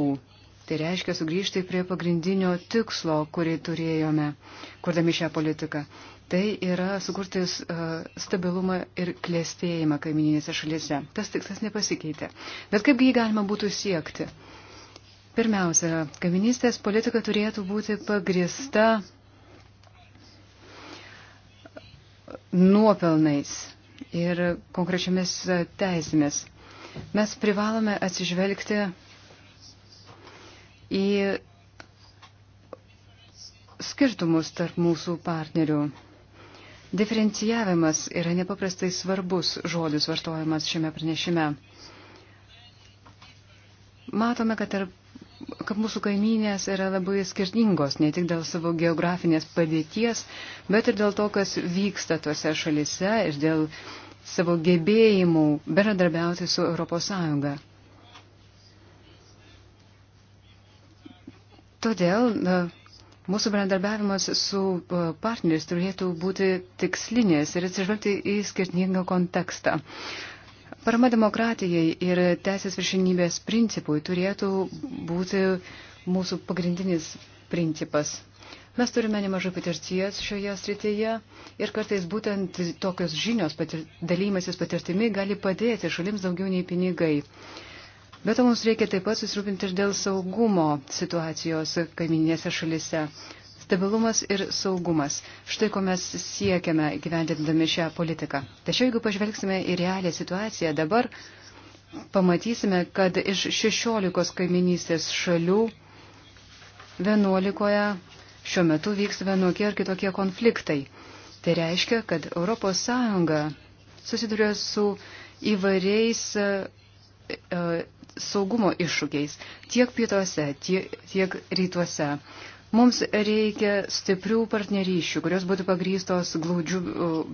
S1: Tai reiškia sugrįžti prie pagrindinio tikslo, kurį turėjome, kurdami šią politiką. Tai yra sukurti e, stabilumą ir klėstėjimą kaimininėse šalyse. Tas tikslas nepasikeitė. Bet kaipgi jį galima būtų siekti? Pirmiausia, kaiminystės politika turėtų būti pagrista nuopelnais ir konkrečiamis teisėmis. Mes privalome atsižvelgti į skirtumus tarp mūsų partnerių. Diferencijavimas yra nepaprastai svarbus žodis vartojamas šiame pranešime. Matome, kad tarp kad mūsų kaimynės yra labai skirtingos, ne tik dėl savo geografinės padėties, bet ir dėl to, kas vyksta tuose šalise ir dėl savo gebėjimų bendradarbiauti su ES. Todėl na, mūsų bendradarbiavimas su e, partneriais turėtų būti tikslinės ir atsižvelgti į skirtingą kontekstą. Uh, Parama demokratijai ir teisės viršinybės principui turėtų būti mūsų pagrindinis principas. Mes turime nemažai patirties šioje srityje ir kartais būtent tokios žinios, patir, dalymasis patirtimi gali padėti šalims daugiau nei pinigai. Bet to mums reikia taip pat susirūpinti ir dėl saugumo situacijos kaiminėse šalise. Stabilumas ir saugumas. Štai ko mes siekiame gyvendindami šią politiką. Tačiau jeigu pažvelgsime į realią situaciją dabar, pamatysime, kad iš 16 kaiminystės šalių 11 šiuo metu vyks vienokie ar kitokie konfliktai. Tai reiškia, kad ES susiduria su įvairiais e, e, saugumo iššūkiais tiek pietuose, tiek, tiek rytuose. Mums reikia stiprių partnerysčių, kurios būtų pagrystos glaudžių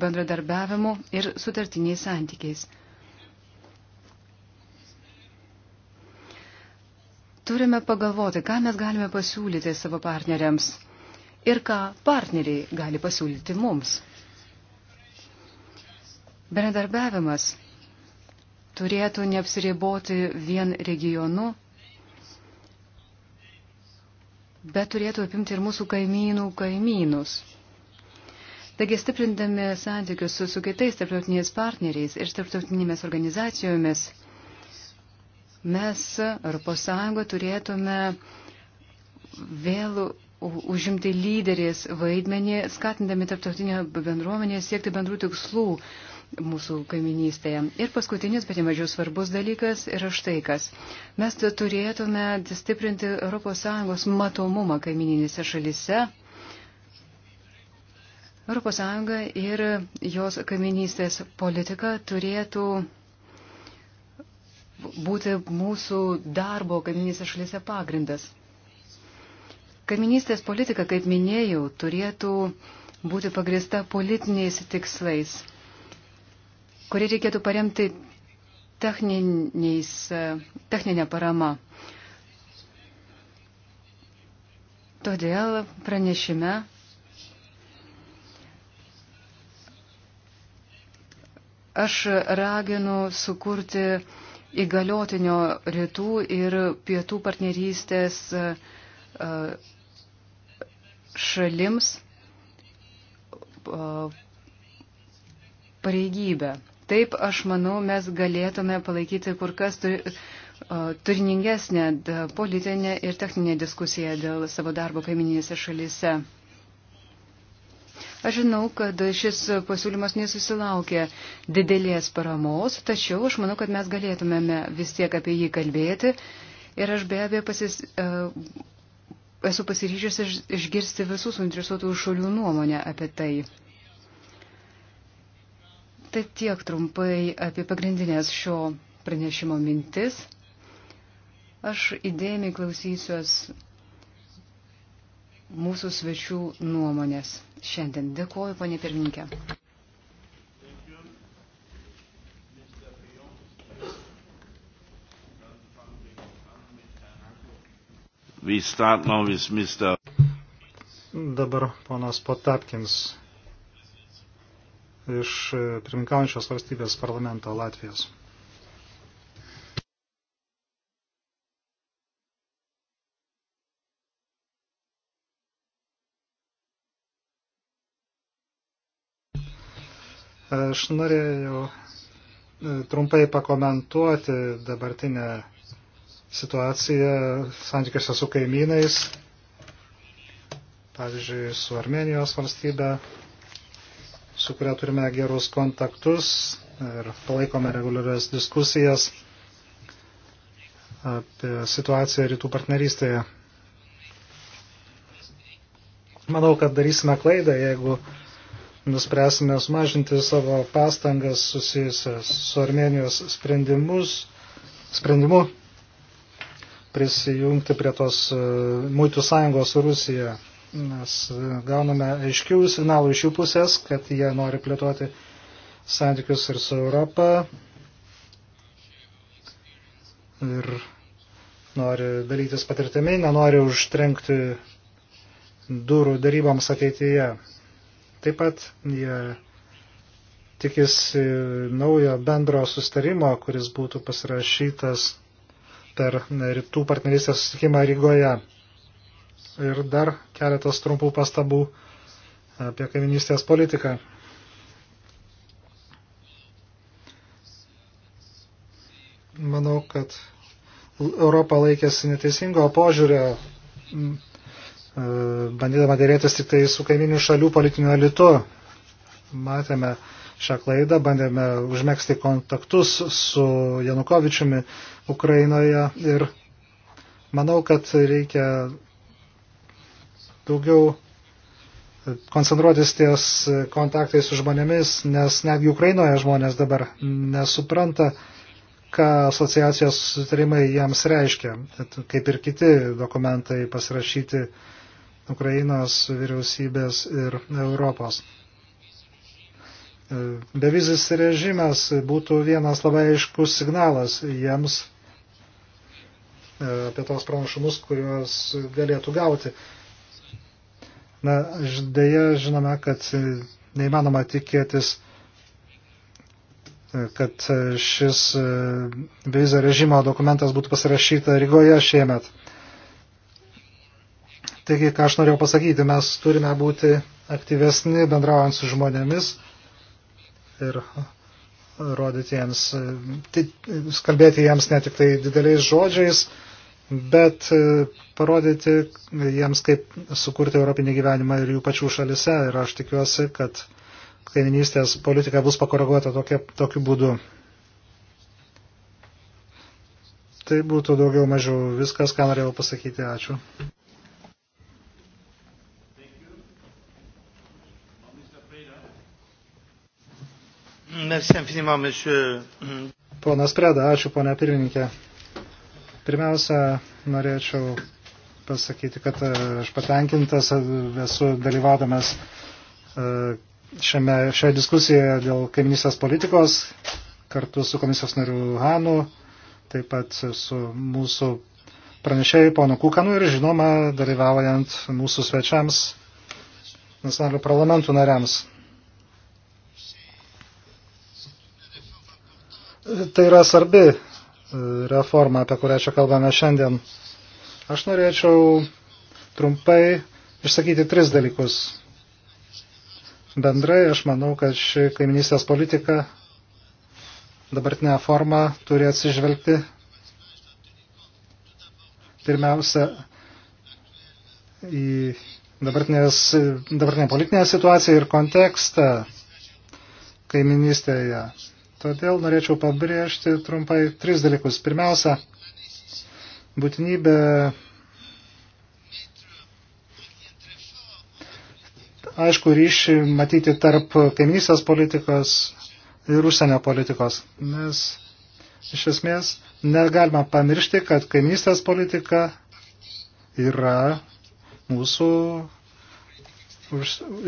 S1: bendradarbiavimu ir sutartiniais santykiais. Turime pagalvoti, ką mes galime pasiūlyti savo partneriams ir ką partneriai gali pasiūlyti mums. Bendradarbiavimas turėtų neapsiriboti vien regionu bet turėtų apimti ir mūsų kaimynų kaimynus. Taigi, stiprindami santykius su, su kitais tarptautiniais partneriais ir tarptautinėmis organizacijomis, mes ES turėtume vėl užimti lyderės vaidmenį, skatindami tarptautinę bendruomenę siekti bendrų tikslų, mūsų kaiminystėje. Ir paskutinis, bet nemažiau svarbus dalykas yra štai kas. Mes turėtume stiprinti ES matomumą kaimininėse šalise. ES ir jos kaiminystės politika turėtų būti mūsų darbo kaiminėse šalise pagrindas. Kaiminystės politika, kaip minėjau, turėtų būti pagrista politiniais tikslais kurį reikėtų paremti e, techninė parama. Todėl pranešime aš raginu sukurti įgaliotinio rytų ir pietų partnerystės e, e, šalims pareigybę taip, aš manau, mes galėtume palaikyti kur kas turiningesnę politinę ir techninę diskusiją dėl savo darbo kaiminėse šalyse. Aš žinau, kad šis pasiūlymas nesusilaukė didelės paramos, tačiau aš manau, kad mes galėtumėme vis tiek apie jį kalbėti ir aš be abejo pasis, e, esu pasiryžęs išgirsti visų suinteresuotų šalių nuomonę apie tai. Tai tiek trumpai apie pagrindinės šio pranešimo mintis. Aš įdėmiai klausysiuos mūsų svečių nuomonės. Šiandien dėkoju, ponė pirmininkė.
S5: Dabar ponas Potapkins iš e, pirmininkaujančios valstybės parlamento Latvijos. Aš norėjau e, trumpai pakomentuoti dabartinę situaciją santykiuose su kaimynais, pavyzdžiui, su Armenijos valstybe, su kuria turime gerus kontaktus ir palaikome reguliarias diskusijas apie situaciją rytų partnerystėje. Manau, kad darysime klaidą, jeigu nuspręsime sumažinti savo pastangas susijusias su Armenijos sprendimus, sprendimu prisijungti prie tos e, muitų sąjungos su Rusija. Mes e, gauname aiškių signalų iš jų pusės, kad jie nori plėtoti santykius ir su Europa. Ir nori dalytis patirtimi, nenori užtrenkti durų daryboms ateityje. Taip pat jie tikisi naujo bendro sustarimo, kuris būtų pasirašytas per rytų partnerystės susitikimą Rygoje. Ir dar keletas trumpų pastabų apie kaiminystės politiką. Manau, kad Europa laikėsi neteisingo požiūrio, e, bandydama dėrėtis tik tai su kaiminių šalių politiniu elitu. Matėme šią klaidą, bandėme užmėgsti kontaktus su Janukovičiumi Ukrainoje ir manau, kad reikia daugiau koncentruotis ties kontaktais su žmonėmis, nes netgi Ukrainoje žmonės dabar nesupranta, ką asociacijos sutarimai jiems reiškia, kaip ir kiti dokumentai pasirašyti Ukrainos vyriausybės ir Europos. Bevizis režimas būtų vienas labai aiškus signalas jiems e, apie tos pranašumus, kuriuos galėtų gauti. Na, dėja žinome, kad neįmanoma tikėtis, kad šis bevizio režimo dokumentas būtų pasirašyta Rygoje šiemet. Taigi, ką aš norėjau pasakyti, mes turime būti aktyvesni bendraujant su žmonėmis ir rodyti jiems, kalbėti jiems ne tik tai dideliais žodžiais, bet e, parodyti jiems, kaip sukurti europinį gyvenimą ir jų pačių šalise. Ir aš tikiuosi, kad kaiminystės politika bus pakoreguota tokia, tokiu būdu. Tai būtų daugiau mažiau viskas, ką norėjau pasakyti. Ačiū. Ponas Preda, ačiū, ponia pirmininkė. Pirmiausia, norėčiau pasakyti, kad e, aš patenkintas e, esu dalyvaudamas e, šiame, šioje diskusijoje dėl kaiminystės politikos kartu su komisijos nariu Hanu, taip pat su mūsų pranešėjai ponu Kukanu ir žinoma dalyvaujant mūsų svečiams, nacionalių parlamentų nariams. Tai yra svarbi reformą, apie kurią čia kalbame šiandien. Aš norėčiau trumpai išsakyti tris dalykus. Bendrai aš manau, kad ši kaiminystės politika dabartinę formą turi atsižvelgti pirmiausia į dabartinę politinę situaciją ir kontekstą kaiminystėje. Todėl norėčiau pabrėžti trumpai tris dalykus. Pirmiausia, būtinybė aišku ryšį matyti tarp kaimynystės politikos ir užsienio politikos, nes iš esmės negalima pamiršti, kad kaimynystės politika yra mūsų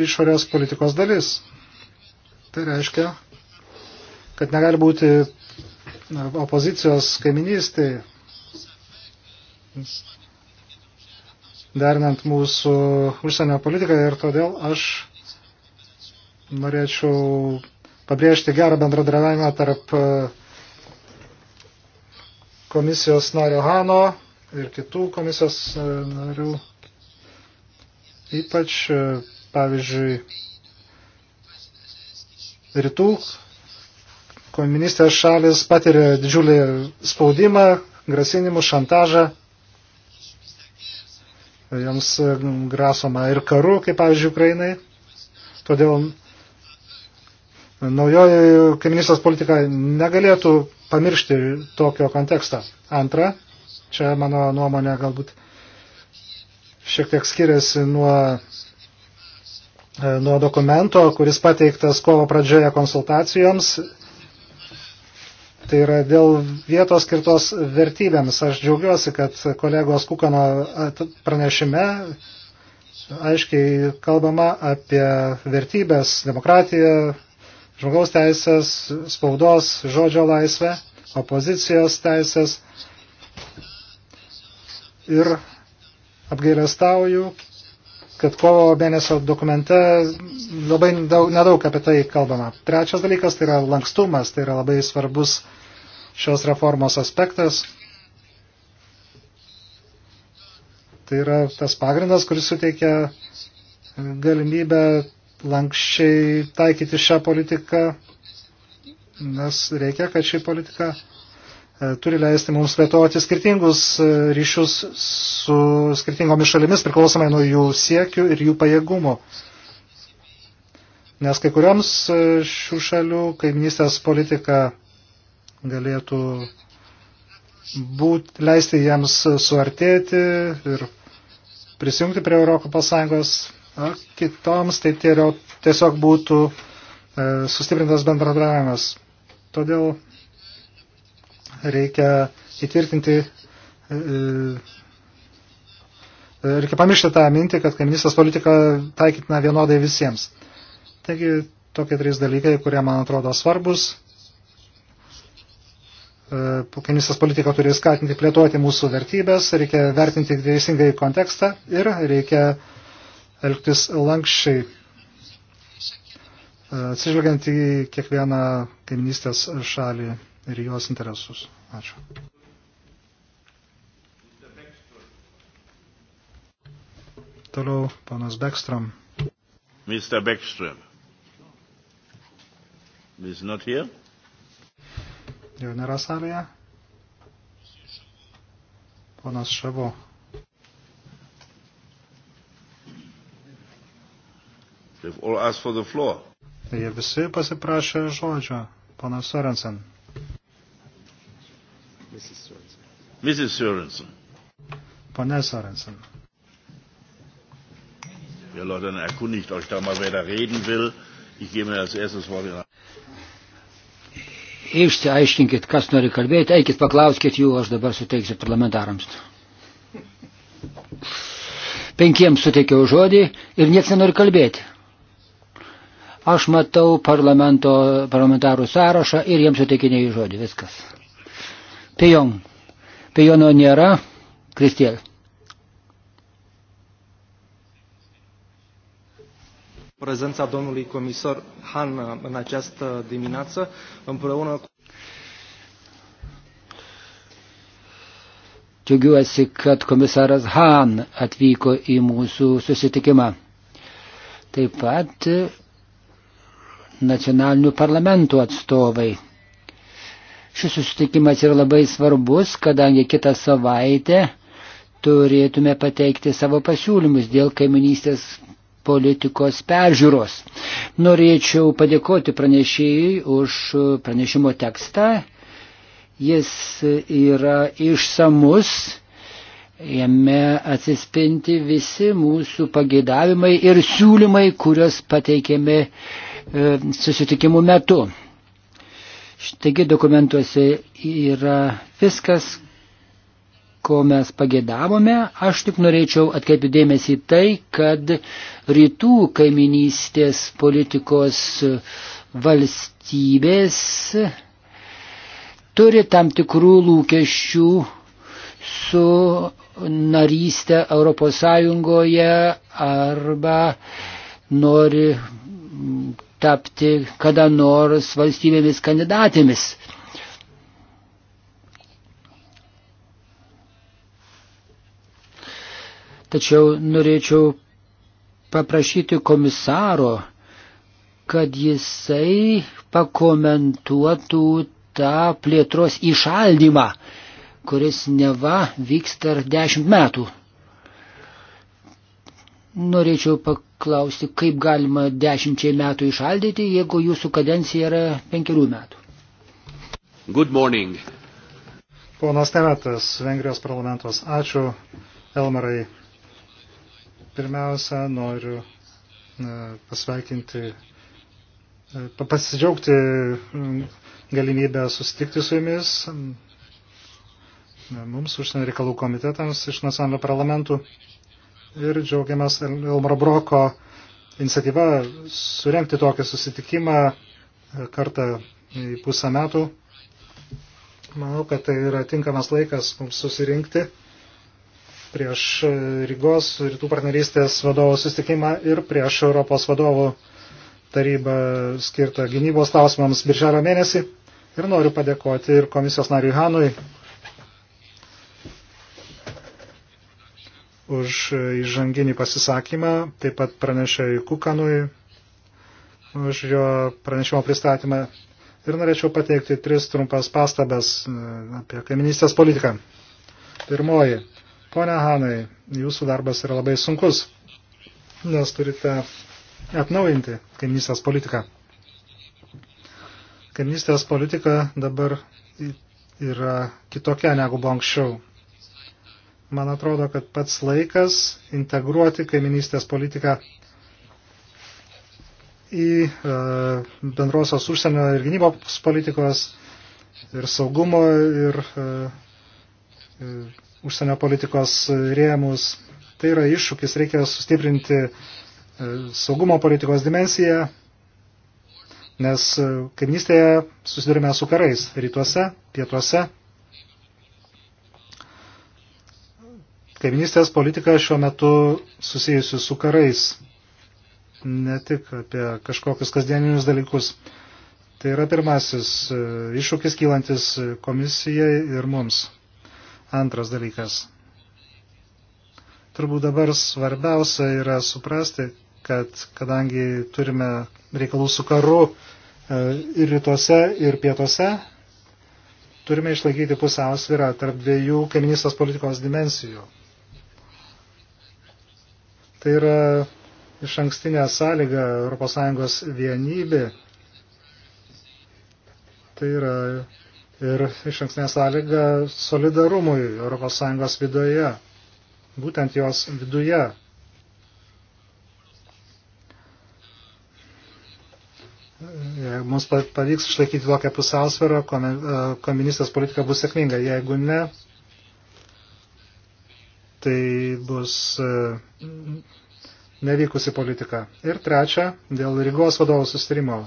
S5: išorės politikos dalis. Tai reiškia, kad negali būti opozicijos kaiminystai, derinant mūsų užsienio politiką ir todėl aš norėčiau pabrėžti gerą bendradarbiavimą tarp e, komisijos nario Hano ir kitų komisijos e, narių. Ypač, e, pavyzdžiui, rytų Komunistės šalis patiria didžiulį spaudimą, grasinimų, šantažą. Joms e, grasoma ir karu, kaip pavyzdžiui, Ukrainai. Todėl naujoji kaimynystės politika negalėtų pamiršti tokio konteksto. Antra, čia mano nuomonė galbūt šiek tiek skiriasi nuo, e, nuo dokumento, kuris pateiktas kovo pradžioje konsultacijoms Tai yra dėl vietos skirtos vertybėms. Aš džiaugiuosi, kad kolegos Kukano pranešime aiškiai kalbama apie vertybės, demokratiją, žmogaus teisės, spaudos, žodžio laisvę, opozicijos teisės. Ir apgailestauju, kad kovo mėnesio dokumente labai daug, nedaug apie tai kalbama. Trečias dalykas tai yra lankstumas, tai yra labai svarbus šios reformos aspektas. Tai yra tas pagrindas, kuris suteikia galimybę lankščiai taikyti šią politiką, nes reikia, kad ši politika e, turi leisti mums plėtoti skirtingus e, ryšius su skirtingomis šalimis, priklausomai nuo jų siekių ir jų pajėgumų. Nes kai kurioms e, šių šalių kaiminystės politika galėtų būt, leisti jiems suartėti ir prisijungti prie Europos Sąjungos, o kitoms tai tiesiog būtų e, sustiprintas bendradarbiavimas. Todėl reikia įtvirtinti e, e, reikia pamiršti tą mintį, kad kaiminystės politika taikytina vienodai visiems. Taigi tokie trys dalykai, kurie man atrodo svarbus E, kaimynystės politika turi skatinti plėtoti mūsų vertybės, reikia vertinti teisingai kontekstą ir reikia elgtis lankščiai, e, atsižvelgiant į kiekvieną kaimynystės šalį ir jos interesus. Ačiū. Toliau panas Bekstrom.
S3: Mr. Bekstrom. He's not here.
S5: Jo nėra salėje. Ponas Šavo. Jie visi pasiprašė žodžio. Ponas Sorensen.
S3: Mrs. Sorensen.
S5: Pane Sorensen.
S1: Ja, Leute, dann erkundigt euch da mal, wer da reden will. Ich gebe mir als erstes Wort in
S2: išsiaiškinkit, kas nori kalbėti, eikit paklauskit jų, aš dabar suteiksiu parlamentarams. Penkiems suteikiau žodį ir nieks nenori kalbėti. Aš matau parlamentarų sąrašą ir jiems suteikinėjau žodį, viskas. Pejon. Pejono nėra. Kristėl.
S5: prezența domnului comisar Han uh, în această dimineață, împreună cu...
S2: Džiaugiuosi, kad komisaras Han atvyko į mūsų susitikimą. Taip pat nacionalinių parlamentų atstovai. Šis susitikimas yra labai svarbus, kadangi kitą savaitę turėtume pateikti savo pasiūlymus dėl kaiminystės politikos peržiūros. Norėčiau padėkoti pranešėjai už pranešimo tekstą. Jis yra išsamus, jame atsispinti visi mūsų pageidavimai ir siūlymai, kuriuos pateikėme e, susitikimų metu. Taigi dokumentuose yra viskas, ko mes pagėdavome, aš tik norėčiau atkreipti dėmesį tai, kad rytų kaiminystės politikos valstybės turi tam tikrų lūkesčių su narystė Europos Sąjungoje arba nori tapti kada nors valstybėmis kandidatėmis. Tačiau norėčiau paprašyti komisaro, kad jisai pakomentuotų tą plėtros įšaldymą, kuris neva vyksta ar dešimt metų. Norėčiau paklausti, kaip galima dešimčiai metų išaldyti, jeigu jūsų
S5: kadencija yra penkerių metų. Good morning. Ponas Tevetas, Vengrijos parlamentos. Ačiū, Elmarai, Pirmiausia, noriu pasveikinti, e, pasidžiaugti galimybę susitikti su jumis mums, užsienio reikalų komitetams iš nacionalinio parlamentų. Ir džiaugiamės Elmaro Broko iniciatyva surenkti tokį susitikimą e, kartą į pusę metų. Manau, kad tai yra tinkamas laikas mums susirinkti prieš e, Rygos rytų partnerystės vadovų sustikimą ir prieš Europos vadovų tarybą skirtą gynybos klausimams birželio mėnesį. Ir noriu padėkoti ir komisijos nariui Hanui už įžanginį pasisakymą, taip pat pranešėjui Kukanui už jo pranešimo pristatymą. Ir norėčiau pateikti tris trumpas pastabas e, apie kaiminystės politiką. Pirmoji. Pone Hanai, jūsų darbas yra labai sunkus, nes turite atnaujinti kaimynystės politiką. Kaimynystės politika dabar yra kitokia negu buvo anksčiau. Man atrodo, kad pats laikas integruoti kaiminystės politiką į e, bendrosios užsienio ir gynybos politikos ir saugumo ir e, e, užsienio politikos rėmus. Tai yra iššūkis, reikia sustiprinti e, saugumo politikos dimensiją, nes e, kaimynystėje susidurime su karais rytuose, pietuose. Kaiminystės politika šiuo metu susijusi su karais, ne tik apie kažkokius kasdieninius dalykus. Tai yra pirmasis e, iššūkis kylantis komisijai ir mums. Antras dalykas. Turbūt dabar svarbiausia yra suprasti, kad kadangi turime reikalų su karu e, ir rytuose, ir pietuose, turime išlaikyti pusiausvyrą tarp dviejų kaiminystės politikos dimensijų. Tai yra iš ankstinė sąlyga ES vienybė. Tai yra ir iš anksnės sąlyga solidarumui ES viduje, būtent jos viduje. Jeigu mums pavyks išlaikyti tokią pusiausvyrą, e, komunistės politika bus sėkminga. Jeigu ne, tai bus e, nevykusi politika. Ir trečia, dėl Rygos vadovų sustarimo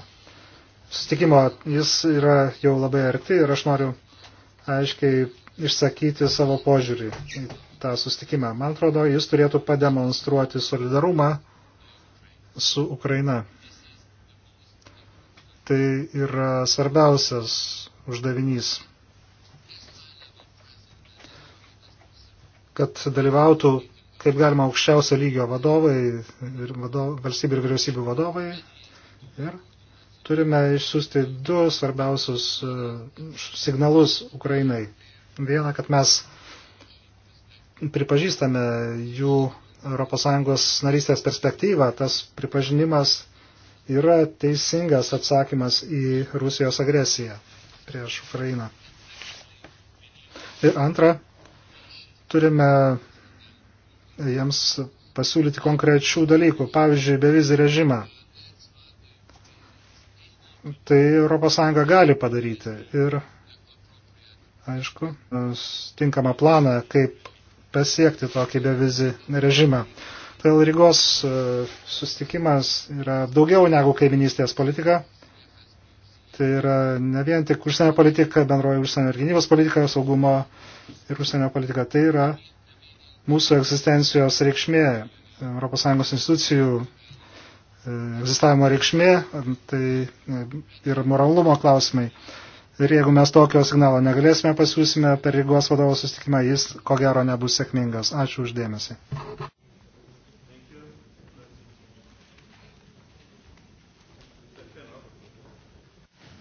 S5: sustikimo, jis yra jau labai arti ir aš noriu aiškiai išsakyti savo požiūrį į tą sustikimą. Man atrodo, jis turėtų pademonstruoti solidarumą su Ukraina. Tai yra svarbiausias uždavinys. Kad dalyvautų kaip galima aukščiausio lygio vadovai, ir vadov, valstybių ir vyriausybių vadovai ir turime išsiųsti du svarbiausius e, signalus Ukrainai. Viena, kad mes pripažįstame jų ES narystės perspektyvą. Tas pripažinimas yra teisingas atsakymas į Rusijos agresiją prieš Ukrainą. Ir antra, turime jiems pasiūlyti konkrečių dalykų, pavyzdžiui, bevizį režimą tai ES gali padaryti. Ir, aišku, tinkamą planą, kaip pasiekti tokį bevizį režimą. Todėl Rygos e, sustikimas yra daugiau negu kaiminystės politika. Tai yra ne vien tik užsienio politika, bendroji užsienio ir gynybos politika, saugumo ir užsienio politika. Tai yra mūsų egzistencijos reikšmė ES institucijų egzistavimo reikšmė, tai ir moralumo klausimai. Ir jeigu mes tokio signalo negalėsime pasiūsime per Rygos vadovo susitikimą, jis ko gero nebus sėkmingas. Ačiū uždėmesi.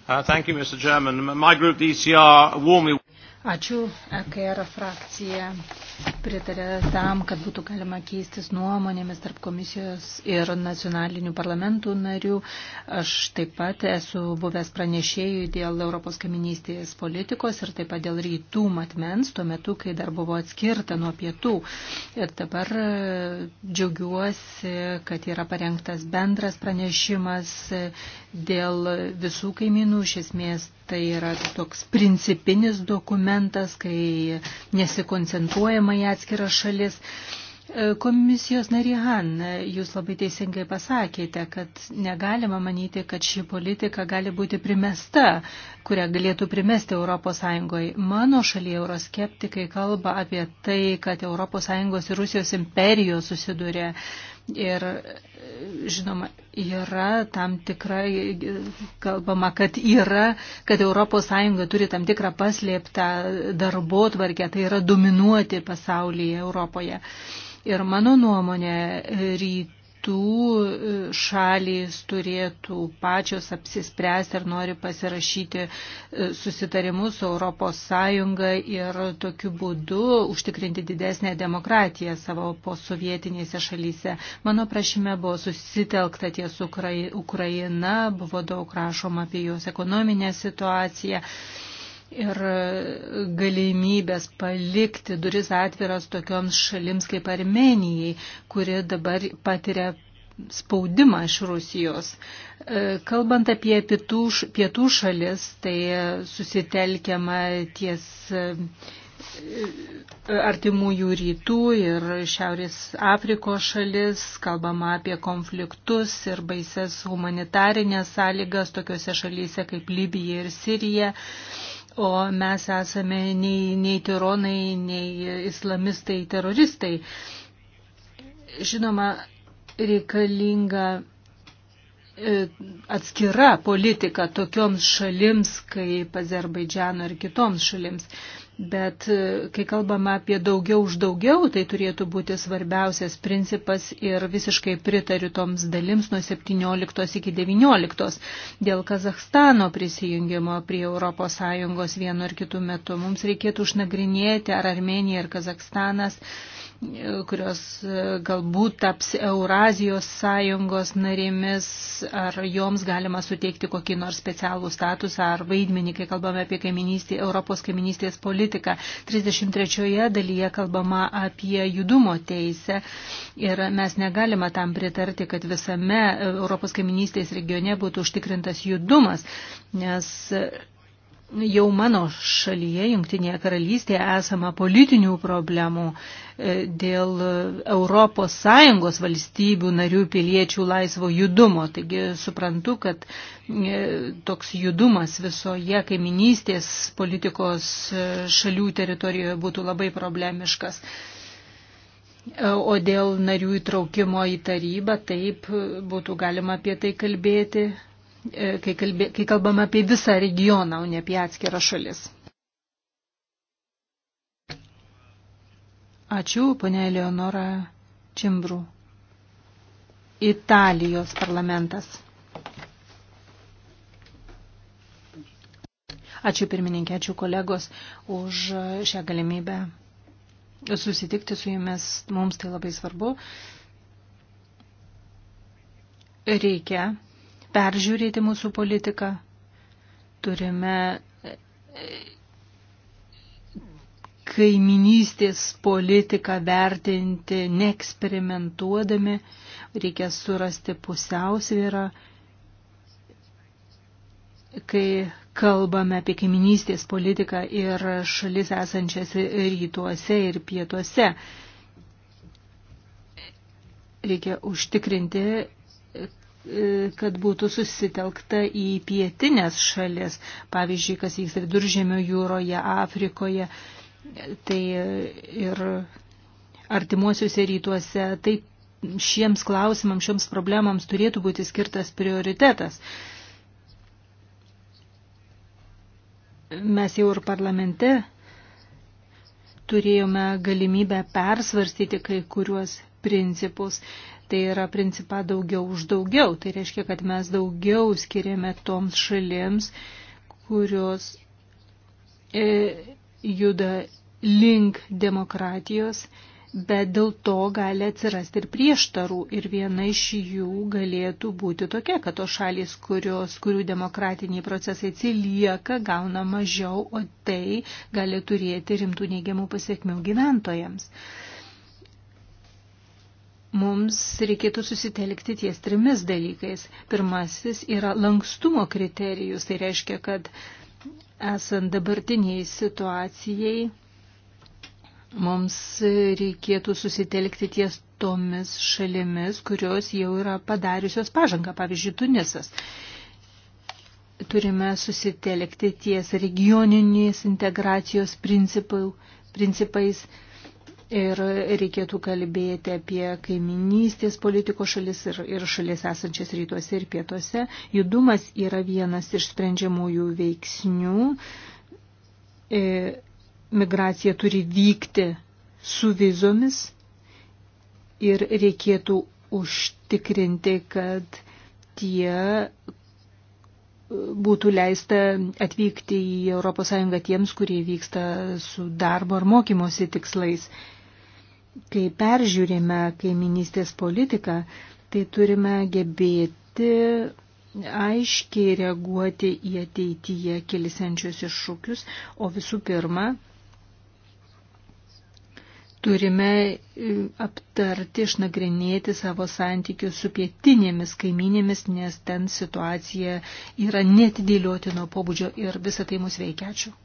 S3: Uh, thank you, Mr. Chairman. My group, the ECR, warmly
S4: Ačiū. EKR frakcija pritarė tam, kad būtų galima keistis nuomonėmis tarp komisijos ir nacionalinių parlamentų narių. Aš taip pat esu buvęs pranešėjų dėl Europos kaiminystės politikos ir taip pat dėl rytų matmens, tuo metu, kai dar buvo atskirta nuo pietų. Ir dabar e, džiaugiuosi, kad yra parengtas bendras pranešimas e, dėl visų kaiminų. Iš esmės tai yra toks principinis dokumentas momentas, kai nesikoncentruojama į atskiras šalis. E, komisijos narihan, e, jūs labai teisingai pasakėte, kad negalima manyti, kad ši politika gali būti primesta, kurią galėtų primesti ES. Mano šalyje euroskeptikai kalba apie tai, kad ES ir Rusijos imperijos susiduria Ir žinoma, yra tam tikra, kalbama, kad yra, kad ES turi tam tikrą paslėptą darbo tvarkę, tai yra dominuoti pasaulyje Europoje. Ir mano nuomonė, ryt pietų e, šalys turėtų pačios apsispręsti, ar nori pasirašyti e, susitarimus su Europos Sąjunga ir tokiu būdu užtikrinti didesnę demokratiją savo posovietinėse šalyse. Mano prašyme buvo susitelkta ties Ukraina, buvo daug rašoma apie jos ekonominę situaciją ir galimybės palikti duris atviras tokioms šalims kaip Armenijai, kuri dabar patiria spaudimą iš Rusijos. E, kalbant apie pietų, pietų šalis, tai susitelkiama ties e, artimųjų rytų ir Šiaurės Afrikos šalis, kalbama apie konfliktus ir baises humanitarinės sąlygas tokiuose šalyse kaip Libija ir Sirija o mes esame nei, nei tironai, nei islamistai, teroristai. Žinoma, reikalinga e, atskira politika tokioms šalims kaip Azerbaidžiano ir kitoms šalims. Bet e, kai kalbama apie daugiau už daugiau, tai turėtų būti svarbiausias principas ir visiškai pritariu toms dalims nuo 17 iki 19 dėl Kazahstano prisijungimo prie ES vienu ar kitu metu. Mums reikėtų užnagrinėti, ar Armenija ir Kazahstanas kurios e, galbūt taps Eurazijos sąjungos narėmis, ar joms galima suteikti kokį nors specialų statusą ar vaidmenį, kai kalbame apie kaiminystį, Europos kaiminystės politiką. 33 dalyje kalbama apie judumo teisę ir mes negalime tam pritarti, kad visame Europos kaiminystės regione būtų užtikrintas judumas, nes jau mano šalyje, Junktinėje karalystėje, esama politinių problemų e, dėl ES valstybių narių piliečių laisvo judumo. Taigi suprantu, kad e, toks judumas visoje kaiminystės politikos e, šalių teritorijoje būtų labai problemiškas. O dėl narių įtraukimo į tarybą taip būtų galima apie tai kalbėti E, kai, kalbė, kai kalbame apie visą regioną, o ne apie atskirą šalis. Ačiū, ponė Leonora Čimbrų. Italijos parlamentas. Ačiū pirmininkė, ačiū kolegos už šią galimybę susitikti su jumis. Mums tai labai svarbu. Reikia peržiūrėti mūsų politiką, turime e, kaiminystės politiką vertinti, neeksperimentuodami, reikia surasti pusiausvyrą, kai kalbame apie kaiminystės politiką ir šalis esančias rytuose ir pietuose. Reikia užtikrinti E, kad būtų susitelkta į pietinės šalis, pavyzdžiui, kas vyksta viduržėmio jūroje, Afrikoje, tai ir artimuosiuose rytuose, tai šiems klausimams, šioms problemams turėtų būti skirtas prioritetas. Mes jau ir parlamente turėjome galimybę persvarstyti kai kuriuos principus Tai yra principa daugiau už daugiau. Tai reiškia, kad mes daugiau skiriame toms šalims, kurios e, juda link demokratijos, bet dėl to gali atsirasti ir prieštarų. Ir viena iš jų galėtų būti tokia, kad tos šalis, kurios, kurių demokratiniai procesai atsilieka, gauna mažiau, o tai gali turėti rimtų neigiamų pasiekmių gyventojams. E, mums reikėtų susitelkti ties trimis dalykais. Pirmasis yra lankstumo kriterijus, tai reiškia, kad esant dabartiniai situacijai, mums reikėtų susitelkti ties tomis šalimis, kurios jau yra padariusios pažangą, pavyzdžiui, Tunisas. Turime susitelkti ties regioninės integracijos principais, Ir reikėtų kalbėti apie kaiminystės politikos šalis ir, ir šalis esančias rytuose ir pietuose. Judumas yra vienas iš sprendžiamųjų veiksnių. E, migracija turi vykti su vizomis ir reikėtų užtikrinti, kad tie e, būtų leista atvykti į ES tiems, kurie vyksta su darbo ar mokymosi tikslais kai peržiūrime kaiminystės politiką, tai turime gebėti aiškiai reaguoti į ateityje kilisiančius iššūkius, o visų pirma, turime e, aptarti, išnagrinėti savo santykius su pietinėmis kaiminėmis, nes ten situacija yra netidėliotino pobūdžio ir visą tai mus veikia. Ačiū.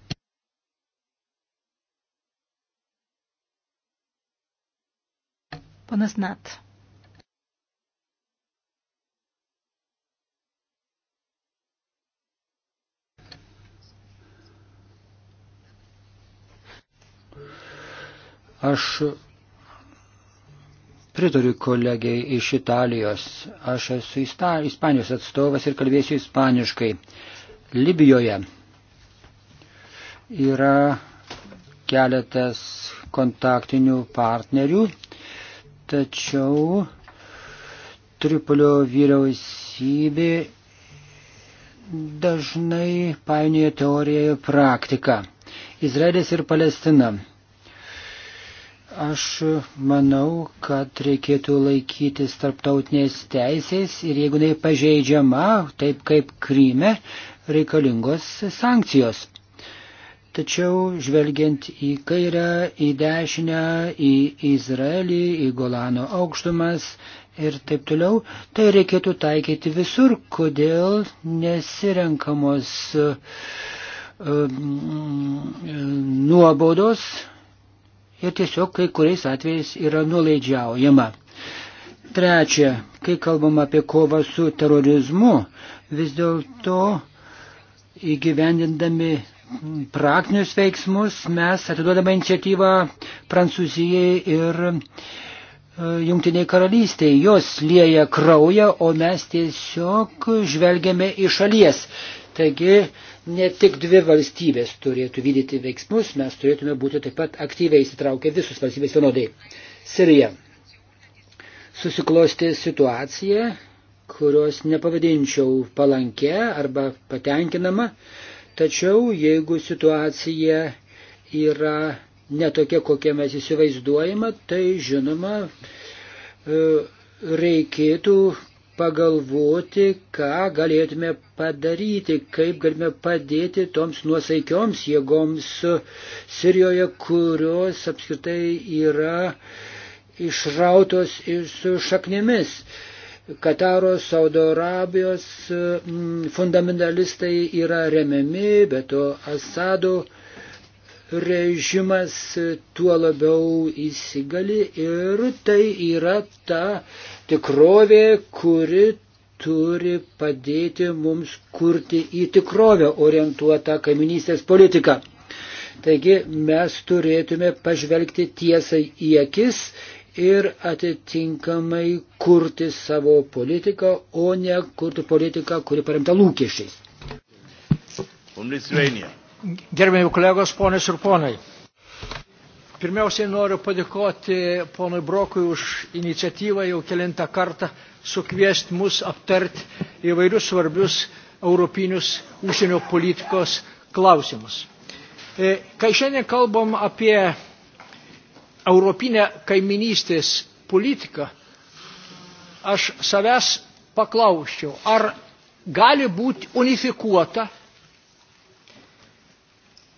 S4: Panas Nat.
S2: Aš pritariu kolegiai iš Italijos. Aš esu Ispanijos atstovas ir kalbėsiu ispaniškai. Libijoje yra keletas kontaktinių partnerių tačiau Tripolio vyriausybė dažnai painioja teoriją ir praktiką. Izraelis ir Palestina. Aš manau, kad reikėtų laikytis tarptautinės teisės ir jeigu tai pažeidžiama, taip kaip Kryme, reikalingos sankcijos. Tačiau žvelgiant į kairę, į dešinę, į Izraelį, į Golano aukštumas ir taip toliau, tai reikėtų taikyti visur, kodėl nesirenkamos um, nuobaudos ir tiesiog kai kuriais atvejais yra nuolaidžiaujama. Trečia, kai kalbam apie kovą su terorizmu, vis dėlto įgyvendindami praktinius veiksmus mes atiduodame iniciatyvą Prancūzijai ir e, Jungtiniai karalystiai. Jos lieja kraują, o mes tiesiog žvelgiame į šalies. Taigi ne tik dvi valstybės turėtų vykdyti veiksmus, mes turėtume būti taip pat aktyviai įsitraukę visus valstybės vienodai. Sirija. Susiklosti situacija, kurios nepavadinčiau palankę arba patenkinama. Tačiau jeigu situacija yra netokia, kokia mes įsivaizduojame, tai žinoma, e, reikėtų pagalvoti, ką galėtume padaryti, kaip galime padėti toms nuosaikioms jėgoms Sirijoje, kurios apskritai yra išrautos ir su šaknėmis. Kataro, Saudo Arabijos e, fundamentalistai yra remiami, bet to Asado režimas tuo labiau įsigali ir tai yra ta tikrovė, kuri turi padėti mums kurti į tikrovę orientuotą kaiminystės politiką. Taigi mes turėtume pažvelgti tiesai į akis ir atitinkamai kurti savo politiką, o ne kurti politiką, kuri paremta lūkesčiais.
S3: Gerbėjai kolegos, ponės ir ponai. Pirmiausiai noriu padėkoti ponui Brokui už iniciatyvą jau kelintą kartą sukviesti mus aptarti įvairius svarbius europinius užsienio politikos klausimus. E, kai šiandien kalbam apie europinę kaiminystės politiką, aš savęs paklausčiau, ar gali būti unifikuota,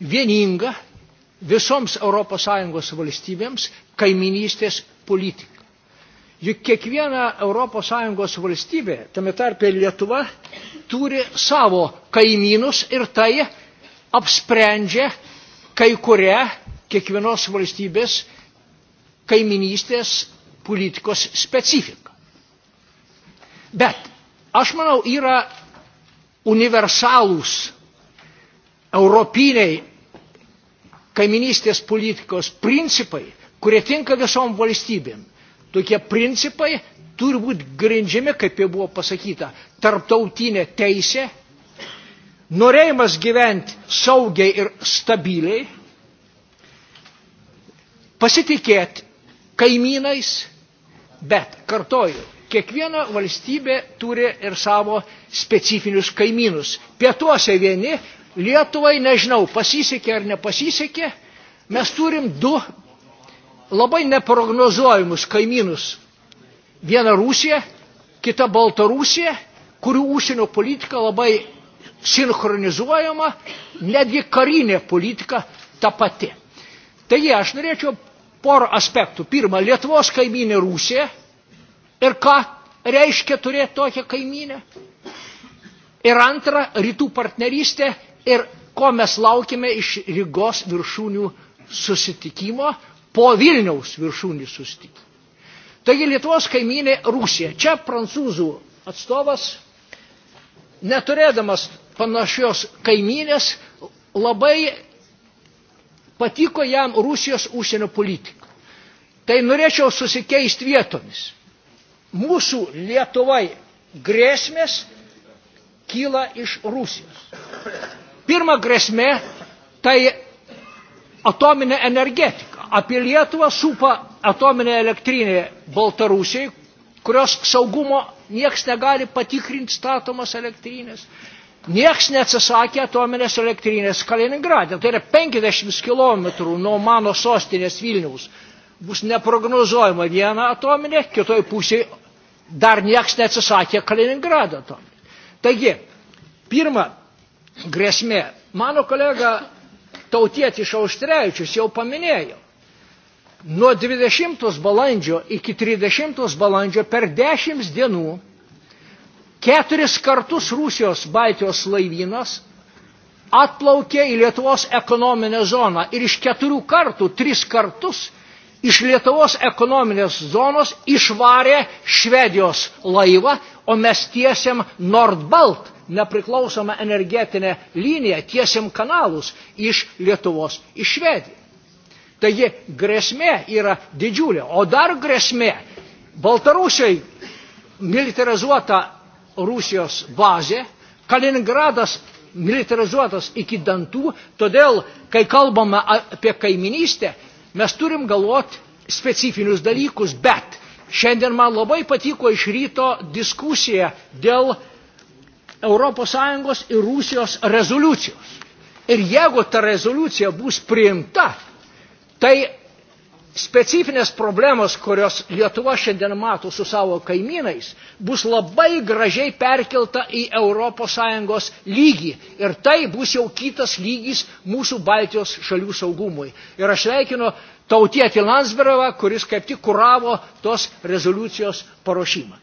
S3: vieninga visoms ES valstybėms kaiminystės politika. Juk kiekviena ES valstybė, tame tarpe Lietuva, turi savo kaimynus ir tai apsprendžia kai kurią kiekvienos valstybės kaiminystės politikos specifiką. Bet aš manau, yra universalūs europiniai kaiminystės politikos principai, kurie tinka visom valstybėm. Tokie principai turi būti grindžiami, kaip jau buvo pasakyta, tarptautinė teisė, norėjimas gyventi saugiai ir stabiliai, pasitikėti kaimynais, bet kartoju, kiekviena valstybė turi ir savo specifinius kaimynus. Pietuose vieni, Lietuvai nežinau, pasisekė ar nepasisekė, mes turim du labai neprognozuojamus kaimynus. Viena Rusija, kita Baltarusija, kurių užsienio politika labai sinchronizuojama, netgi karinė politika ta pati. Taigi aš norėčiau porą aspektų. Pirma, Lietuvos kaiminė Rusija. Ir ką reiškia turėti tokią kaiminę? Ir antra, rytų partnerystė ir ko mes laukime iš Rygos viršūnių susitikimo po Vilniaus viršūnių susitikimo. Taigi Lietuvos kaiminė Rusija. Čia prancūzų atstovas, neturėdamas panašios kaiminės, labai patiko jam Rusijos užsienio politika. Tai norėčiau susikeisti vietomis. Mūsų Lietuvai grėsmės kyla iš Rusijos. Pirma grėsmė tai atominė energetika. Apie Lietuvą supa atominė elektrinė Baltarusijai, kurios saugumo nieks negali patikrinti statomas elektrinės. Niekas neatsisakė atominės elektrinės Kaliningradė. Tai yra 50 km nuo mano sostinės Vilniaus. Bus neprognozuojama viena atominė, kitoj pusėje dar niekas neatsisakė Kaliningradą atominė. Taigi, pirma grėsmė. Mano kolega tautietis Auštrevičius jau paminėjo. Nuo 20 balandžio iki 30 balandžio per 10 dienų Keturis kartus Rusijos Baltijos laivynas atplaukė į Lietuvos ekonominę zoną ir iš keturių kartų, tris kartus iš Lietuvos ekonominės zonos išvarė Švedijos laivą, o mes tiesiam Nordbalt nepriklausomą energetinę liniją, tiesiam kanalus iš Lietuvos į Švediją. Taigi grėsmė yra didžiulė, o dar grėsmė Baltarusijai militarizuota Rusijos bazė, Kaliningradas militarizuotas iki dantų, todėl, kai kalbame apie kaiminystę, mes turim galvoti specifinius dalykus, bet šiandien man labai patiko iš ryto diskusija dėl ES ir Rusijos rezoliucijos. Ir jeigu ta rezoliucija bus priimta, tai specifinės problemos, kurios Lietuva šiandien mato su savo kaimynais, bus labai gražiai perkelta į ES lygį. Ir tai bus jau kitas lygis mūsų Baltijos šalių saugumui. Ir aš sveikinu tautietį Landsbergą, kuris kaip tik kuravo tos rezoliucijos paruošimą.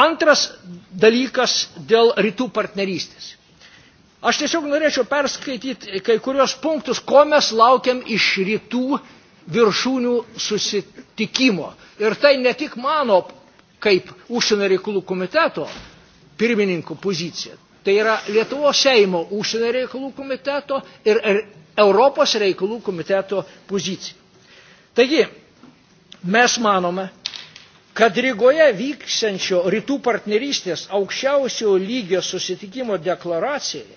S3: Antras dalykas dėl rytų partnerystės. Aš tiesiog norėčiau perskaityti kai kurios punktus, ko mes laukiam iš rytų viršūnių susitikimo. Ir tai ne tik mano kaip užsienio reikalų komiteto pirmininko pozicija. Tai yra Lietuvos Seimo užsienio reikalų komiteto ir er, Europos reikalų komiteto pozicija. Taigi, mes manome, kad Rygoje vyksiančio rytų partnerystės aukščiausio lygio susitikimo deklaracijoje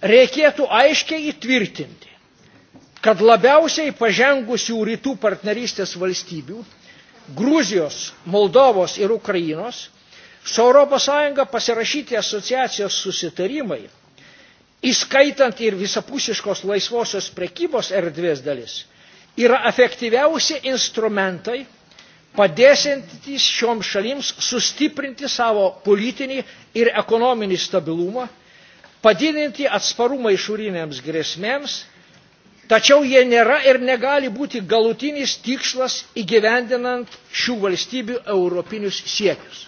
S3: reikėtų aiškiai įtvirtinti, kad labiausiai pažengusių rytų partnerystės valstybių Gruzijos, Moldovos ir Ukrainos su ES pasirašyti asociacijos susitarimai, įskaitant ir visapusiškos laisvosios prekybos erdvės dalis, yra efektyviausi instrumentai padėsintys šioms šalims sustiprinti savo politinį ir ekonominį stabilumą, padidinti atsparumą išorinėms grėsmėms tačiau jie nėra ir negali būti galutinis tikslas įgyvendinant šių valstybių europinius siekius.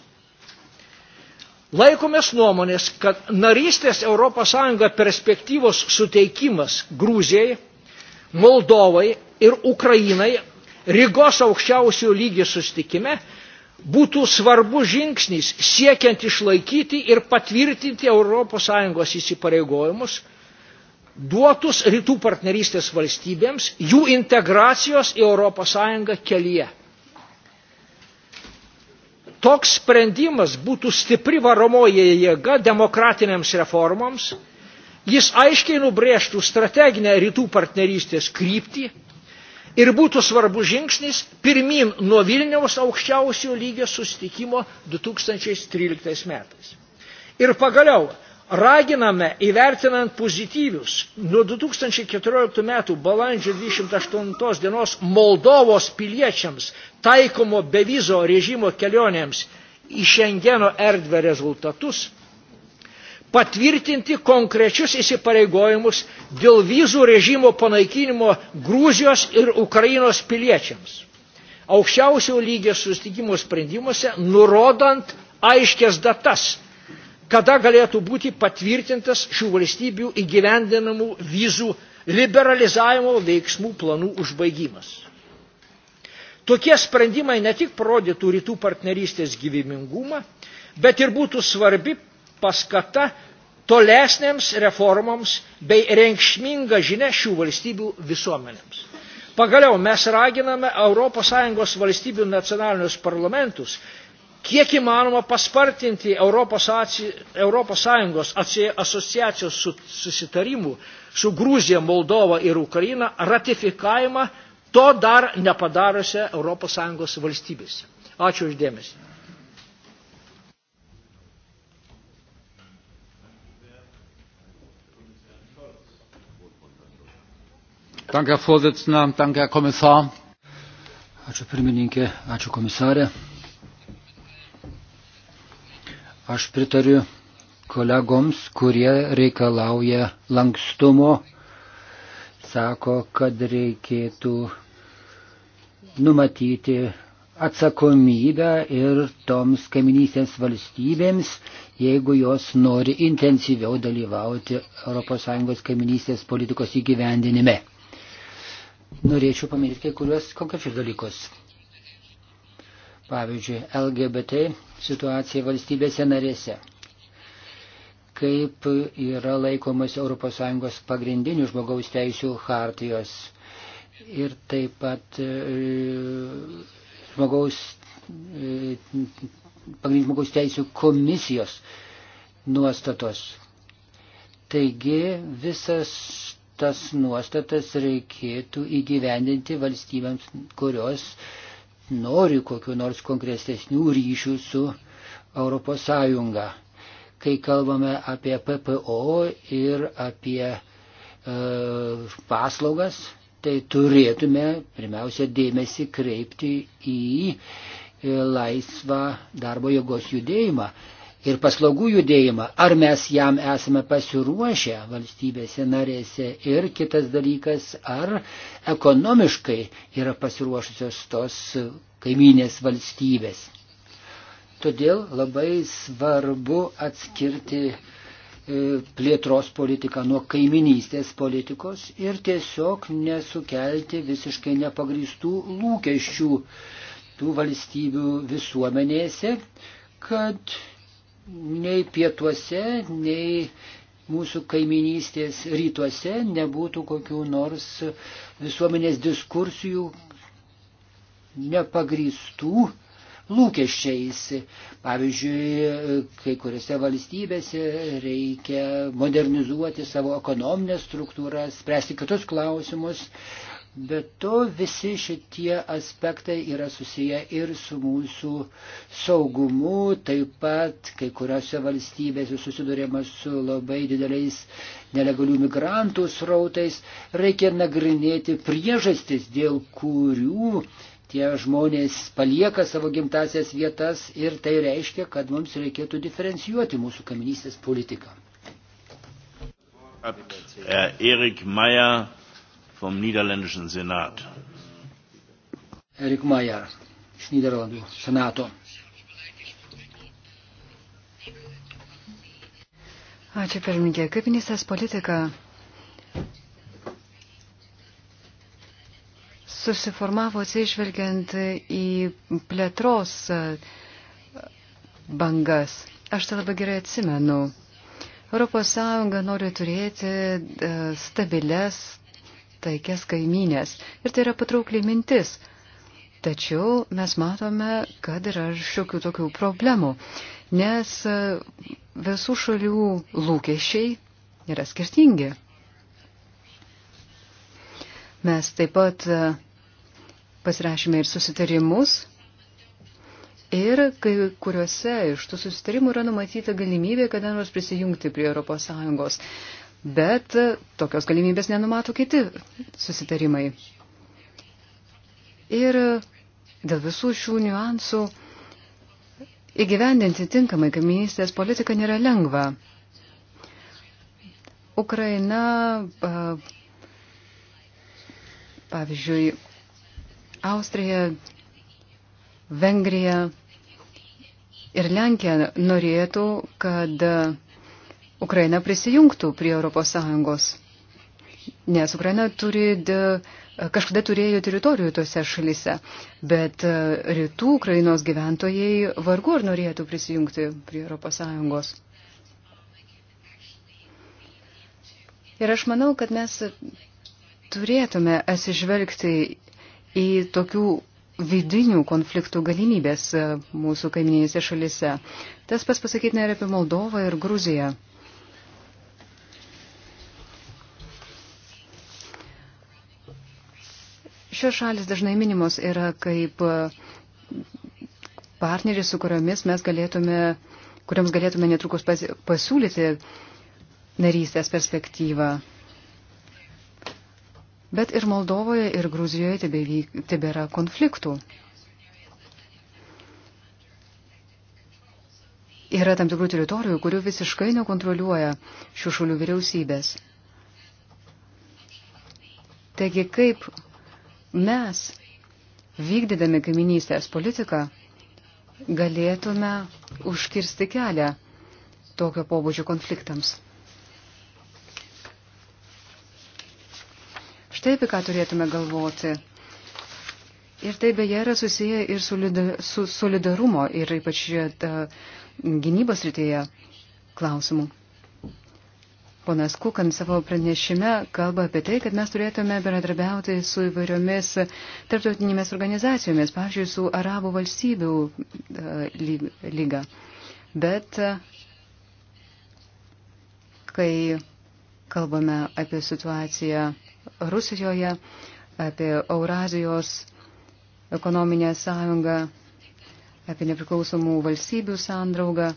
S3: Laikomės nuomonės, kad narystės ES perspektyvos suteikimas Grūzijai, Moldovai ir Ukrainai Rygos aukščiausių lygių sustikime būtų svarbus žingsnis siekiant išlaikyti ir patvirtinti ES įsipareigojimus duotus rytų partnerystės valstybėms jų integracijos į ES kelyje. Toks sprendimas būtų stipri varomoji jėga demokratinėms reformoms, jis aiškiai nubrėžtų strateginę rytų partnerystės kryptį ir būtų svarbus žingsnis pirmin nuo Vilniaus aukščiausio lygio sustikimo 2013 metais. Ir pagaliau, raginame įvertinant pozityvius nuo 2014 metų balandžio 28 dienos Moldovos piliečiams taikomo bevizo režimo kelionėms į Šengeno erdvę rezultatus, patvirtinti konkrečius įsipareigojimus dėl vizų režimo panaikinimo Grūzijos ir Ukrainos piliečiams. Aukščiausio lygio sustikimo sprendimuose nurodant aiškės datas – kada galėtų būti patvirtintas šių valstybių įgyvendinamų vizų liberalizavimo veiksmų planų užbaigimas. Tokie sprendimai ne tik parodytų rytų partnerystės gyvybingumą, bet ir būtų svarbi paskata tolesnėms reformoms bei reikšminga žinia šių valstybių visuomenėms. Pagaliau mes raginame ES valstybių nacionalinius parlamentus kiek įmanoma paspartinti Europos, Europos Sąjungos asociacijos susitarimų su Grūzija, Moldova ir Ukraina ratifikavimą to dar nepadariuose Europos Sąjungos valstybėse. Ačiū uždėmesi.
S5: Danke, Herr Vorsitzender, danke, Herr
S2: Kommissar. Ačiū pirmininkė, ačiū komisarė. Aš pritariu kolegoms, kurie reikalauja lankstumo, sako, kad reikėtų numatyti atsakomybę ir toms kaiminysės valstybėms, jeigu jos nori intensyviau dalyvauti ES kaiminysės politikos įgyvendinime. Norėčiau paminėti kai kuriuos konkrečius dalykus pavyzdžiui, LGBT situacija valstybėse narėse. Kaip yra laikomas ES pagrindinių žmogaus teisų hartijos ir taip pat e, žmogaus, e, pagrindinių žmogaus teisų komisijos nuostatos. Taigi visas tas nuostatas reikėtų įgyvendinti valstybėms, kurios uh, nori kokiu nors konkrestesnių ryšių su ES. Kai kalbame apie PPO ir apie e, paslaugas, tai turėtume pirmiausia dėmesį kreipti į e, laisvą darbo jėgos judėjimą ir paslaugų judėjimą, ar mes jam esame pasiruošę valstybėse narėse ir kitas dalykas, ar ekonomiškai yra pasiruošusios tos kaiminės valstybės. Todėl labai svarbu atskirti e, plėtros politiką nuo kaiminystės politikos ir tiesiog nesukelti visiškai nepagristų lūkesčių tų valstybių visuomenėse, kad nei pietuose, nei mūsų kaiminystės rytuose nebūtų kokių nors visuomenės diskursijų nepagrįstų lūkesčiais. Pavyzdžiui, kai kuriuose valstybėse reikia modernizuoti savo ekonominės struktūras, spręsti kitus klausimus, Bet to visi šitie aspektai yra susiję ir su mūsų saugumu, taip pat kai kuriuose valstybėse susidurėma su labai dideliais nelegalių migrantų srautais. Reikia nagrinėti priežastis, dėl kurių tie žmonės palieka savo gimtasias vietas ir tai reiškia, kad mums reikėtų diferencijuoti mūsų kaminystės politiką. Eh,
S1: Erik Mayer vom niederländischen Senat.
S2: Erik Mayer iš Niderlandų senato.
S1: Ačiū pirmininkė. Kaip ministras politika susiformavo atsižvelgiant į plėtros bangas. Aš tai labai gerai atsimenu. Europos Sąjunga nori turėti e, stabiles, taikės kaiminės. Ir tai yra patraukli mintis. Tačiau mes matome, kad yra šiokių tokių problemų, nes e, visų šalių lūkesčiai yra skirtingi. Mes taip pat e, pasirašėme ir susitarimus, Ir kai kuriuose iš tų susitarimų yra numatyta galimybė kada nors prisijungti prie ES bet tokios galimybės nenumato kiti susitarimai. Ir dėl visų šių niuansų įgyvendinti tinkamai kaiminystės politiką nėra lengva. Ukraina, pavyzdžiui, Austrija, Vengrija ir Lenkija norėtų, kad Ukraina prisijungtų prie ES. Nes Ukraina turi, de, kažkada turėjo teritorijų tose šalise, bet e, rytų Ukrainos gyventojai vargu ar norėtų prisijungti prie ES. Ir aš manau, kad mes turėtume atsižvelgti į tokių vidinių konfliktų galimybės e, mūsų kaiminėse šalise. Tas pas pasakytina ir apie Moldovą ir Gruziją. Šios šalis dažnai minimos yra kaip e, partneris, su kuriomis mes galėtume, kuriams galėtume netrukus pasiūlyti narystės perspektyvą. Bet ir Moldovoje, ir Gruzijoje tebėra konfliktų. Yra tam tikrų teritorijų, kurių visiškai nekontroliuoja šių šalių vyriausybės. Taigi, kaip mes, vykdydami kaiminystės politiką, galėtume užkirsti kelią tokio pobūdžio konfliktams. Štai apie ką turėtume galvoti. Ir tai beje yra susiję ir su solidarumo ir ypač e, gynybos rytėje klausimų. Ponas Kukan savo pranešime kalba apie tai, kad mes turėtume bendradarbiauti su įvairiomis tarptautinėmis organizacijomis, pavyzdžiui, su Arabų valstybių e, lyga. Bet e, kai kalbame apie situaciją Rusijoje, apie Eurazijos ekonominę sąjungą, apie nepriklausomų valstybių sandraugą,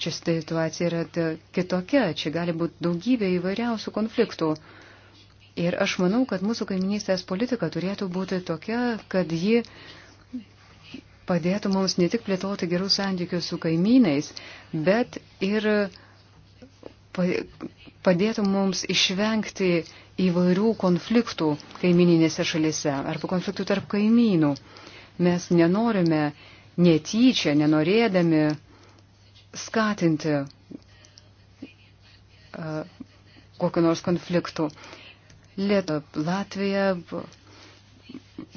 S1: Čia situacija yra kitokia, čia gali būti daugybė įvairiausių konfliktų. Ir aš manau, kad mūsų kaiminystės politika turėtų būti tokia, kad ji padėtų mums ne tik plėtoti gerus santykius su kaimynais, bet ir padėtų mums išvengti įvairių konfliktų kaimininėse šalise arba konfliktų tarp kaimynų. Mes nenorime netyčia, nenorėdami skatinti kokiu nors konfliktu. Lietuva, Latvija,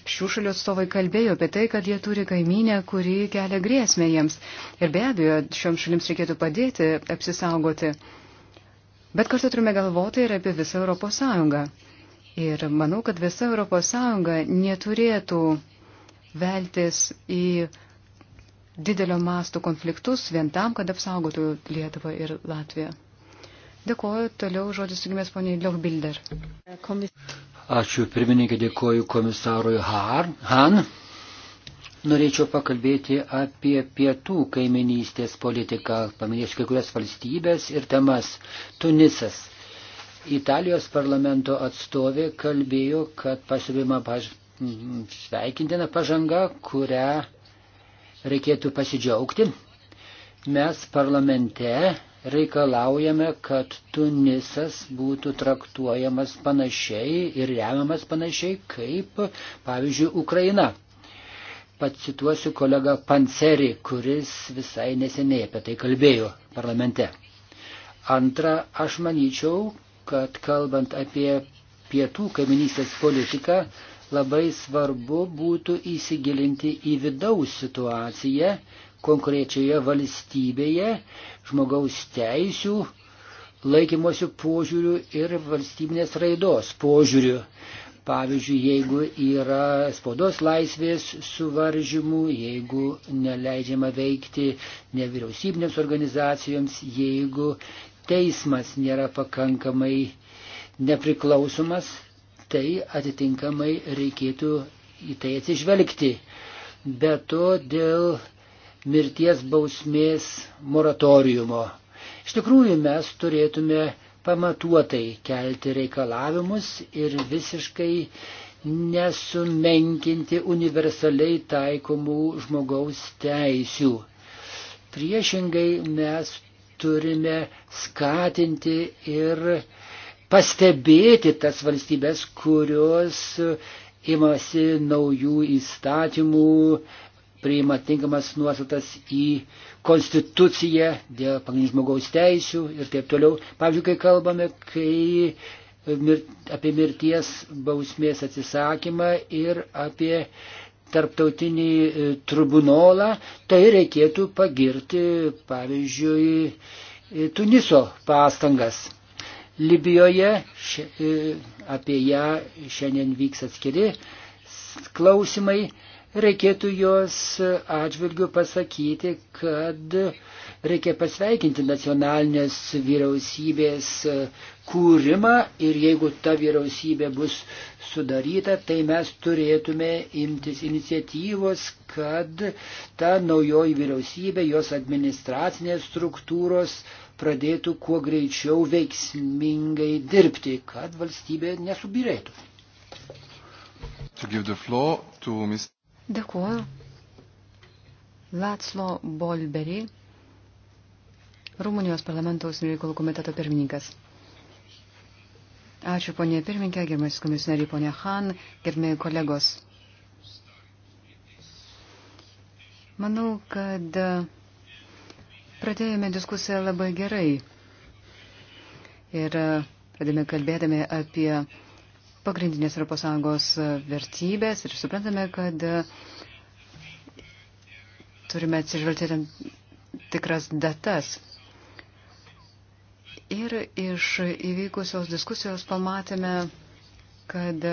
S1: šių šalių atstovai kalbėjo apie tai, kad jie turi kaiminę, kuri kelia grėsmę jiems. Ir be abejo, šioms šalims reikėtų padėti apsisaugoti. Bet kartu turime galvoti ir apie visą Europos Sąjungą. Ir manau, kad visa Europos Sąjunga neturėtų veltis į didelio masto konfliktus vien tam, kad apsaugotų Lietuvą ir Latviją. Dėkuoju, toliau žodis sugimės poniai Lochbilder.
S2: Ačiū pirmininkė, dėkuoju komisarui Han. Norėčiau pakalbėti apie pietų kaiminystės politiką, paminėsiu kai kurias valstybės ir temas. Tunisas. Italijos parlamento atstovė kalbėjo, kad pasibima paž... sveikintina pažanga, kurią reikėtų pasidžiaugti. Mes parlamente reikalaujame, kad Tunisas būtų traktuojamas panašiai ir remiamas panašiai kaip, pavyzdžiui, Ukraina. Pacituosiu kolegą Pancerį, kuris visai neseniai apie tai kalbėjo parlamente. Antra, aš manyčiau, kad kalbant apie pietų kaiminystės politiką, labai svarbu būtų įsigilinti į vidaus situaciją konkrečioje valstybėje, žmogaus teisių laikymosi požiūrių ir valstybinės raidos požiūrių. Pavyzdžiui, jeigu yra spaudos laisvės suvaržymų, jeigu neleidžiama veikti nevyriausybinėms organizacijoms, jeigu teismas nėra pakankamai nepriklausomas, tai atitinkamai reikėtų į tai atsižvelgti. Be to dėl mirties bausmės moratoriumo. Iš tikrųjų mes turėtume pamatuotai kelti reikalavimus ir visiškai nesumenkinti universaliai taikomų žmogaus teisių. Priešingai mes turime skatinti ir pastebėti tas valstybės, kurios imasi naujų įstatymų, priima tinkamas nuostatas į konstituciją dėl pagrindinių žmogaus teisių ir taip toliau. Pavyzdžiui, kai kalbame kai mir, apie mirties bausmės atsisakymą ir apie tarptautinį e, tribunolą, tai reikėtų pagirti, pavyzdžiui, e, Tuniso pastangas. Libijoje, ši, e, apie ją šiandien vyks atskiri klausimai, reikėtų jos atžvilgių pasakyti, kad reikia pasveikinti nacionalinės vyriausybės kūrimą ir jeigu ta vyriausybė bus sudaryta, tai mes turėtume imtis iniciatyvos, kad ta naujoji vyriausybė, jos administracinės struktūros, pradėtų kuo greičiau veiksmingai dirbti, kad valstybė nesubirėtų.
S1: Dėkuoju. Latslo Bolberi, Rumunijos parlamento užsienio reikalų komiteto pirmininkas. Ačiū, ponė pirmininkė, gerbiamas komisijos nariai, ponė Han, gerbiami kolegos. Manau, kad Pradėjome diskusiją labai gerai. Ir e, pradėjome kalbėdami apie pagrindinės ES e, vertybės ir suprantame, kad e, turime atsižvelgti tam tikras datas. Ir iš įvykusios diskusijos pamatėme, kad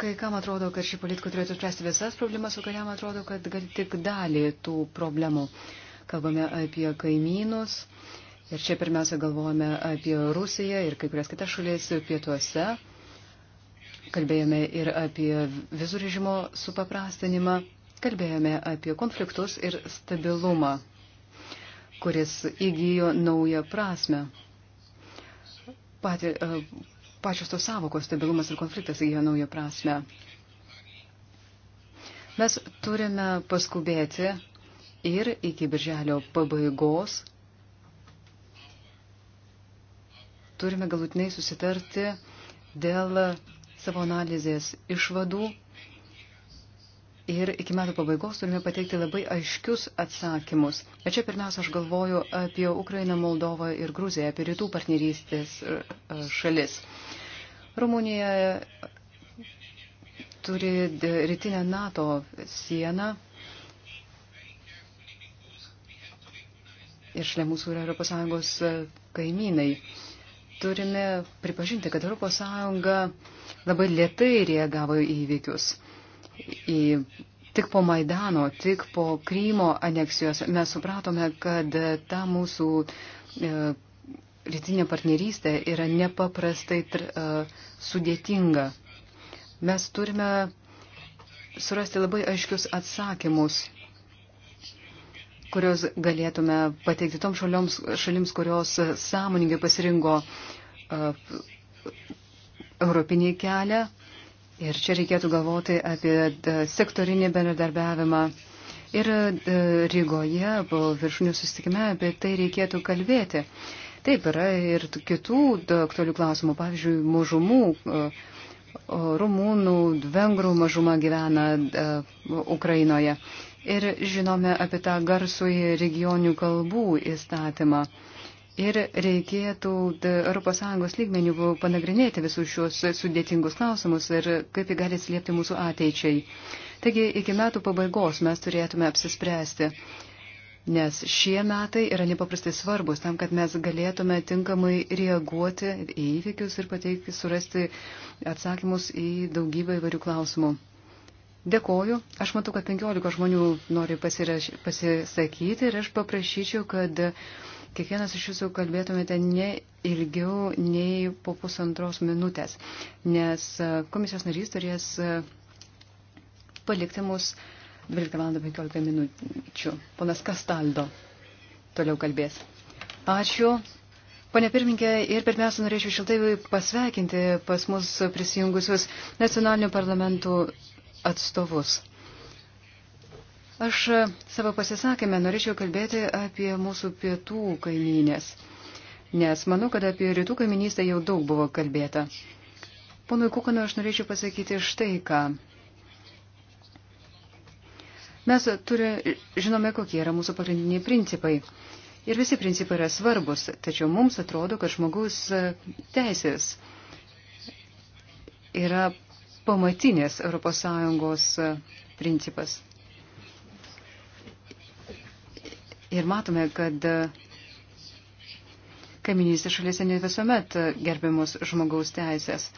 S1: Kai kam atrodo, kad ši politika turėtų spręsti visas problemas, o kariam atrodo, kad gal tik dalį tų problemų. Kalbame apie kaimynus ir čia pirmiausia galvojame apie Rusiją ir kai kurias kitas šalis pietuose. Kalbėjome ir apie vizų režimo supaprastinimą, kalbėjome apie konfliktus ir stabilumą, kuris įgyjo naują prasme. Pati, uh, pačios tos savokos stabilumas ir konfliktas įgyja naują prasme. Mes turime paskubėti ir iki birželio pabaigos turime galutinai susitarti dėl savo analizės išvadų ir iki metų pabaigos turime pateikti labai aiškius atsakymus. Ir čia pirmiausia aš galvoju apie Ukrainą, Moldovą ir Gruziją, apie rytų partnerystės e, e, šalis. Rumunija turi rytinę NATO sieną. Ir šalia mūsų yra ES kaimynai. Turime pripažinti, kad ES labai lietai reagavo į įvykius. Į, tik po Maidano, tik po Krymo aneksijos mes supratome, kad ta mūsų e, rytinė partnerystė yra nepaprastai uh, sudėtinga. Mes turime surasti labai aiškius atsakymus, kurios galėtume pateikti toms šalioms, šalims, kurios sąmoningai pasirinko uh, europinį kelią. Ir čia reikėtų galvoti apie e, sektorinį bendradarbiavimą. Ir Rygoje, po viršūnių susitikime, apie tai reikėtų kalbėti. Taip, yra ir kitų aktualių klausimų, pavyzdžiui, mažumų. E, rumūnų, vengrų mažuma gyvena uh, Ukrainoje. Ir žinome apie tą garsųjį regionių kalbų įstatymą. Ir reikėtų ES lygmenių panagrinėti visus šios sudėtingus klausimus ir kaip jį gali atsiliepti mūsų ateičiai. Taigi iki metų pabaigos mes turėtume apsispręsti. Uh, nes šie metai yra nepaprastai svarbus tam, kad mes galėtume tinkamai reaguoti į įvykius ir pateikti, surasti atsakymus į daugybę įvairių klausimų. Dėkoju. Aš matau, kad 15 žmonių nori pasiraš... pasisakyti ir aš paprašyčiau, kad kiekvienas iš jūsų kalbėtumėte ne ilgiau nei po pusantros minutės, nes komisijos narys turės palikti mus uh, 12 val. 15 minučių. Ponas Kastaldo toliau kalbės. Ačiū. Pane pirminkė, ir pirmiausia, norėčiau šiltai pasveikinti pas mus prisijungusius nacionalinių parlamentų atstovus. Aš savo pasisakymę norėčiau kalbėti apie mūsų pietų kaimynės, nes manau, kad apie rytų kaiminystę jau daug buvo kalbėta. Ponui Kukanui aš norėčiau pasakyti štai ką. Mes turi, žinome, kokie yra mūsų pagrindiniai principai. Ir visi principai yra svarbus, tačiau mums atrodo, kad žmogus e, teisės yra pamatinės ES e, principas. Ir matome, kad e, kaiminystės šalyse ne visuomet gerbiamos žmogaus teisės.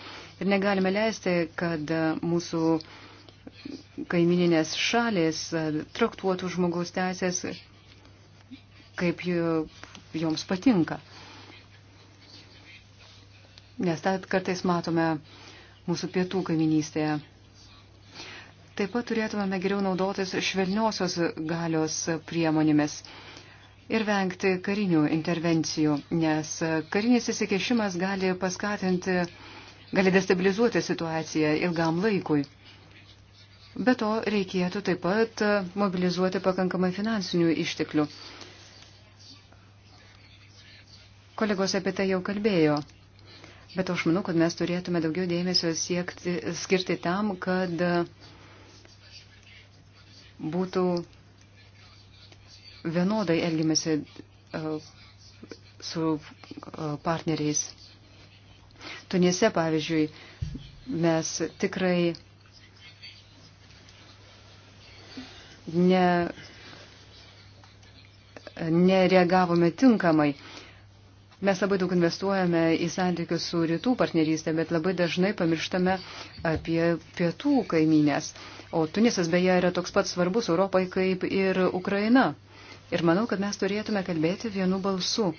S1: Ir negalime leisti, kad mūsų kaimininės šalės e, traktuotų žmogaus teisės, kaip joms patinka. Nes tą kartais matome mūsų pietų kaiminystėje. Taip pat turėtumėme geriau naudotis švelniosios galios priemonėmis ir vengti karinių intervencijų, nes karinis įsikešimas gali paskatinti, gali destabilizuoti situaciją ilgam laikui. Be to reikėtų taip pat e, mobilizuoti pakankamai finansinių išteklių. Kolegos apie tai jau kalbėjo. Bet aš manau, kad mes turėtume daugiau dėmesio siekti, skirti tam, kad e, būtų vienodai elgiamasi e, su partneriais. Tunise, pavyzdžiui, mes tikrai ne, nereagavome tinkamai. Mes labai daug investuojame į santykius su rytų partnerystė, bet labai dažnai pamirštame apie pietų kaimynės. O Tunisas beje yra toks pat svarbus Europai kaip ir Ukraina. Ir manau, kad mes turėtume kalbėti vienu balsu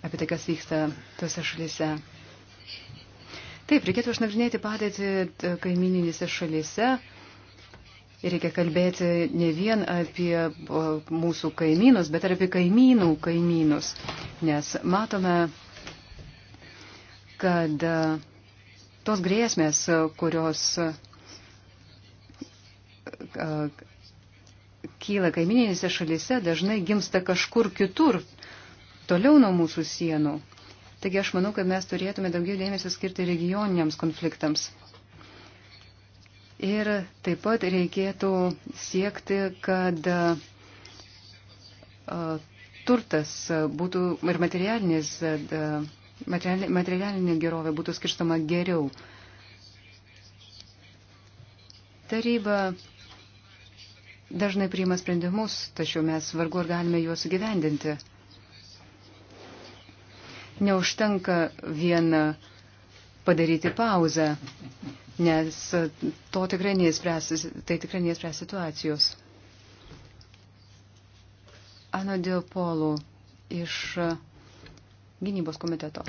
S1: apie tai, kas vyksta tose šalyse. Taip, reikėtų išnagrinėti padėtį kaimininėse šalyse Ir reikia kalbėti ne vien apie mūsų kaimynus, bet ir apie kaimynų kaimynus. Nes matome, kad e, tos grėsmės, kurios e, e, kyla kaimininėse šalyse, dažnai gimsta kažkur kitur, toliau nuo mūsų sienų. Taigi aš manau, kad mes turėtume daugiau dėmesio skirti regioniniams konfliktams. Ir taip pat reikėtų siekti, kad turtas būtų ir materialinis, materialinė gerovė būtų skirstama geriau. Taryba dažnai priima sprendimus, tačiau mes vargu ar galime juos gyvendinti. Neužtenka vieną padaryti pauzę nes to tikrai neįspręs, tai tikrai neįspręs situacijos. Ano Diopolų iš Gynybos komiteto.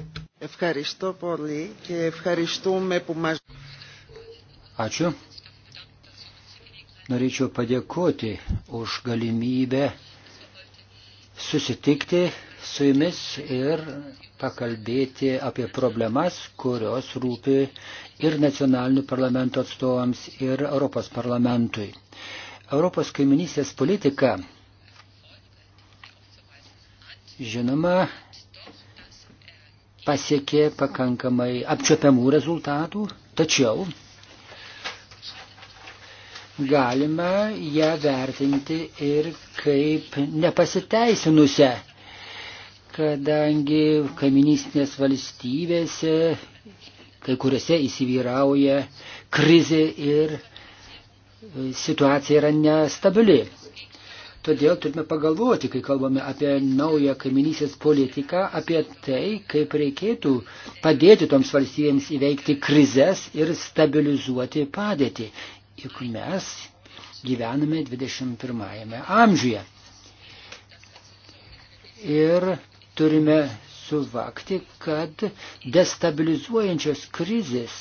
S2: Ačiū. Norėčiau padėkoti už galimybę susitikti su jumis ir pakalbėti apie problemas, kurios rūpi ir nacionalinių parlamento atstovams, ir Europos parlamentui. Europos kaiminysės politika, žinoma, pasiekė pakankamai apčiopiamų rezultatų, tačiau galima ją vertinti ir kaip nepasiteisinusią kadangi kaiminystinės valstybėse, kai kuriuose įsivyrauja krizė ir situacija yra nestabili. Todėl turime pagalvoti, kai kalbame apie naują kaiminysės politiką, apie tai, kaip reikėtų padėti toms valstybėms įveikti krizės ir stabilizuoti padėtį. Juk mes gyvename 21 amžiuje. Ir turime suvakti, kad destabilizuojančios krizės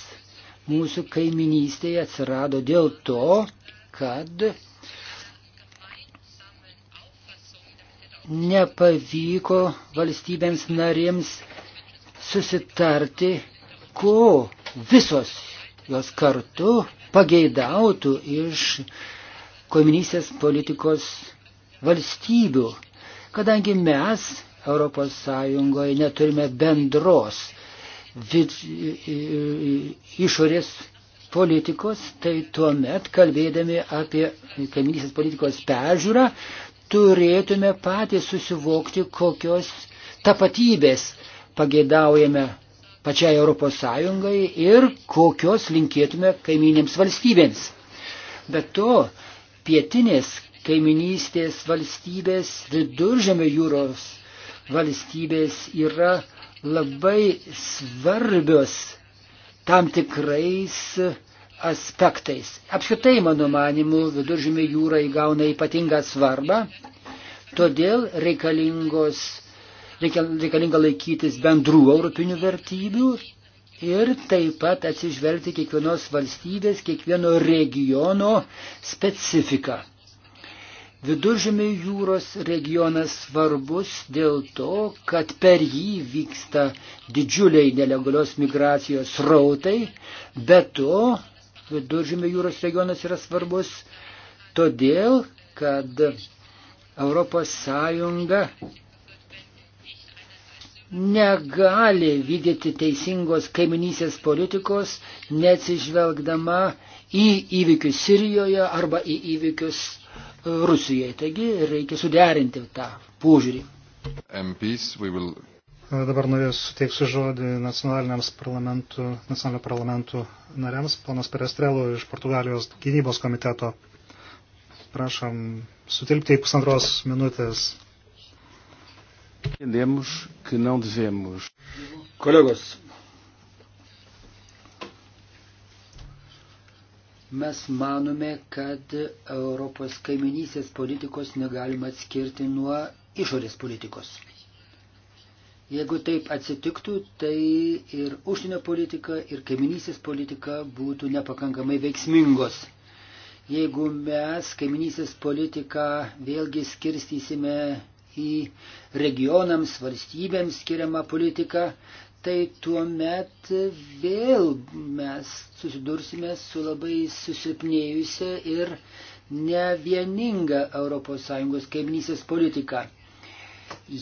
S2: mūsų kaiminystėje atsirado dėl to, kad nepavyko valstybėms narėms susitarti, ko visos jos kartu pageidautų iš komunistės politikos valstybių, kadangi mes ES neturime bendros vid, išorės politikos, tai tuomet, kalbėdami apie kaiminysės politikos peržiūrą, turėtume patys susivokti, kokios tapatybės pageidaujame pačiai Europos Sąjungai ir kokios linkėtume kaiminėms valstybėms. Be to, pietinės kaiminystės valstybės viduržėmio jūros valstybės yra labai svarbios tam tikrais aspektais. Apskritai, mano manimu, viduržymė jūra įgauna ypatingą svarbą, todėl reikalingos, reikalinga laikytis bendrų europinių vertybių ir taip pat atsižvelgti kiekvienos valstybės, kiekvieno regiono specifiką. Viduržėmė jūros regionas svarbus dėl to, kad per jį vyksta didžiuliai nelegalios migracijos rautai, bet to Viduržėmė jūros regionas yra svarbus todėl, kad ES negali vykdyti teisingos kaiminysės politikos, neatsižvelgdama į įvykius Sirijoje arba į įvykius Rusijai. Taigi reikia suderinti tą požiūrį.
S5: MPs, will... E, dabar norės suteiksiu žodį nacionaliniams parlamentų, nacionalinių parlamentų nariams, ponas Perestrelo iš Portugalijos gynybos komiteto. Prašom sutilpti į pusantros minutės. Entendemos que não devemos. Kolegos,
S2: mes manome, kad Europos kaiminysės politikos negalima atskirti nuo išorės politikos. Jeigu taip atsitiktų, tai ir užsienio politika, ir kaiminysės politika būtų nepakankamai veiksmingos. Jeigu mes kaiminysės politiką vėlgi skirstysime į regionams, valstybėms skiriamą politiką, tai tuo met vėl mes susidursime su labai susilpnėjusią ir nevieninga ES kaimynysės politika.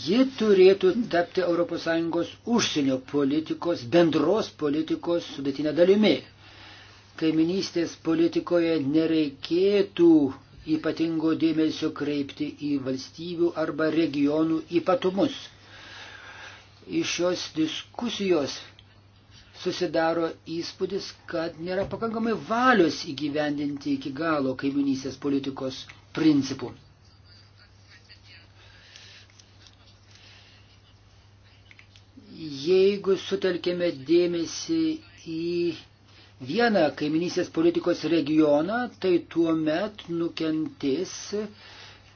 S2: Ji turėtų tapti ES užsienio politikos, bendros politikos sudėtinę dalimi. Kaiminystės politikoje nereikėtų ypatingo dėmesio kreipti į valstybių arba regionų ypatumus iš šios diskusijos susidaro įspūdis, kad nėra pakankamai valios įgyvendinti iki galo kaiminysės politikos principų. Jeigu sutelkėme dėmesį į vieną kaiminysės politikos regioną, tai tuo met nukentės uh,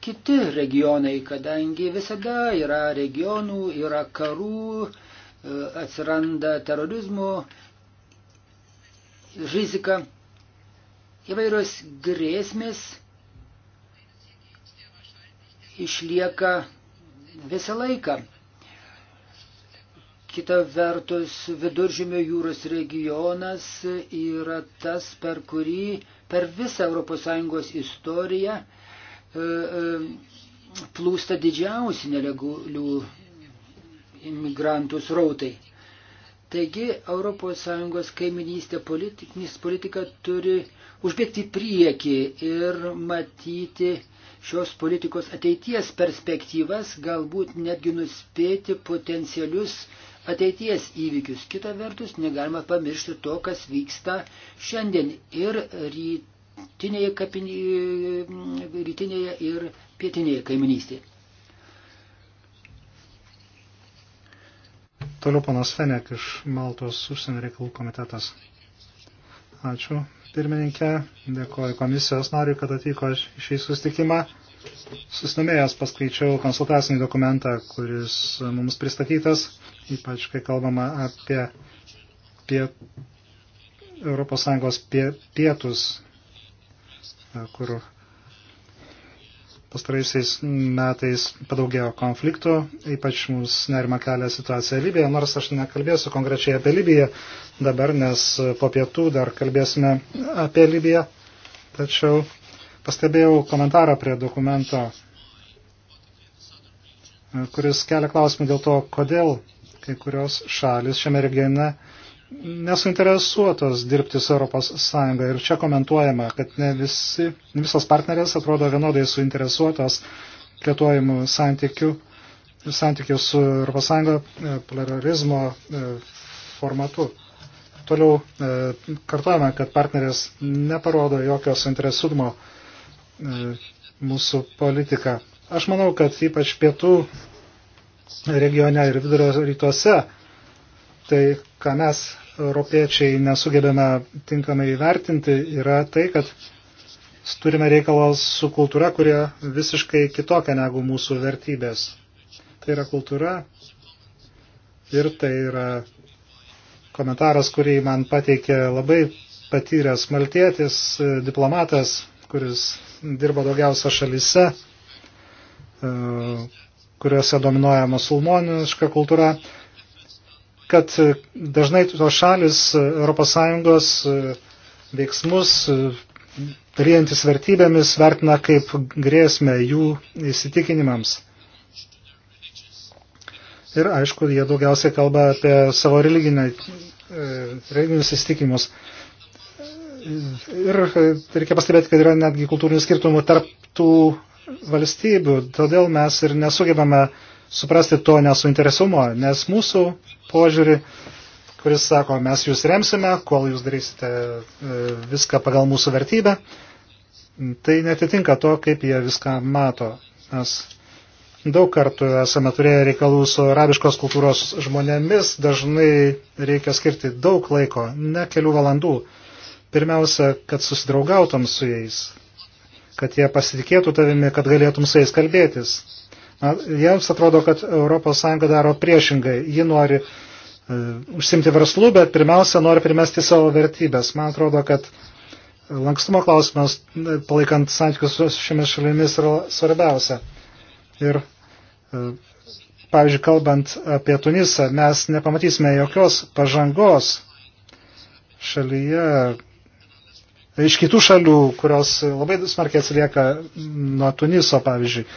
S2: kiti regionai, kadangi visada yra regionų, yra karų, e, atsiranda terorizmo rizika, įvairios grėsmės išlieka visą laiką. Kita vertus, viduržymio jūros regionas yra tas, per kurį per visą ES istoriją E, e, plūsta didžiausi nelegalių imigrantų srautai. Taigi ES kaiminystė politinis politika turi užbėgti priekį ir matyti šios politikos ateities perspektyvas, galbūt netgi nuspėti potencialius ateities įvykius. Kita vertus, negalima pamiršti to, kas vyksta šiandien ir ryt rytinėje, kapinėje, mm, rytinėje ir pietinėje kaiminystėje.
S5: Toliau panas Fenek iš Maltos užsienio reikalų komitetas. Ačiū pirmininkė, dėkoju komisijos nariui, kad atvyko šį sustikimą. Susidomėjęs paskaičiau konsultacinį dokumentą, kuris mums pristatytas, ypač kai kalbama apie, apie ES pie, pietus E, kur pastaraisiais metais padaugėjo konfliktų, ypač mums nerima kelia situacija Libijoje, nors aš nekalbėsiu konkrečiai apie Libiją dabar, nes po pietų dar kalbėsime apie Libiją, tačiau pastebėjau komentarą prie dokumento, e, kuris kelia klausimą dėl to, kodėl kai kurios šalis šiame regione nesuinteresuotos dirbti su Europos Sąjunga. Ir čia komentuojama, kad ne visi, visos partnerės atrodo vienodai suinteresuotos plėtojimų santykių, santykių su Europos Sąjunga e, pluralizmo e, formatu. Toliau e, kartuojame, kad partnerės neparodo jokio suinteresuotumo mūsų politiką. Aš manau, kad ypač pietų regione ir vidurio rytuose tai, ką mes, europiečiai, nesugebėme tinkamai įvertinti, yra tai, kad turime reikalą su kultūra, kurie visiškai kitokia negu mūsų vertybės. Tai yra kultūra ir tai yra komentaras, kurį man pateikė labai patyręs maltietis, diplomatas, kuris dirbo daugiausia šalise, e, kuriuose dominuoja musulmoniška kultūra kad e, dažnai tos šalis ES e, veiksmus e, dalyjantis vertybėmis vertina kaip grėsmę jų įsitikinimams. Ir aišku, jie daugiausiai kalba apie savo religinę, religinius įsitikinimus. Ir reikia pastebėti, kad yra netgi kultūrinių skirtumų tarp tų valstybių, todėl mes ir nesugebame uh, suprasti to nesuinteresumo, nes mūsų požiūrį, kuris sako, mes jūs remsime, kol jūs darysite e, viską pagal mūsų vertybę, tai netitinka to, kaip jie viską mato. Mes daug kartų esame turėję reikalų su arabiškos kultūros žmonėmis, dažnai reikia skirti daug laiko, ne kelių valandų. Pirmiausia, kad susidraugautum su jais, kad jie pasitikėtų tavimi, kad galėtum su jais kalbėtis Jiems atrodo, kad ES daro priešingai. Ji nori uh, užsimti verslų, bet pirmiausia nori primesti savo vertybės. Man atrodo, kad lankstumo klausimas, e, palaikant santykius su šiomis šalimis, yra svarbiausia. Ir, uh, pavyzdžiui, kalbant apie Tunisą, mes nepamatysime jokios pažangos šalyje, iš kitų šalių, kurios labai smarkiai atsilieka nuo Tuniso, pavyzdžiui.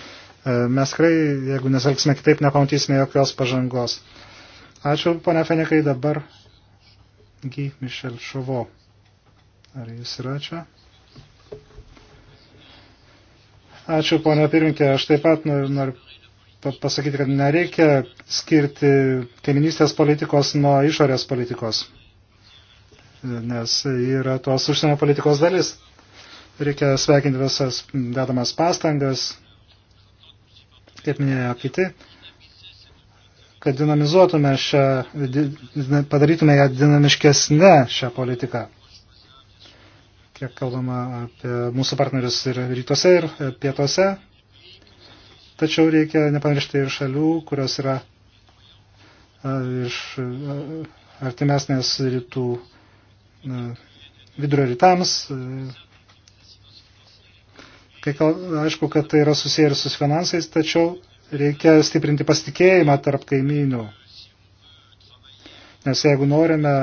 S5: E, mes tikrai, jeigu nesalgsime kitaip, nepamatysime jokios pažangos. Ačiū, ponia Fenikai, dabar Gy Mišel Šovo. Ar jis yra čia? Ačiū, ponia pirminkė. Aš taip pat noriu, noriu pasakyti, kad nereikia skirti kaiminystės politikos nuo išorės politikos, nes yra tos užsienio politikos dalis. Reikia sveikinti visas dedamas pastangas, kaip minėjo kiti, kad dinamizuotume šią, padarytume ją dinamiškesnę šią politiką. Kiek kalbama apie mūsų partnerius ir rytuose, ir pietuose. Tačiau reikia nepamiršti ir šalių, kurios yra iš artimesnės rytų vidurio rytams, Kai kal, aišku, kad tai yra susiję ir su finansais, tačiau reikia stiprinti pasitikėjimą tarp kaimynių. Nes jeigu norime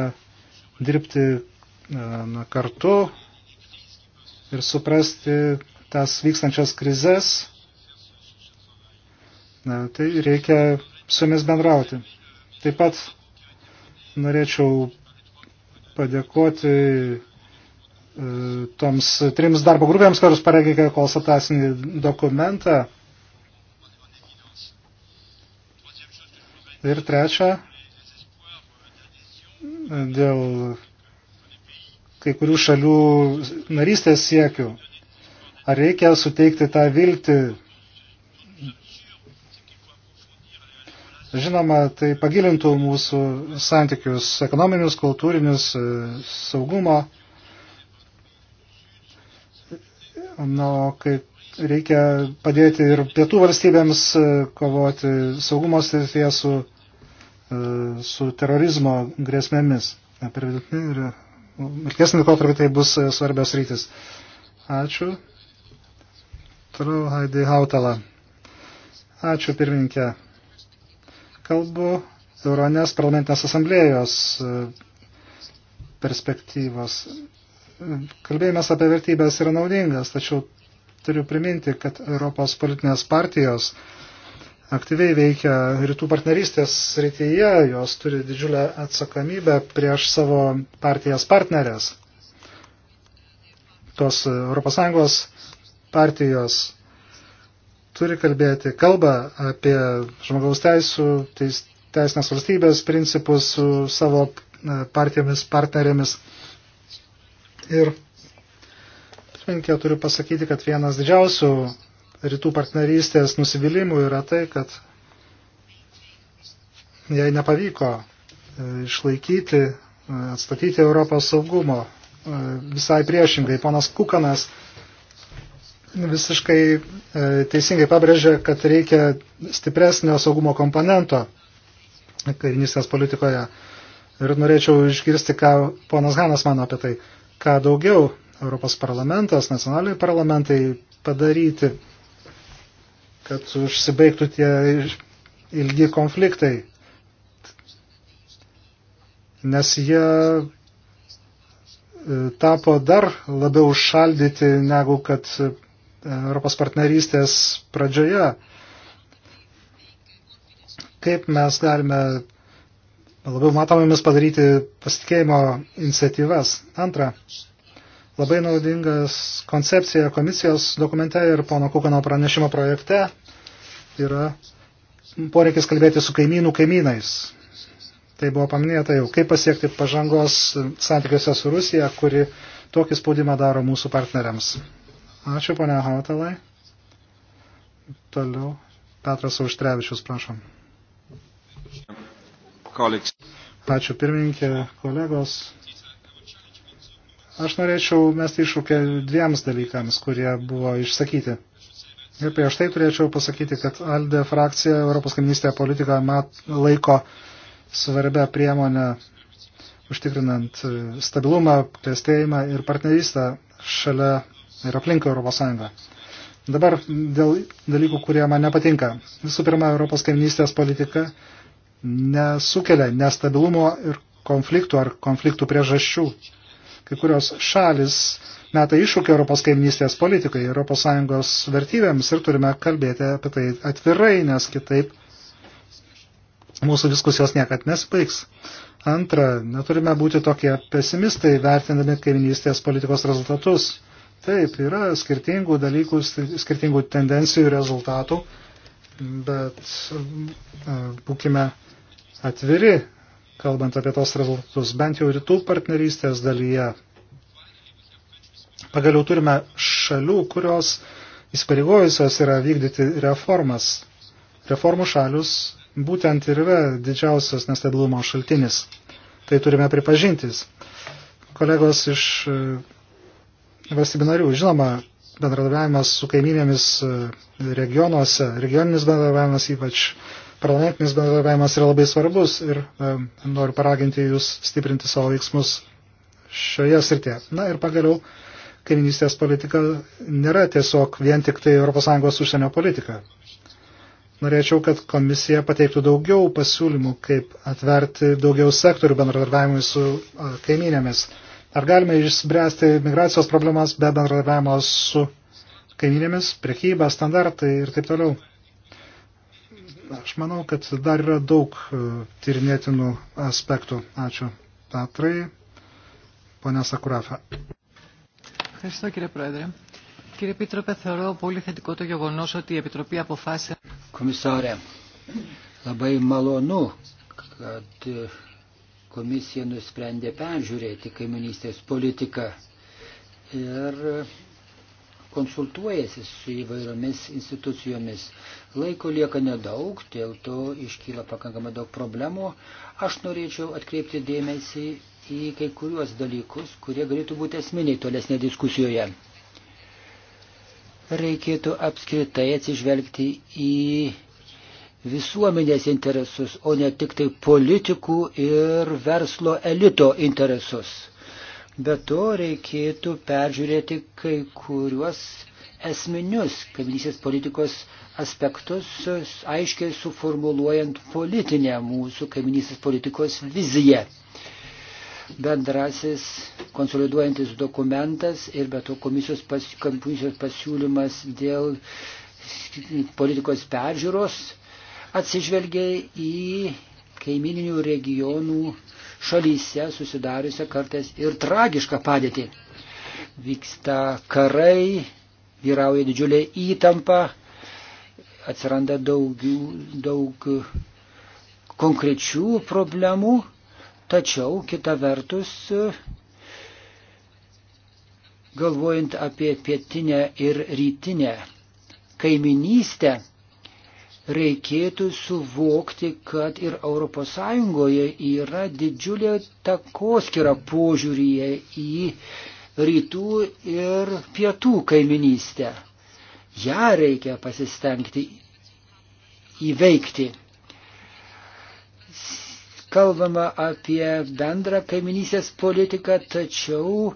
S5: dirbti e, na, kartu ir suprasti tas vykstančias krizės, na, tai reikia su jomis bendrauti. Taip pat norėčiau padėkoti toms trims darbo grupėms, kurios pareigė konsultacinį dokumentą. Ir trečia, dėl kai kurių šalių narystės siekių. Ar reikia suteikti tą viltį? Žinoma, tai pagilintų mūsų santykius ekonominius, kultūrinius, saugumo Na, o kai reikia padėti ir pietų valstybėms e, kovoti saugumo srityje su, e, su terorizmo grėsmėmis. Per vidutinį ir mirkesnį laikotarpį tai bus e, svarbios rytis. Ačiū. Toliau Haidai Hautala. Ačiū pirmininkė. Kalbu Euronės parlamentinės asamblėjos perspektyvos kalbėjimas apie vertybės yra naudingas, tačiau turiu priminti, kad Europos politinės partijos aktyviai veikia rytų partnerystės srityje, jos turi didžiulę atsakomybę prieš savo partijas partnerės. Tos ES partijos turi kalbėti kalbą apie žmogaus teisų, teis, teisinės valstybės principus su savo e, partijomis partnerėmis. Ir pirmininkė turiu pasakyti, kad vienas didžiausių rytų partnerystės nusivylimų yra tai, kad jai nepavyko e, išlaikyti, e, atstatyti Europos saugumo. E, visai priešingai, ponas Kukanas visiškai teisingai pabrėžė, kad reikia stipresnio saugumo komponento karinystės politikoje. Ir norėčiau išgirsti, ką ponas Hanas mano apie tai ką daugiau Europos parlamentas, nacionaliniai parlamentai padaryti, kad užsibaigtų tie ilgi konfliktai. Nes jie e, tapo dar labiau užšaldyti negu kad e, Europos partnerystės pradžioje. Kaip mes galime labiau matomomis padaryti pasitikėjimo iniciatyvas. Antra, labai naudingas koncepcija komisijos dokumente ir pono Kukano pranešimo projekte yra poreikis kalbėti su kaimynų kaimynais. Tai buvo paminėta jau, kaip pasiekti pažangos santykiuose su Rusija, kuri tokį spaudimą daro mūsų partneriams. Ačiū, ponia Hautalai. Toliau Petras Auštrevičius, prašom. Kolegs. Ačiū pirmininkė, kolegos. Aš norėčiau mesti iššūkę dviems dalykams, kurie buvo išsakyti. Ir prieš tai turėčiau pasakyti, kad ALDE frakcija Europos kaiminystėje politiką mat, laiko svarbia priemonė užtikrinant stabilumą, klėstėjimą ir partnerystę šalia ir aplink Europos Sąjungą. Dabar dėl dalykų, kurie man nepatinka. Visų pirma, Europos kaiminystės politika nesukelia nestabilumo ir konfliktų ar konfliktų priežasčių. Kai kurios šalis meta iššūkį Europos kaiminystės politikai, Europos Sąjungos vertybėms ir turime kalbėti apie tai atvirai, nes kitaip mūsų diskusijos niekad nesibaigs. Antra, neturime būti tokie pesimistai vertindami kaiminystės politikos rezultatus. Taip, yra skirtingų dalykų, skirtingų tendencijų rezultatų, bet e, būkime. Uh, atviri, kalbant apie tos rezultatus, bent jau rytų partnerystės dalyje. Pagaliau turime šalių, kurios įsipareigojusios yra vykdyti reformas. Reformų šalius būtent ir yra didžiausias nestabilumo šaltinis. Tai turime pripažintis. Kolegos iš e, valstybių narių, žinoma, bendradarbiavimas su kaiminėmis e, regionuose, regioninis bendradarbiavimas ypač Parlamentinis bendradarbiavimas yra labai svarbus ir e, noriu paraginti jūs stiprinti savo veiksmus šioje srityje. Na ir pagaliau, kaiminystės politika nėra tiesiog vien tik tai ES užsienio politika. Norėčiau, kad komisija pateiktų daugiau pasiūlymų, kaip atverti daugiau sektorių bendradarbiavimui su e, kaiminėmis. Ar galime išspręsti migracijos problemas be bendradarbiavimo su kaiminėmis, priekyba, standartai ir taip toliau. Aš manau, kad dar yra daug e, tyrinėtinų aspektų. Ačiū Petrai. Pone Σακουράφα. Ευχαριστώ κύριε Πρόεδρε. Κύριε Επίτροπε, θεωρώ πολύ θετικό το γεγονός ότι η Επιτροπή αποφάσισε...
S2: Κομισόρε, labai malonu, kad komisija nusprendė peržiūrėti kaiminystės politiką. Ir konsultuojasi su įvairiomis institucijomis. Laiko lieka nedaug, dėl to iškyla pakankamai daug problemų. Aš norėčiau atkreipti dėmesį į kai kuriuos dalykus, kurie galėtų būti esminiai tolesnė diskusijoje. Reikėtų apskritai atsižvelgti į visuomenės interesus, o ne tik tai politikų ir verslo elito interesus Be to reikėtų peržiūrėti kai kuriuos esminius kaiminysės politikos aspektus, aiškiai suformuluojant politinę mūsų kaiminysės politikos viziją. Bendrasis konsoliduojantis dokumentas ir be to komisijos, pas, komisijos pasiūlymas dėl politikos peržiūros atsižvelgia į kaimininių regionų šalyse susidariusią kartais ir tragišką padėtį. Vyksta karai, vyrauja didžiulė įtampa, atsiranda daug, daug konkrečių problemų, tačiau kita vertus, galvojant apie pietinę ir rytinę kaiminystę, reikėtų suvokti, kad ir ES yra didžiulė takoskira požiūryje į rytų ir pietų kaiminystę. Ja reikia pasistengti įveikti. Kalbama apie bendrą kaiminysės politiką, tačiau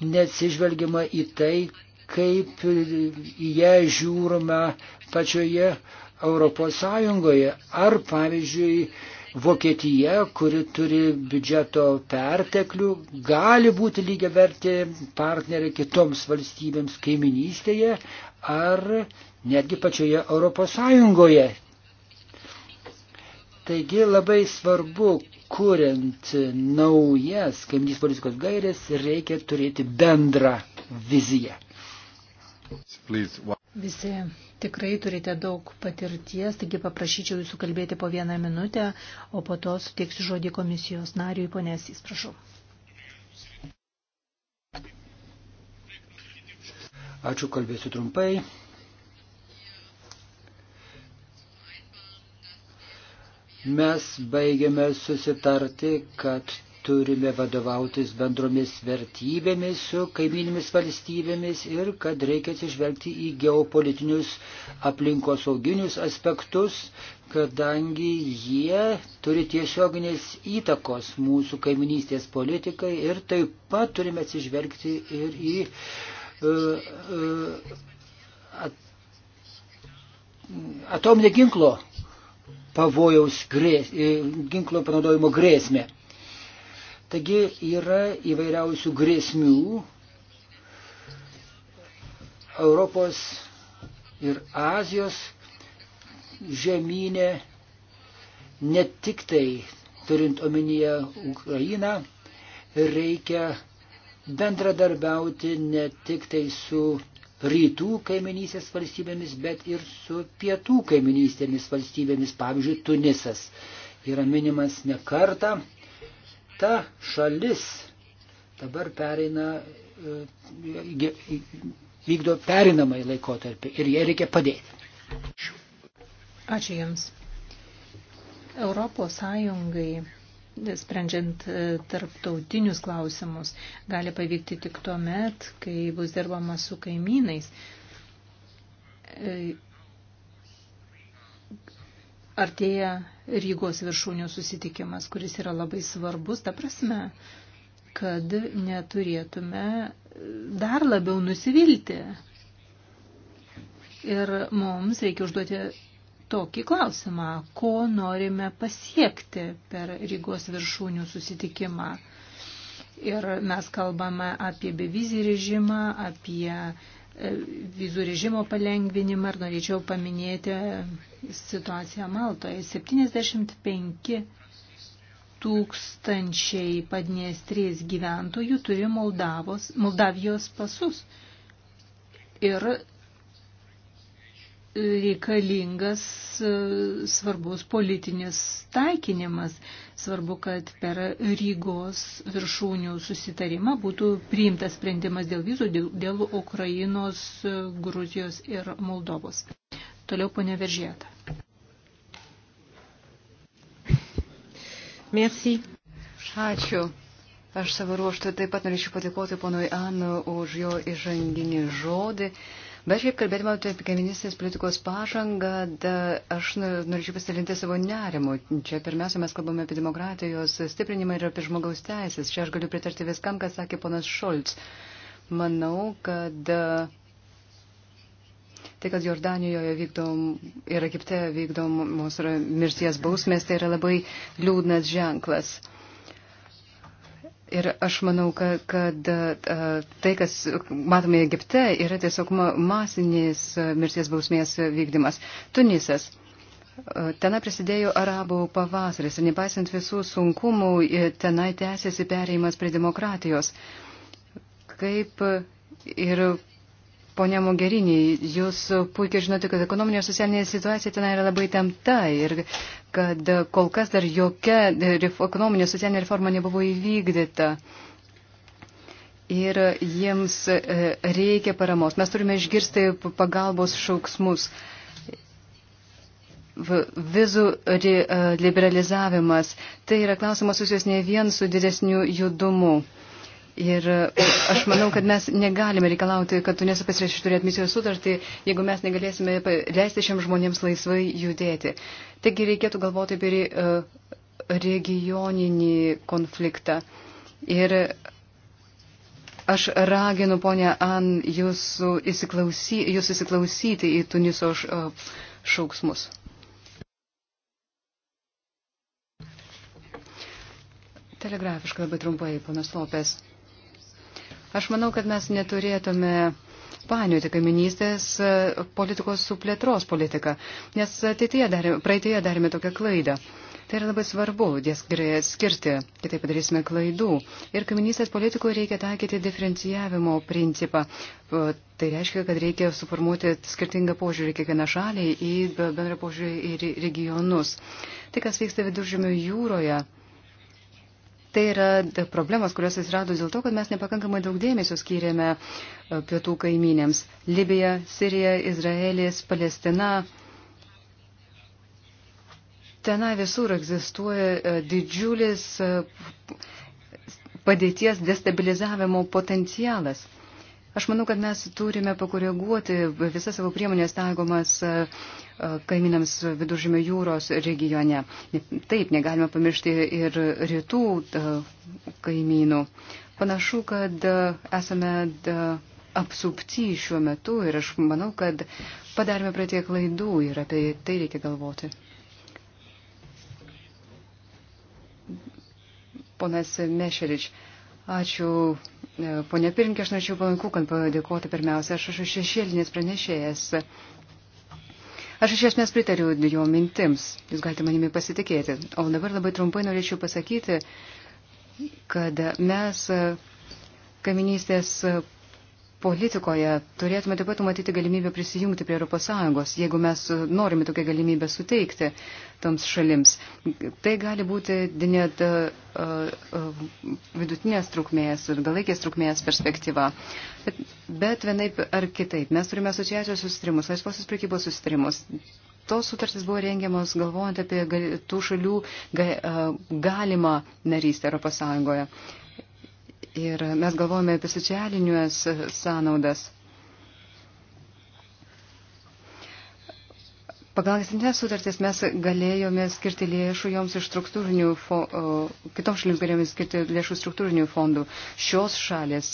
S2: neatsižvelgiama į tai, kaip į ją žiūrima pačioje ES. Ar pavyzdžiui Vokietija, kuri turi biudžeto perteklių, gali būti lygia vertė partnerė kitoms valstybėms kaiminystėje ar netgi pačioje Europos Sąjungoje. Taigi labai svarbu, kuriant naujas kaiminys politikos gairės, reikia turėti bendrą viziją. Visi
S4: Tikrai turite daug patirties, taigi paprašyčiau jūsų kalbėti po vieną minutę, o po to suteiksiu žodį komisijos nariui, ponės, jis prašau.
S2: Ačiū, kalbėsiu trumpai. Mes baigėme susitarti, kad turime vadovautis bendromis vertybėmis su kaiminimis valstybėmis ir kad reikia atsižvelgti į geopolitinius aplinkosauginius aspektus, kadangi jie turi tiesioginės įtakos mūsų kaiminystės politikai ir taip pat turime atsižvelgti ir į uh, uh, at, atominio ginklo pavojaus grės, e, ginklo panaudojimo grėsmę. Taigi yra įvairiausių grėsmių Europos ir Azijos žemynė, ne tik tai turint omenyje Ukrainą, reikia bendradarbiauti ne tik tai su rytų kaiminystės valstybėmis, bet ir su pietų kaiminystėmis valstybėmis, pavyzdžiui, Tunisas yra minimas ne kartą ta šalis dabar pereina, e, vykdo perinamąjį laikotarpį ir jie reikia padėti.
S4: Ačiū Jums. Europos Sąjungai, sprendžiant e, tarptautinius klausimus, gali pavykti tik tuo met, kai bus dirbama su kaimynais e, artėja Rygos viršūnių susitikimas, kuris yra labai svarbus, ta prasme, kad neturėtume dar labiau nusivilti. Ir mums reikia užduoti tokį klausimą, ko norime pasiekti per Rygos viršūnių susitikimą. Ir mes kalbame apie bevizį režimą, apie vizų režimo palengvinimą ir norėčiau paminėti situaciją Maltoje. 75 tūkstančiai padniestrės gyventojų turi Moldavos, Moldavijos pasus. Ir reikalingas e, svarbus politinis taikinimas. Svarbu, kad per Rygos viršūnių susitarimą būtų priimtas sprendimas dėl vizų dėl Ukrainos, e, Gruzijos ir Moldovos. Toliau ponė Veržėta. Merci.
S1: Ačiū. Aš savo ruoštą taip pat norėčiau patikoti ponui Anu už jo įžanginį žodį. Uh, Bet šiaip kalbėdama apie feministinės politikos pažangą, da, aš nu, norėčiau pasidalinti savo nerimu. Čia pirmiausia, mes kalbame apie demokratijos stiprinimą ir apie žmogaus teisės. Čia aš galiu pritarti viskam, ką sakė ponas Šolts. Manau, kad da, e, Tai, kad Jordanijoje vykdom ir Egipte vykdomos mirties bausmės, tai yra labai liūdnas ženklas. Uh, Ir aš manau, kad, kad tai, kas matome Egipte, yra tiesiog masinės mirties bausmės vykdymas. Tunisas. Tenai prasidėjo arabų pavasaris ir nepaisant visų sunkumų, tenai tęsiasi perėjimas prie demokratijos. Kaip ir Pone Mogerinį, jūs puikiai žinote, kad ekonominė ir socialinė situacija ten yra labai temta ir kad kol kas dar jokia e, ekonominė socialinė reforma nebuvo įvykdyta. Ir jiems e, reikia paramos. Mes turime išgirsti pagalbos šauksmus vizų e, liberalizavimas. Tai yra klausimas susijęs ne vien su didesniu judumu. Ir e, aš manau, kad mes negalime reikalauti, kad Tunisas pasirašytų turėti misijos sutartį, jeigu mes negalėsime leisti šiems žmonėms laisvai judėti. Taigi reikėtų galvoti apie e, regioninį konfliktą. Ir aš raginu, ponia An, jūs, įsiklausy, jūs įsiklausyti į Tuniso e, šauksmus. Telegrafiškai labai trumpai, ponas Lopės. Aš manau, kad mes neturėtume paniuoti kaiminystės e, politikos su plėtros politika, nes darėme, praeitėje darėme tokią klaidą. Tai yra labai svarbu, jas skirti, kitaip padarysime klaidų. Ir kaiminystės politikoje reikia taikyti diferencijavimo principą. Tai reiškia, kad reikia suformuoti skirtingą požiūrį kiekvieną šalį į bendrą požiūrį į regionus. Tai, kas vyksta viduržymio jūroje, Tai yra problemas, kurios atsirado dėl to, kad mes nepakankamai daug dėmesio skiriame e, pietų kaiminėms. Libija, Sirija, Izraelis, Palestina. Tenai visur egzistuoja e, didžiulis e, padėties destabilizavimo potencialas. Aš manau, kad mes turime pakoreguoti visas savo priemonės taigomas e, e, kaiminams viduržymio jūros regione. Taip, negalime pamiršti ir rytų e, kaimynų. Panašu, kad esame apsupti šiuo metu ir aš manau, kad padarėme prie tiek klaidų ir apie tai reikia galvoti. Ponas Mešerič, ačiū Pone Pirinkė, aš norėčiau palankų, kad padėkoti pirmiausia, aš esu šešėlinės pranešėjas. Aš iš esmės pritariu jo mintims, jūs galite manimi pasitikėti. O dabar labai trumpai norėčiau pasakyti, kad mes kaminystės politikoje turėtume taip pat matyti galimybę prisijungti prie ES, jeigu mes e, norime tokią galimybę suteikti toms šalims. Tai gali būti net e, e, vidutinės trukmės ir galaikės trukmės perspektyva. Bet, bet vienaip ar kitaip, mes turime asociacijos susitarimus, laisvosios prekybos susitarimus. Tos sutartys buvo rengiamos galvojant apie tų šalių galimą narystę ES. Ir mes galvojame apie socialinius sąnaudas. Pagal esinės sutartys mes galėjome skirti lėšų joms iš struktūrinių, fo, kitoms šalims galėjome skirti lėšų struktūrinių fondų. Šios šalės,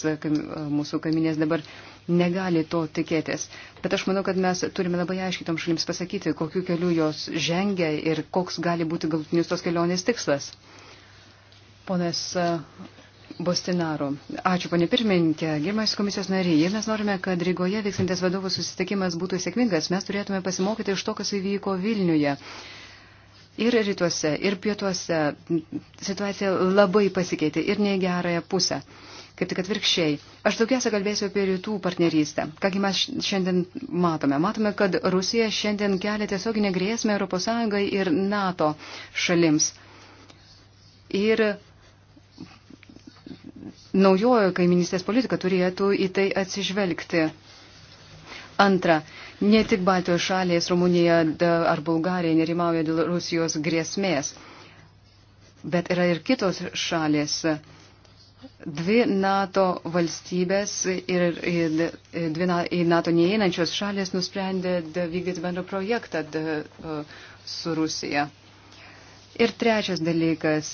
S1: mūsų kaiminės dabar negali to tikėtis. Bet aš manau, kad mes turime labai aiškiai toms šalims pasakyti, kokiu keliu jos žengia ir koks gali būti galutinis tos kelionės tikslas. Ponas Bostinaro. Ačiū, ponė pirmininkė. Girmais komisijos nariai, jei mes norime, kad Rygoje vyksantis vadovų susitikimas būtų sėkmingas, mes turėtume pasimokyti iš to, kas įvyko Vilniuje. Ir rytuose, ir pietuose situacija labai pasikeitė ir ne gerąją pusę. Kaip tik atvirkščiai. Aš daugiausia kalbėsiu apie rytų partnerystę. Kągi mes šiandien matome? Matome, kad Rusija šiandien kelia tiesioginę grėsmę ES ir NATO šalims. Ir naujojo kaiminystės politika turėtų į tai atsižvelgti. Antra, ne tik Baltijos šalės Rumunija ar Bulgarija nerimauja dėl Rusijos grėsmės, bet yra ir kitos šalės. Dvi NATO valstybės ir dvi į NATO neįeinančios šalės nusprendė vykdyti bendrą projektą su Rusija. Ir trečias dalykas.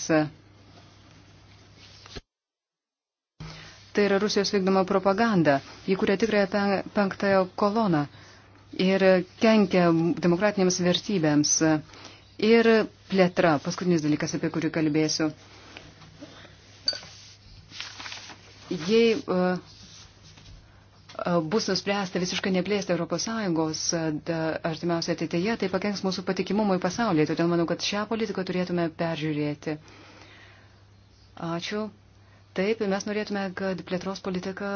S1: tai yra Rusijos vykdoma propaganda, į kurią tikrąją penktąją koloną ir kenkia demokratinėms vertybėms. Ir plėtra, paskutinis dalykas, apie kurį kalbėsiu. Jei uh, bus nuspręsta visiškai neplėsti ES e, artimiausioje ateityje, tai pakenks mūsų patikimumui pasaulyje. Todėl manau, kad šią politiką turėtume peržiūrėti. Ačiū. Taip, mes norėtume, kad plėtros politika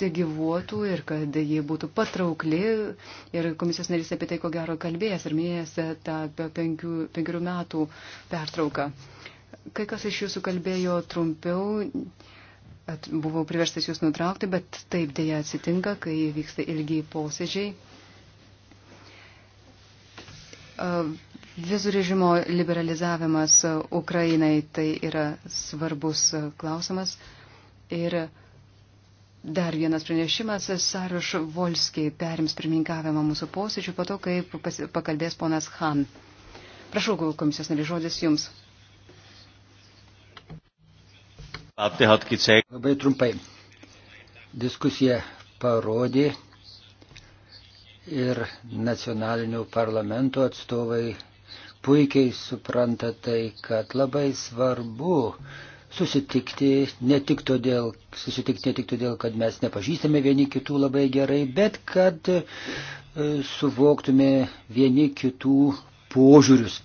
S1: tai gyvuotų ir kad ji būtų patraukli. Ir komisijos narys apie tai, ko gero, kalbėjęs ir minėjęs tą penkių, penkerių metų pertrauką. Kai kas iš jūsų kalbėjo trumpiau, buvau priverstas jūs nutraukti, bet taip dėja atsitinka, kai vyksta ilgi posėdžiai. Uh, Vizų režimo liberalizavimas Ukrainai tai yra svarbus klausimas. Ir dar vienas pranešimas, Saruš Volskiai perims pirmininkavimą mūsų posėdžių po to, kai pakalbės ponas Han. Prašau, komisijos narys žodis jums.
S2: Labai trumpai. Diskusija parodė ir nacionalinių parlamentų atstovai puikiai supranta tai, kad labai svarbu susitikti ne tik todėl, susitikti ne tik todėl, kad mes nepažįstame vieni kitų labai gerai, bet kad e, suvoktume vieni kitų požiūrius.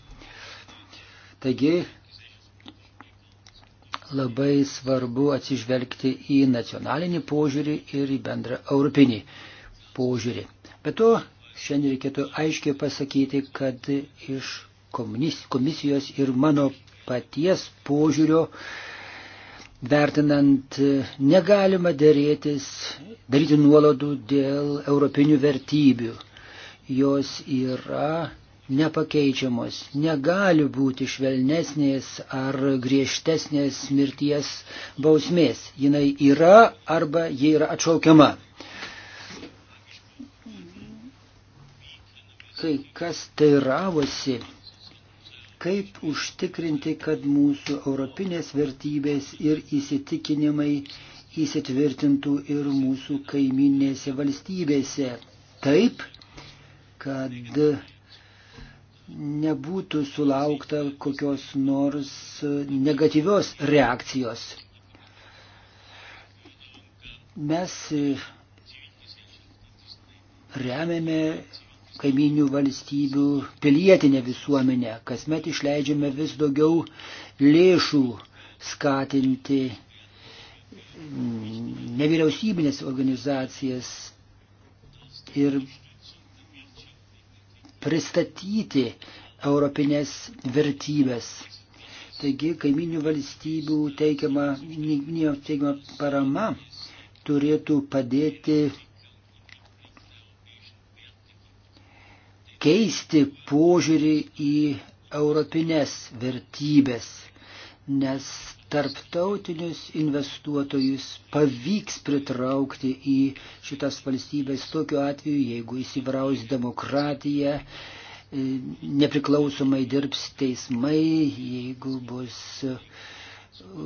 S2: Taigi labai svarbu atsižvelgti į nacionalinį požiūrį ir į bendrą europinį požiūrį. Bet to šiandien reikėtų aiškiai pasakyti, kad iš komisijos ir mano paties požiūrio, vertinant, negalima dėrėtis, daryti nuoladų dėl europinių vertybių. Jos yra nepakeičiamos, negali būti švelnesnės ar griežtesnės mirties bausmės. Jinai yra arba ji yra atšaukiama. Kai kas teiravosi, kaip užtikrinti, kad mūsų europinės vertybės ir įsitikinimai įsitvirtintų ir mūsų kaiminėse valstybėse. Taip, kad nebūtų sulaukta kokios nors negatyvios reakcijos. Mes remiame kaiminių valstybių pilietinę visuomenę. Kasmet išleidžiame vis daugiau lėšų skatinti mm, nevyriausybinės organizacijas ir pristatyti europinės vertybės. Taigi kaiminių valstybių teikiama, teikiama parama turėtų padėti keisti požiūrį į europinės vertybės, nes tarptautinius investuotojus pavyks pritraukti į šitas valstybės tokiu atveju, jeigu įsibraus demokratija, e, nepriklausomai dirbs teismai, jeigu bus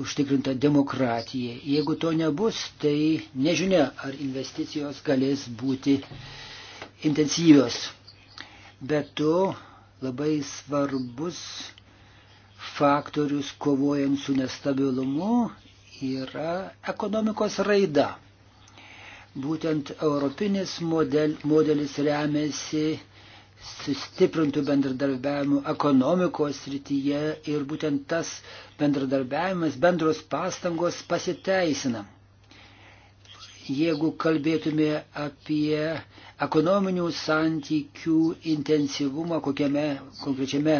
S2: užtikrinta demokratija. Jeigu to nebus, tai nežinia, ar investicijos galės būti intensyvios. Bet to labai svarbus faktorius kovojant su nestabilumu yra ekonomikos raida. Būtent europinis model, modelis remiasi sustiprintų bendradarbiavimų ekonomikos srityje ir būtent tas bendradarbiavimas, bendros pastangos pasiteisina. Jeigu kalbėtume apie ekonominių santykių intensyvumą kokiame konkrečiame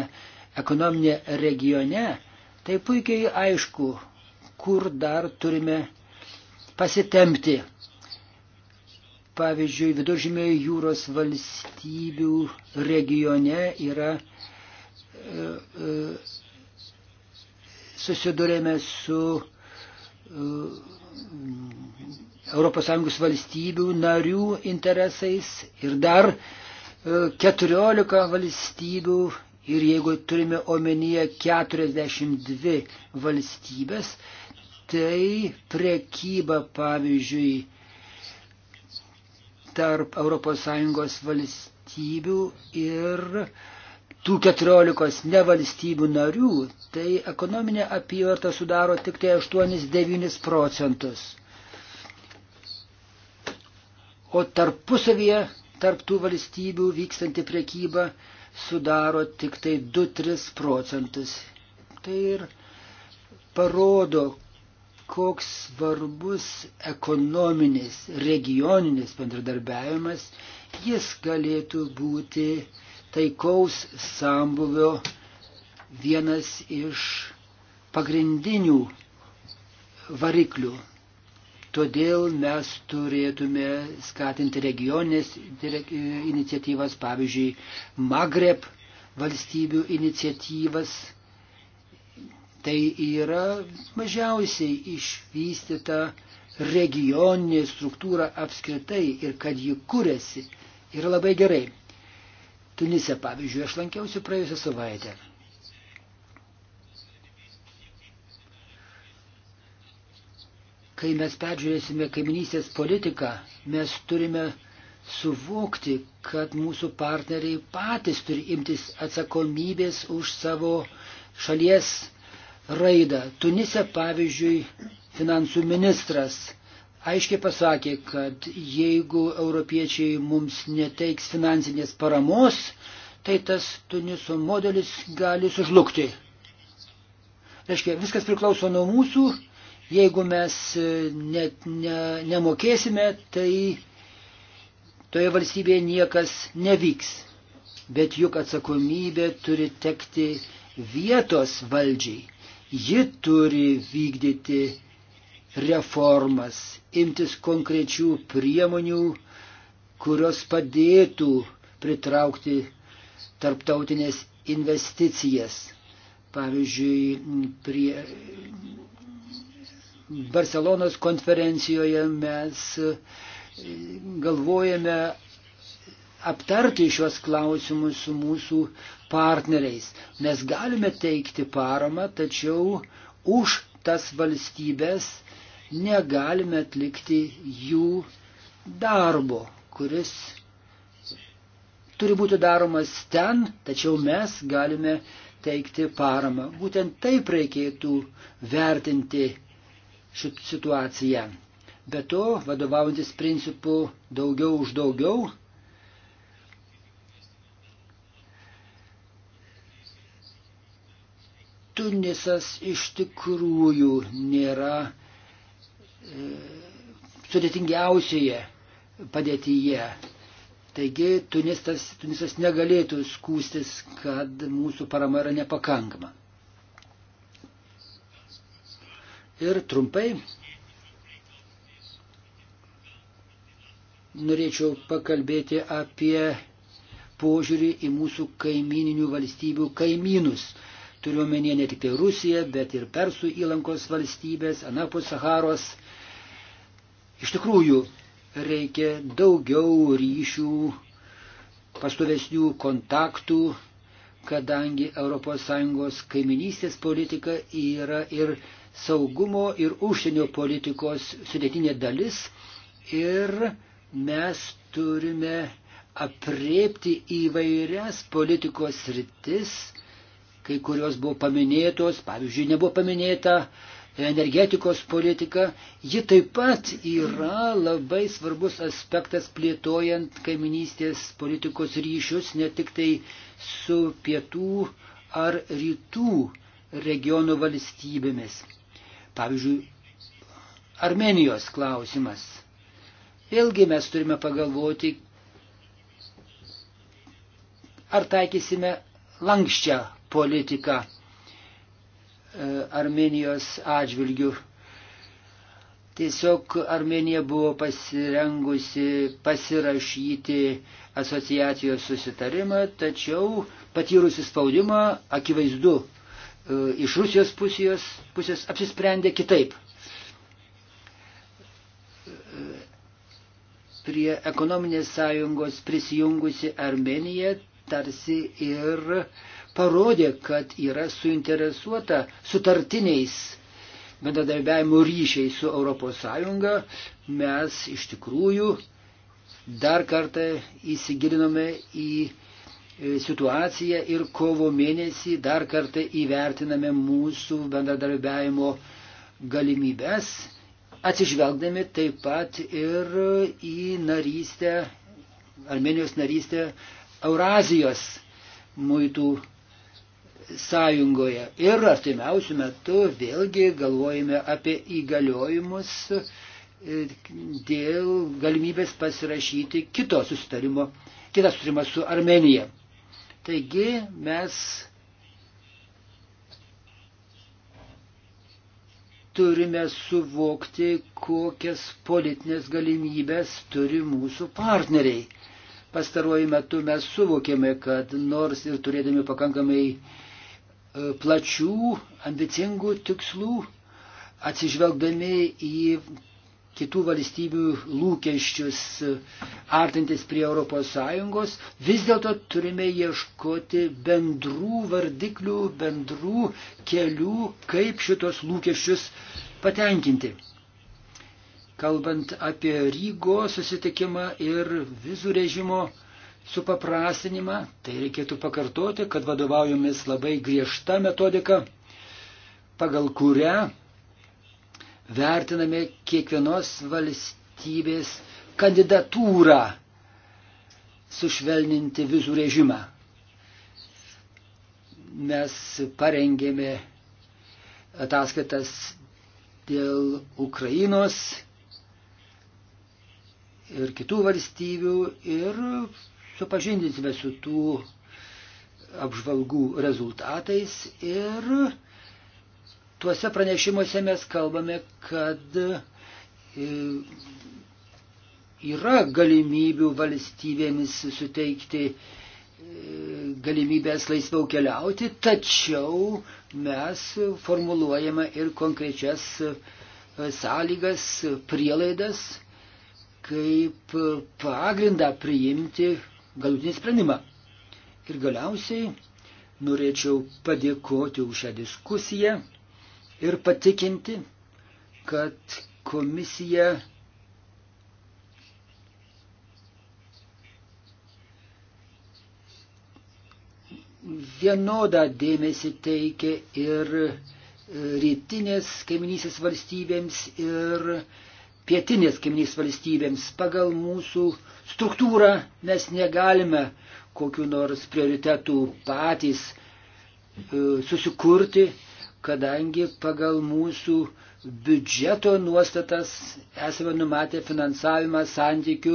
S2: ekonominė regione, tai puikiai aišku, kur dar turime pasitempti. Pavyzdžiui, viduržymio jūros valstybių regione yra e, e, susidurėme su e, ES valstybių narių interesais ir dar 14 e, valstybių ir jeigu turime omenyje 42 valstybės, tai prekyba pavyzdžiui tarp ES valstybių ir tų 14 nevalstybių narių, tai ekonominė apyvarta sudaro tik tai 8-9 procentus o tarpusavyje tarptų valstybių vykstanti priekyba sudaro tik tai 2-3 procentus. Tai ir parodo, koks svarbus ekonominis, regioninis bendradarbiavimas, jis galėtų būti taikaus sambuvio vienas iš pagrindinių variklių Todėl mes turėtume skatinti regioninės iniciatyvas, pavyzdžiui, Magreb valstybių iniciatyvas. Tai yra mažiausiai išvystyta regioninė struktūra apskritai ir kad ji kūrėsi yra labai gerai. Tunise, pavyzdžiui, aš lankiausi praėjusią savaitę. Kai mes peržiūrėsime kaiminystės politiką, mes turime suvokti, kad mūsų partneriai patys turi imtis atsakomybės už savo šalies raidą. Tunise, pavyzdžiui, finansų ministras aiškiai pasakė, kad jeigu europiečiai mums neteiks finansinės paramos, tai tas Tuniso modelis gali sužlugti. Reiškia, viskas priklauso nuo mūsų Jeigu mes e, net ne, nemokėsime, tai toje valstybėje niekas nevyks. Bet juk atsakomybė turi tekti vietos valdžiai. Ji turi vykdyti reformas, imtis konkrečių priemonių, kurios padėtų pritraukti tarptautinės investicijas. Pavyzdžiui, prie Barcelonos konferencijoje mes e, galvojame aptarti šios klausimus su mūsų partneriais. Mes galime teikti paramą, tačiau už tas valstybės negalime atlikti jų darbo, kuris turi būti daromas ten, tačiau mes galime teikti paramą. Būtent taip reikėtų vertinti situaciją. Be to, vadovaujantis principu daugiau už daugiau, Tunisas iš tikrųjų nėra e, sudėtingiausioje padėtyje. Taigi Tunisas, Tunisas negalėtų skūstis, kad mūsų parama yra nepakankama. Ir trumpai norėčiau pakalbėti apie požiūrį į mūsų kaimininių valstybių kaimynus. Turiuomenė ne tik tai Rusija, bet ir Persų įlankos valstybės, Anapus Saharos. Iš tikrųjų, reikia daugiau ryšių, pastovesnių kontaktų, kadangi ES kaiminystės politika yra ir saugumo ir užsienio politikos sudėtinė dalis ir mes turime apriepti įvairias politikos sritis, kai kurios buvo paminėtos, pavyzdžiui, nebuvo paminėta energetikos politika, ji taip pat yra labai svarbus aspektas plėtojant kaiminystės politikos ryšius ne tik tai su pietų ar rytų regiono valstybėmis. Pavyzdžiui, Armenijos klausimas. Vėlgi mes turime pagalvoti, ar taikysime lankščią politiką e, Armenijos atžvilgių. Tiesiog Armenija buvo pasirengusi pasirašyti asociacijos susitarimą, tačiau patyrusi spaudimą akivaizdu E, iš Rusijos pusės, pusės apsisprendė kitaip. Prie ekonominės sąjungos prisijungusi Armenija tarsi ir parodė, kad yra suinteresuota sutartiniais bendradarbiavimo ryšiai su Europos Sąjunga. Mes iš tikrųjų dar kartą įsigilinome į E, situaciją ir kovo mėnesį dar kartą įvertiname mūsų bendradarbiavimo galimybės, atsižvelgdami taip pat ir į narystę, Armenijos narystę Eurazijos muitų sąjungoje. Ir artimiausių metų vėlgi galvojame apie įgaliojimus e, dėl galimybės pasirašyti kito susitarimo, kitą susitarimą su Armenija. Taigi mes turime suvokti, kokias politinės galimybės turi mūsų partneriai. Pastaruoju metu mes suvokėme, kad nors ir turėdami pakankamai e, plačių, ambicingų tikslų, atsižvelgdami į kitų valstybių lūkesčius artintis prie ES, vis dėlto turime ieškoti bendrų vardiklių, bendrų kelių, kaip šitos lūkesčius patenkinti. Kalbant apie Rygo susitikimą ir vizų režimo supaprastinimą, tai reikėtų pakartoti, kad vadovaujomės labai griežta metodika, pagal kurią vertiname kiekvienos valstybės kandidatūrą sušvelninti vizų režimą. Mes parengėme ataskaitas dėl Ukrainos ir kitų valstybių ir supažindinsime su tų apžvalgų rezultatais ir Tuose pranešimuose mes kalbame, kad e, yra galimybių valstybėmis suteikti e, galimybės laisviau keliauti, tačiau mes formuluojame ir konkrečias e, sąlygas, prielaidas, kaip pagrindą priimti galutinį sprendimą. Ir galiausiai norėčiau padėkoti už šią diskusiją ir patikinti, kad komisija vienodą dėmesį teikia ir e, rytinės kaiminysės valstybėms ir pietinės kaiminys valstybėms. Pagal mūsų struktūrą mes negalime kokiu nors prioritetų patys e, susikurti, kadangi pagal mūsų biudžeto nuostatas esame numatę finansavimą santykių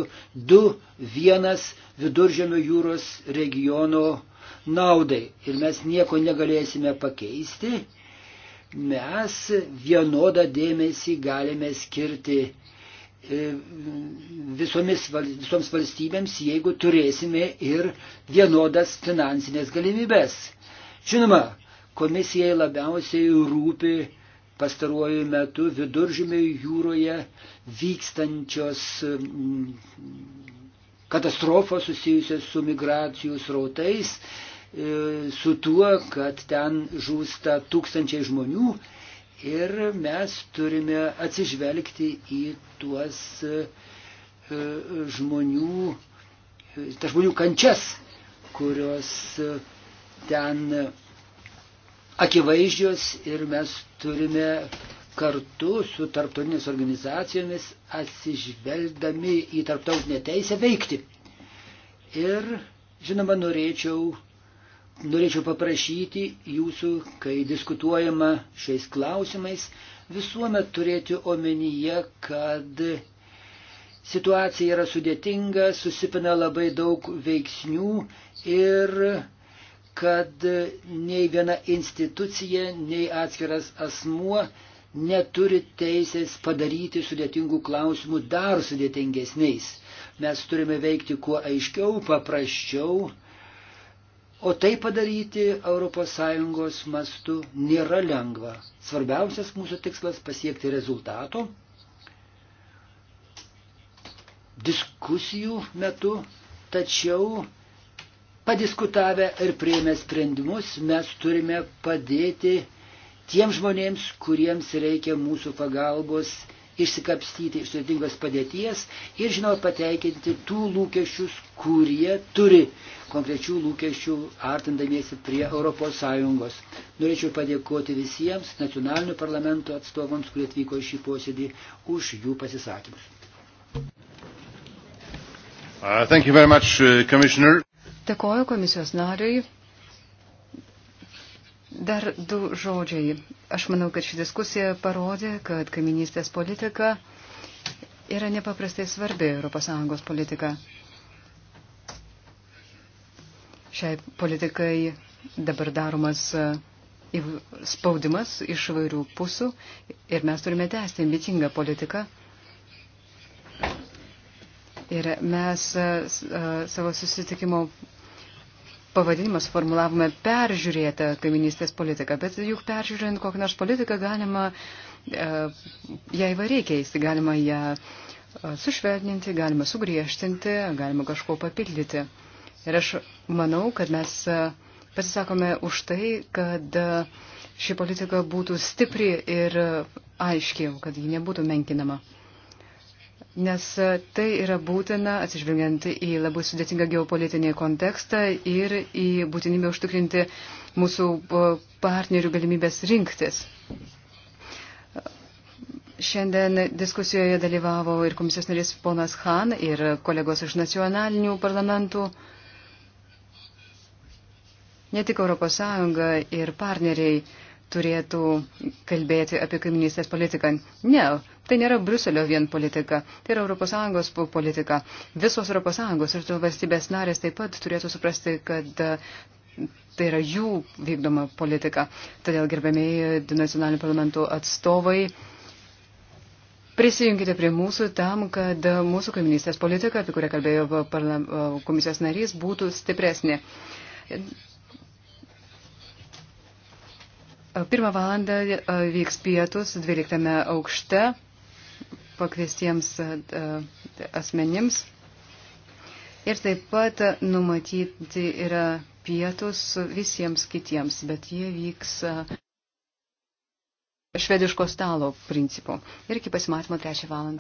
S2: 2-1 viduržėmio jūros regiono naudai. Ir mes nieko negalėsime pakeisti. Mes vienodą dėmesį galime skirti e, visomis, visoms valstybėms, jeigu turėsime ir vienodas finansinės galimybės. Žinoma, Komisijai labiausiai rūpi pastaruoju metu viduržymio jūroje vykstančios mm, katastrofos susijusios su migracijų srautais, e, su tuo, kad ten žūsta tūkstančiai žmonių ir mes turime atsižvelgti į tuos e, e, žmonių, tas žmonių kančias, kurios ten akivaizdžios ir mes turime kartu su tarptautinės organizacijomis atsižvelgdami į tarptautinę teisę veikti. Ir, žinoma, norėčiau, norėčiau paprašyti jūsų, kai diskutuojama šiais klausimais, visuomet turėti omenyje, kad situacija yra sudėtinga, susipina labai daug veiksnių ir kad nei viena institucija, nei atskiras asmuo neturi teisės padaryti sudėtingų klausimų dar sudėtingesniais. Mes turime veikti kuo aiškiau, paprasčiau, o tai padaryti ES mastu nėra lengva. Svarbiausias mūsų tikslas pasiekti rezultato. Diskusijų metu, tačiau padiskutavę ir prieimę sprendimus, mes turime padėti tiems žmonėms, kuriems reikia mūsų pagalbos išsikapstyti iš sudėtingos padėties ir, žinoma, pateikinti tų lūkesčius, kurie turi konkrečių lūkesčių artindamiesi prie ES. Norėčiau padėkoti visiems nacionalinių parlamento atstovams, kurie atvyko į šį posėdį, už jų pasisakymus.
S5: Uh, thank you very much, uh, Commissioner.
S1: Dėkoju komisijos nariui. Dar du žodžiai. Aš manau, kad ši diskusija parodė, kad kaiminystės politika yra nepaprastai svarbi ES politika. Šiai politikai dabar daromas e, spaudimas iš vairių pusių ir mes turime tęsti ambicingą politiką. Ir mes e, e, savo susitikimo pavadinimas formulavome peržiūrėtą kaiminystės politiką, bet juk peržiūrint kokią nors politiką galima e, ją įvairiai keisti, galima ją e, sušvelninti, galima sugriežtinti, galima kažko papildyti. Ir aš manau, kad mes e, pasisakome už tai, kad ši politika būtų stipri ir aiškiai, kad ji nebūtų menkinama nes e, tai yra būtina atsižvelgiant į labai sudėtingą geopolitinį kontekstą ir į būtinybę užtikrinti mūsų e, partnerių galimybės rinktis. Šiandien diskusijoje dalyvavo ir komisijos narys ponas Han ir kolegos iš nacionalinių parlamentų. Ne tik ES ir partneriai turėtų kalbėti apie kaiminystės politiką. Ne, Tai nėra Bruselio vien politika, tai yra ES politika. Visos ES ir tų valstybės narės taip pat turėtų suprasti, kad e, tai yra jų vykdoma politika. Todėl gerbėmiai nacionalinių parlamentų atstovai. Prisijunkite prie mūsų tam, kad mūsų kaiminystės politika, apie kurią kalbėjo komisijos narys, būtų stipresnė. Pirmą valandą vyks pietus 12 aukšte pakviestiems e, e, asmenims. Ir taip pat numatyti yra pietus visiems kitiems, bet jie vyks e, švediško stalo principu. Ir iki pasimatymo trečią valandą.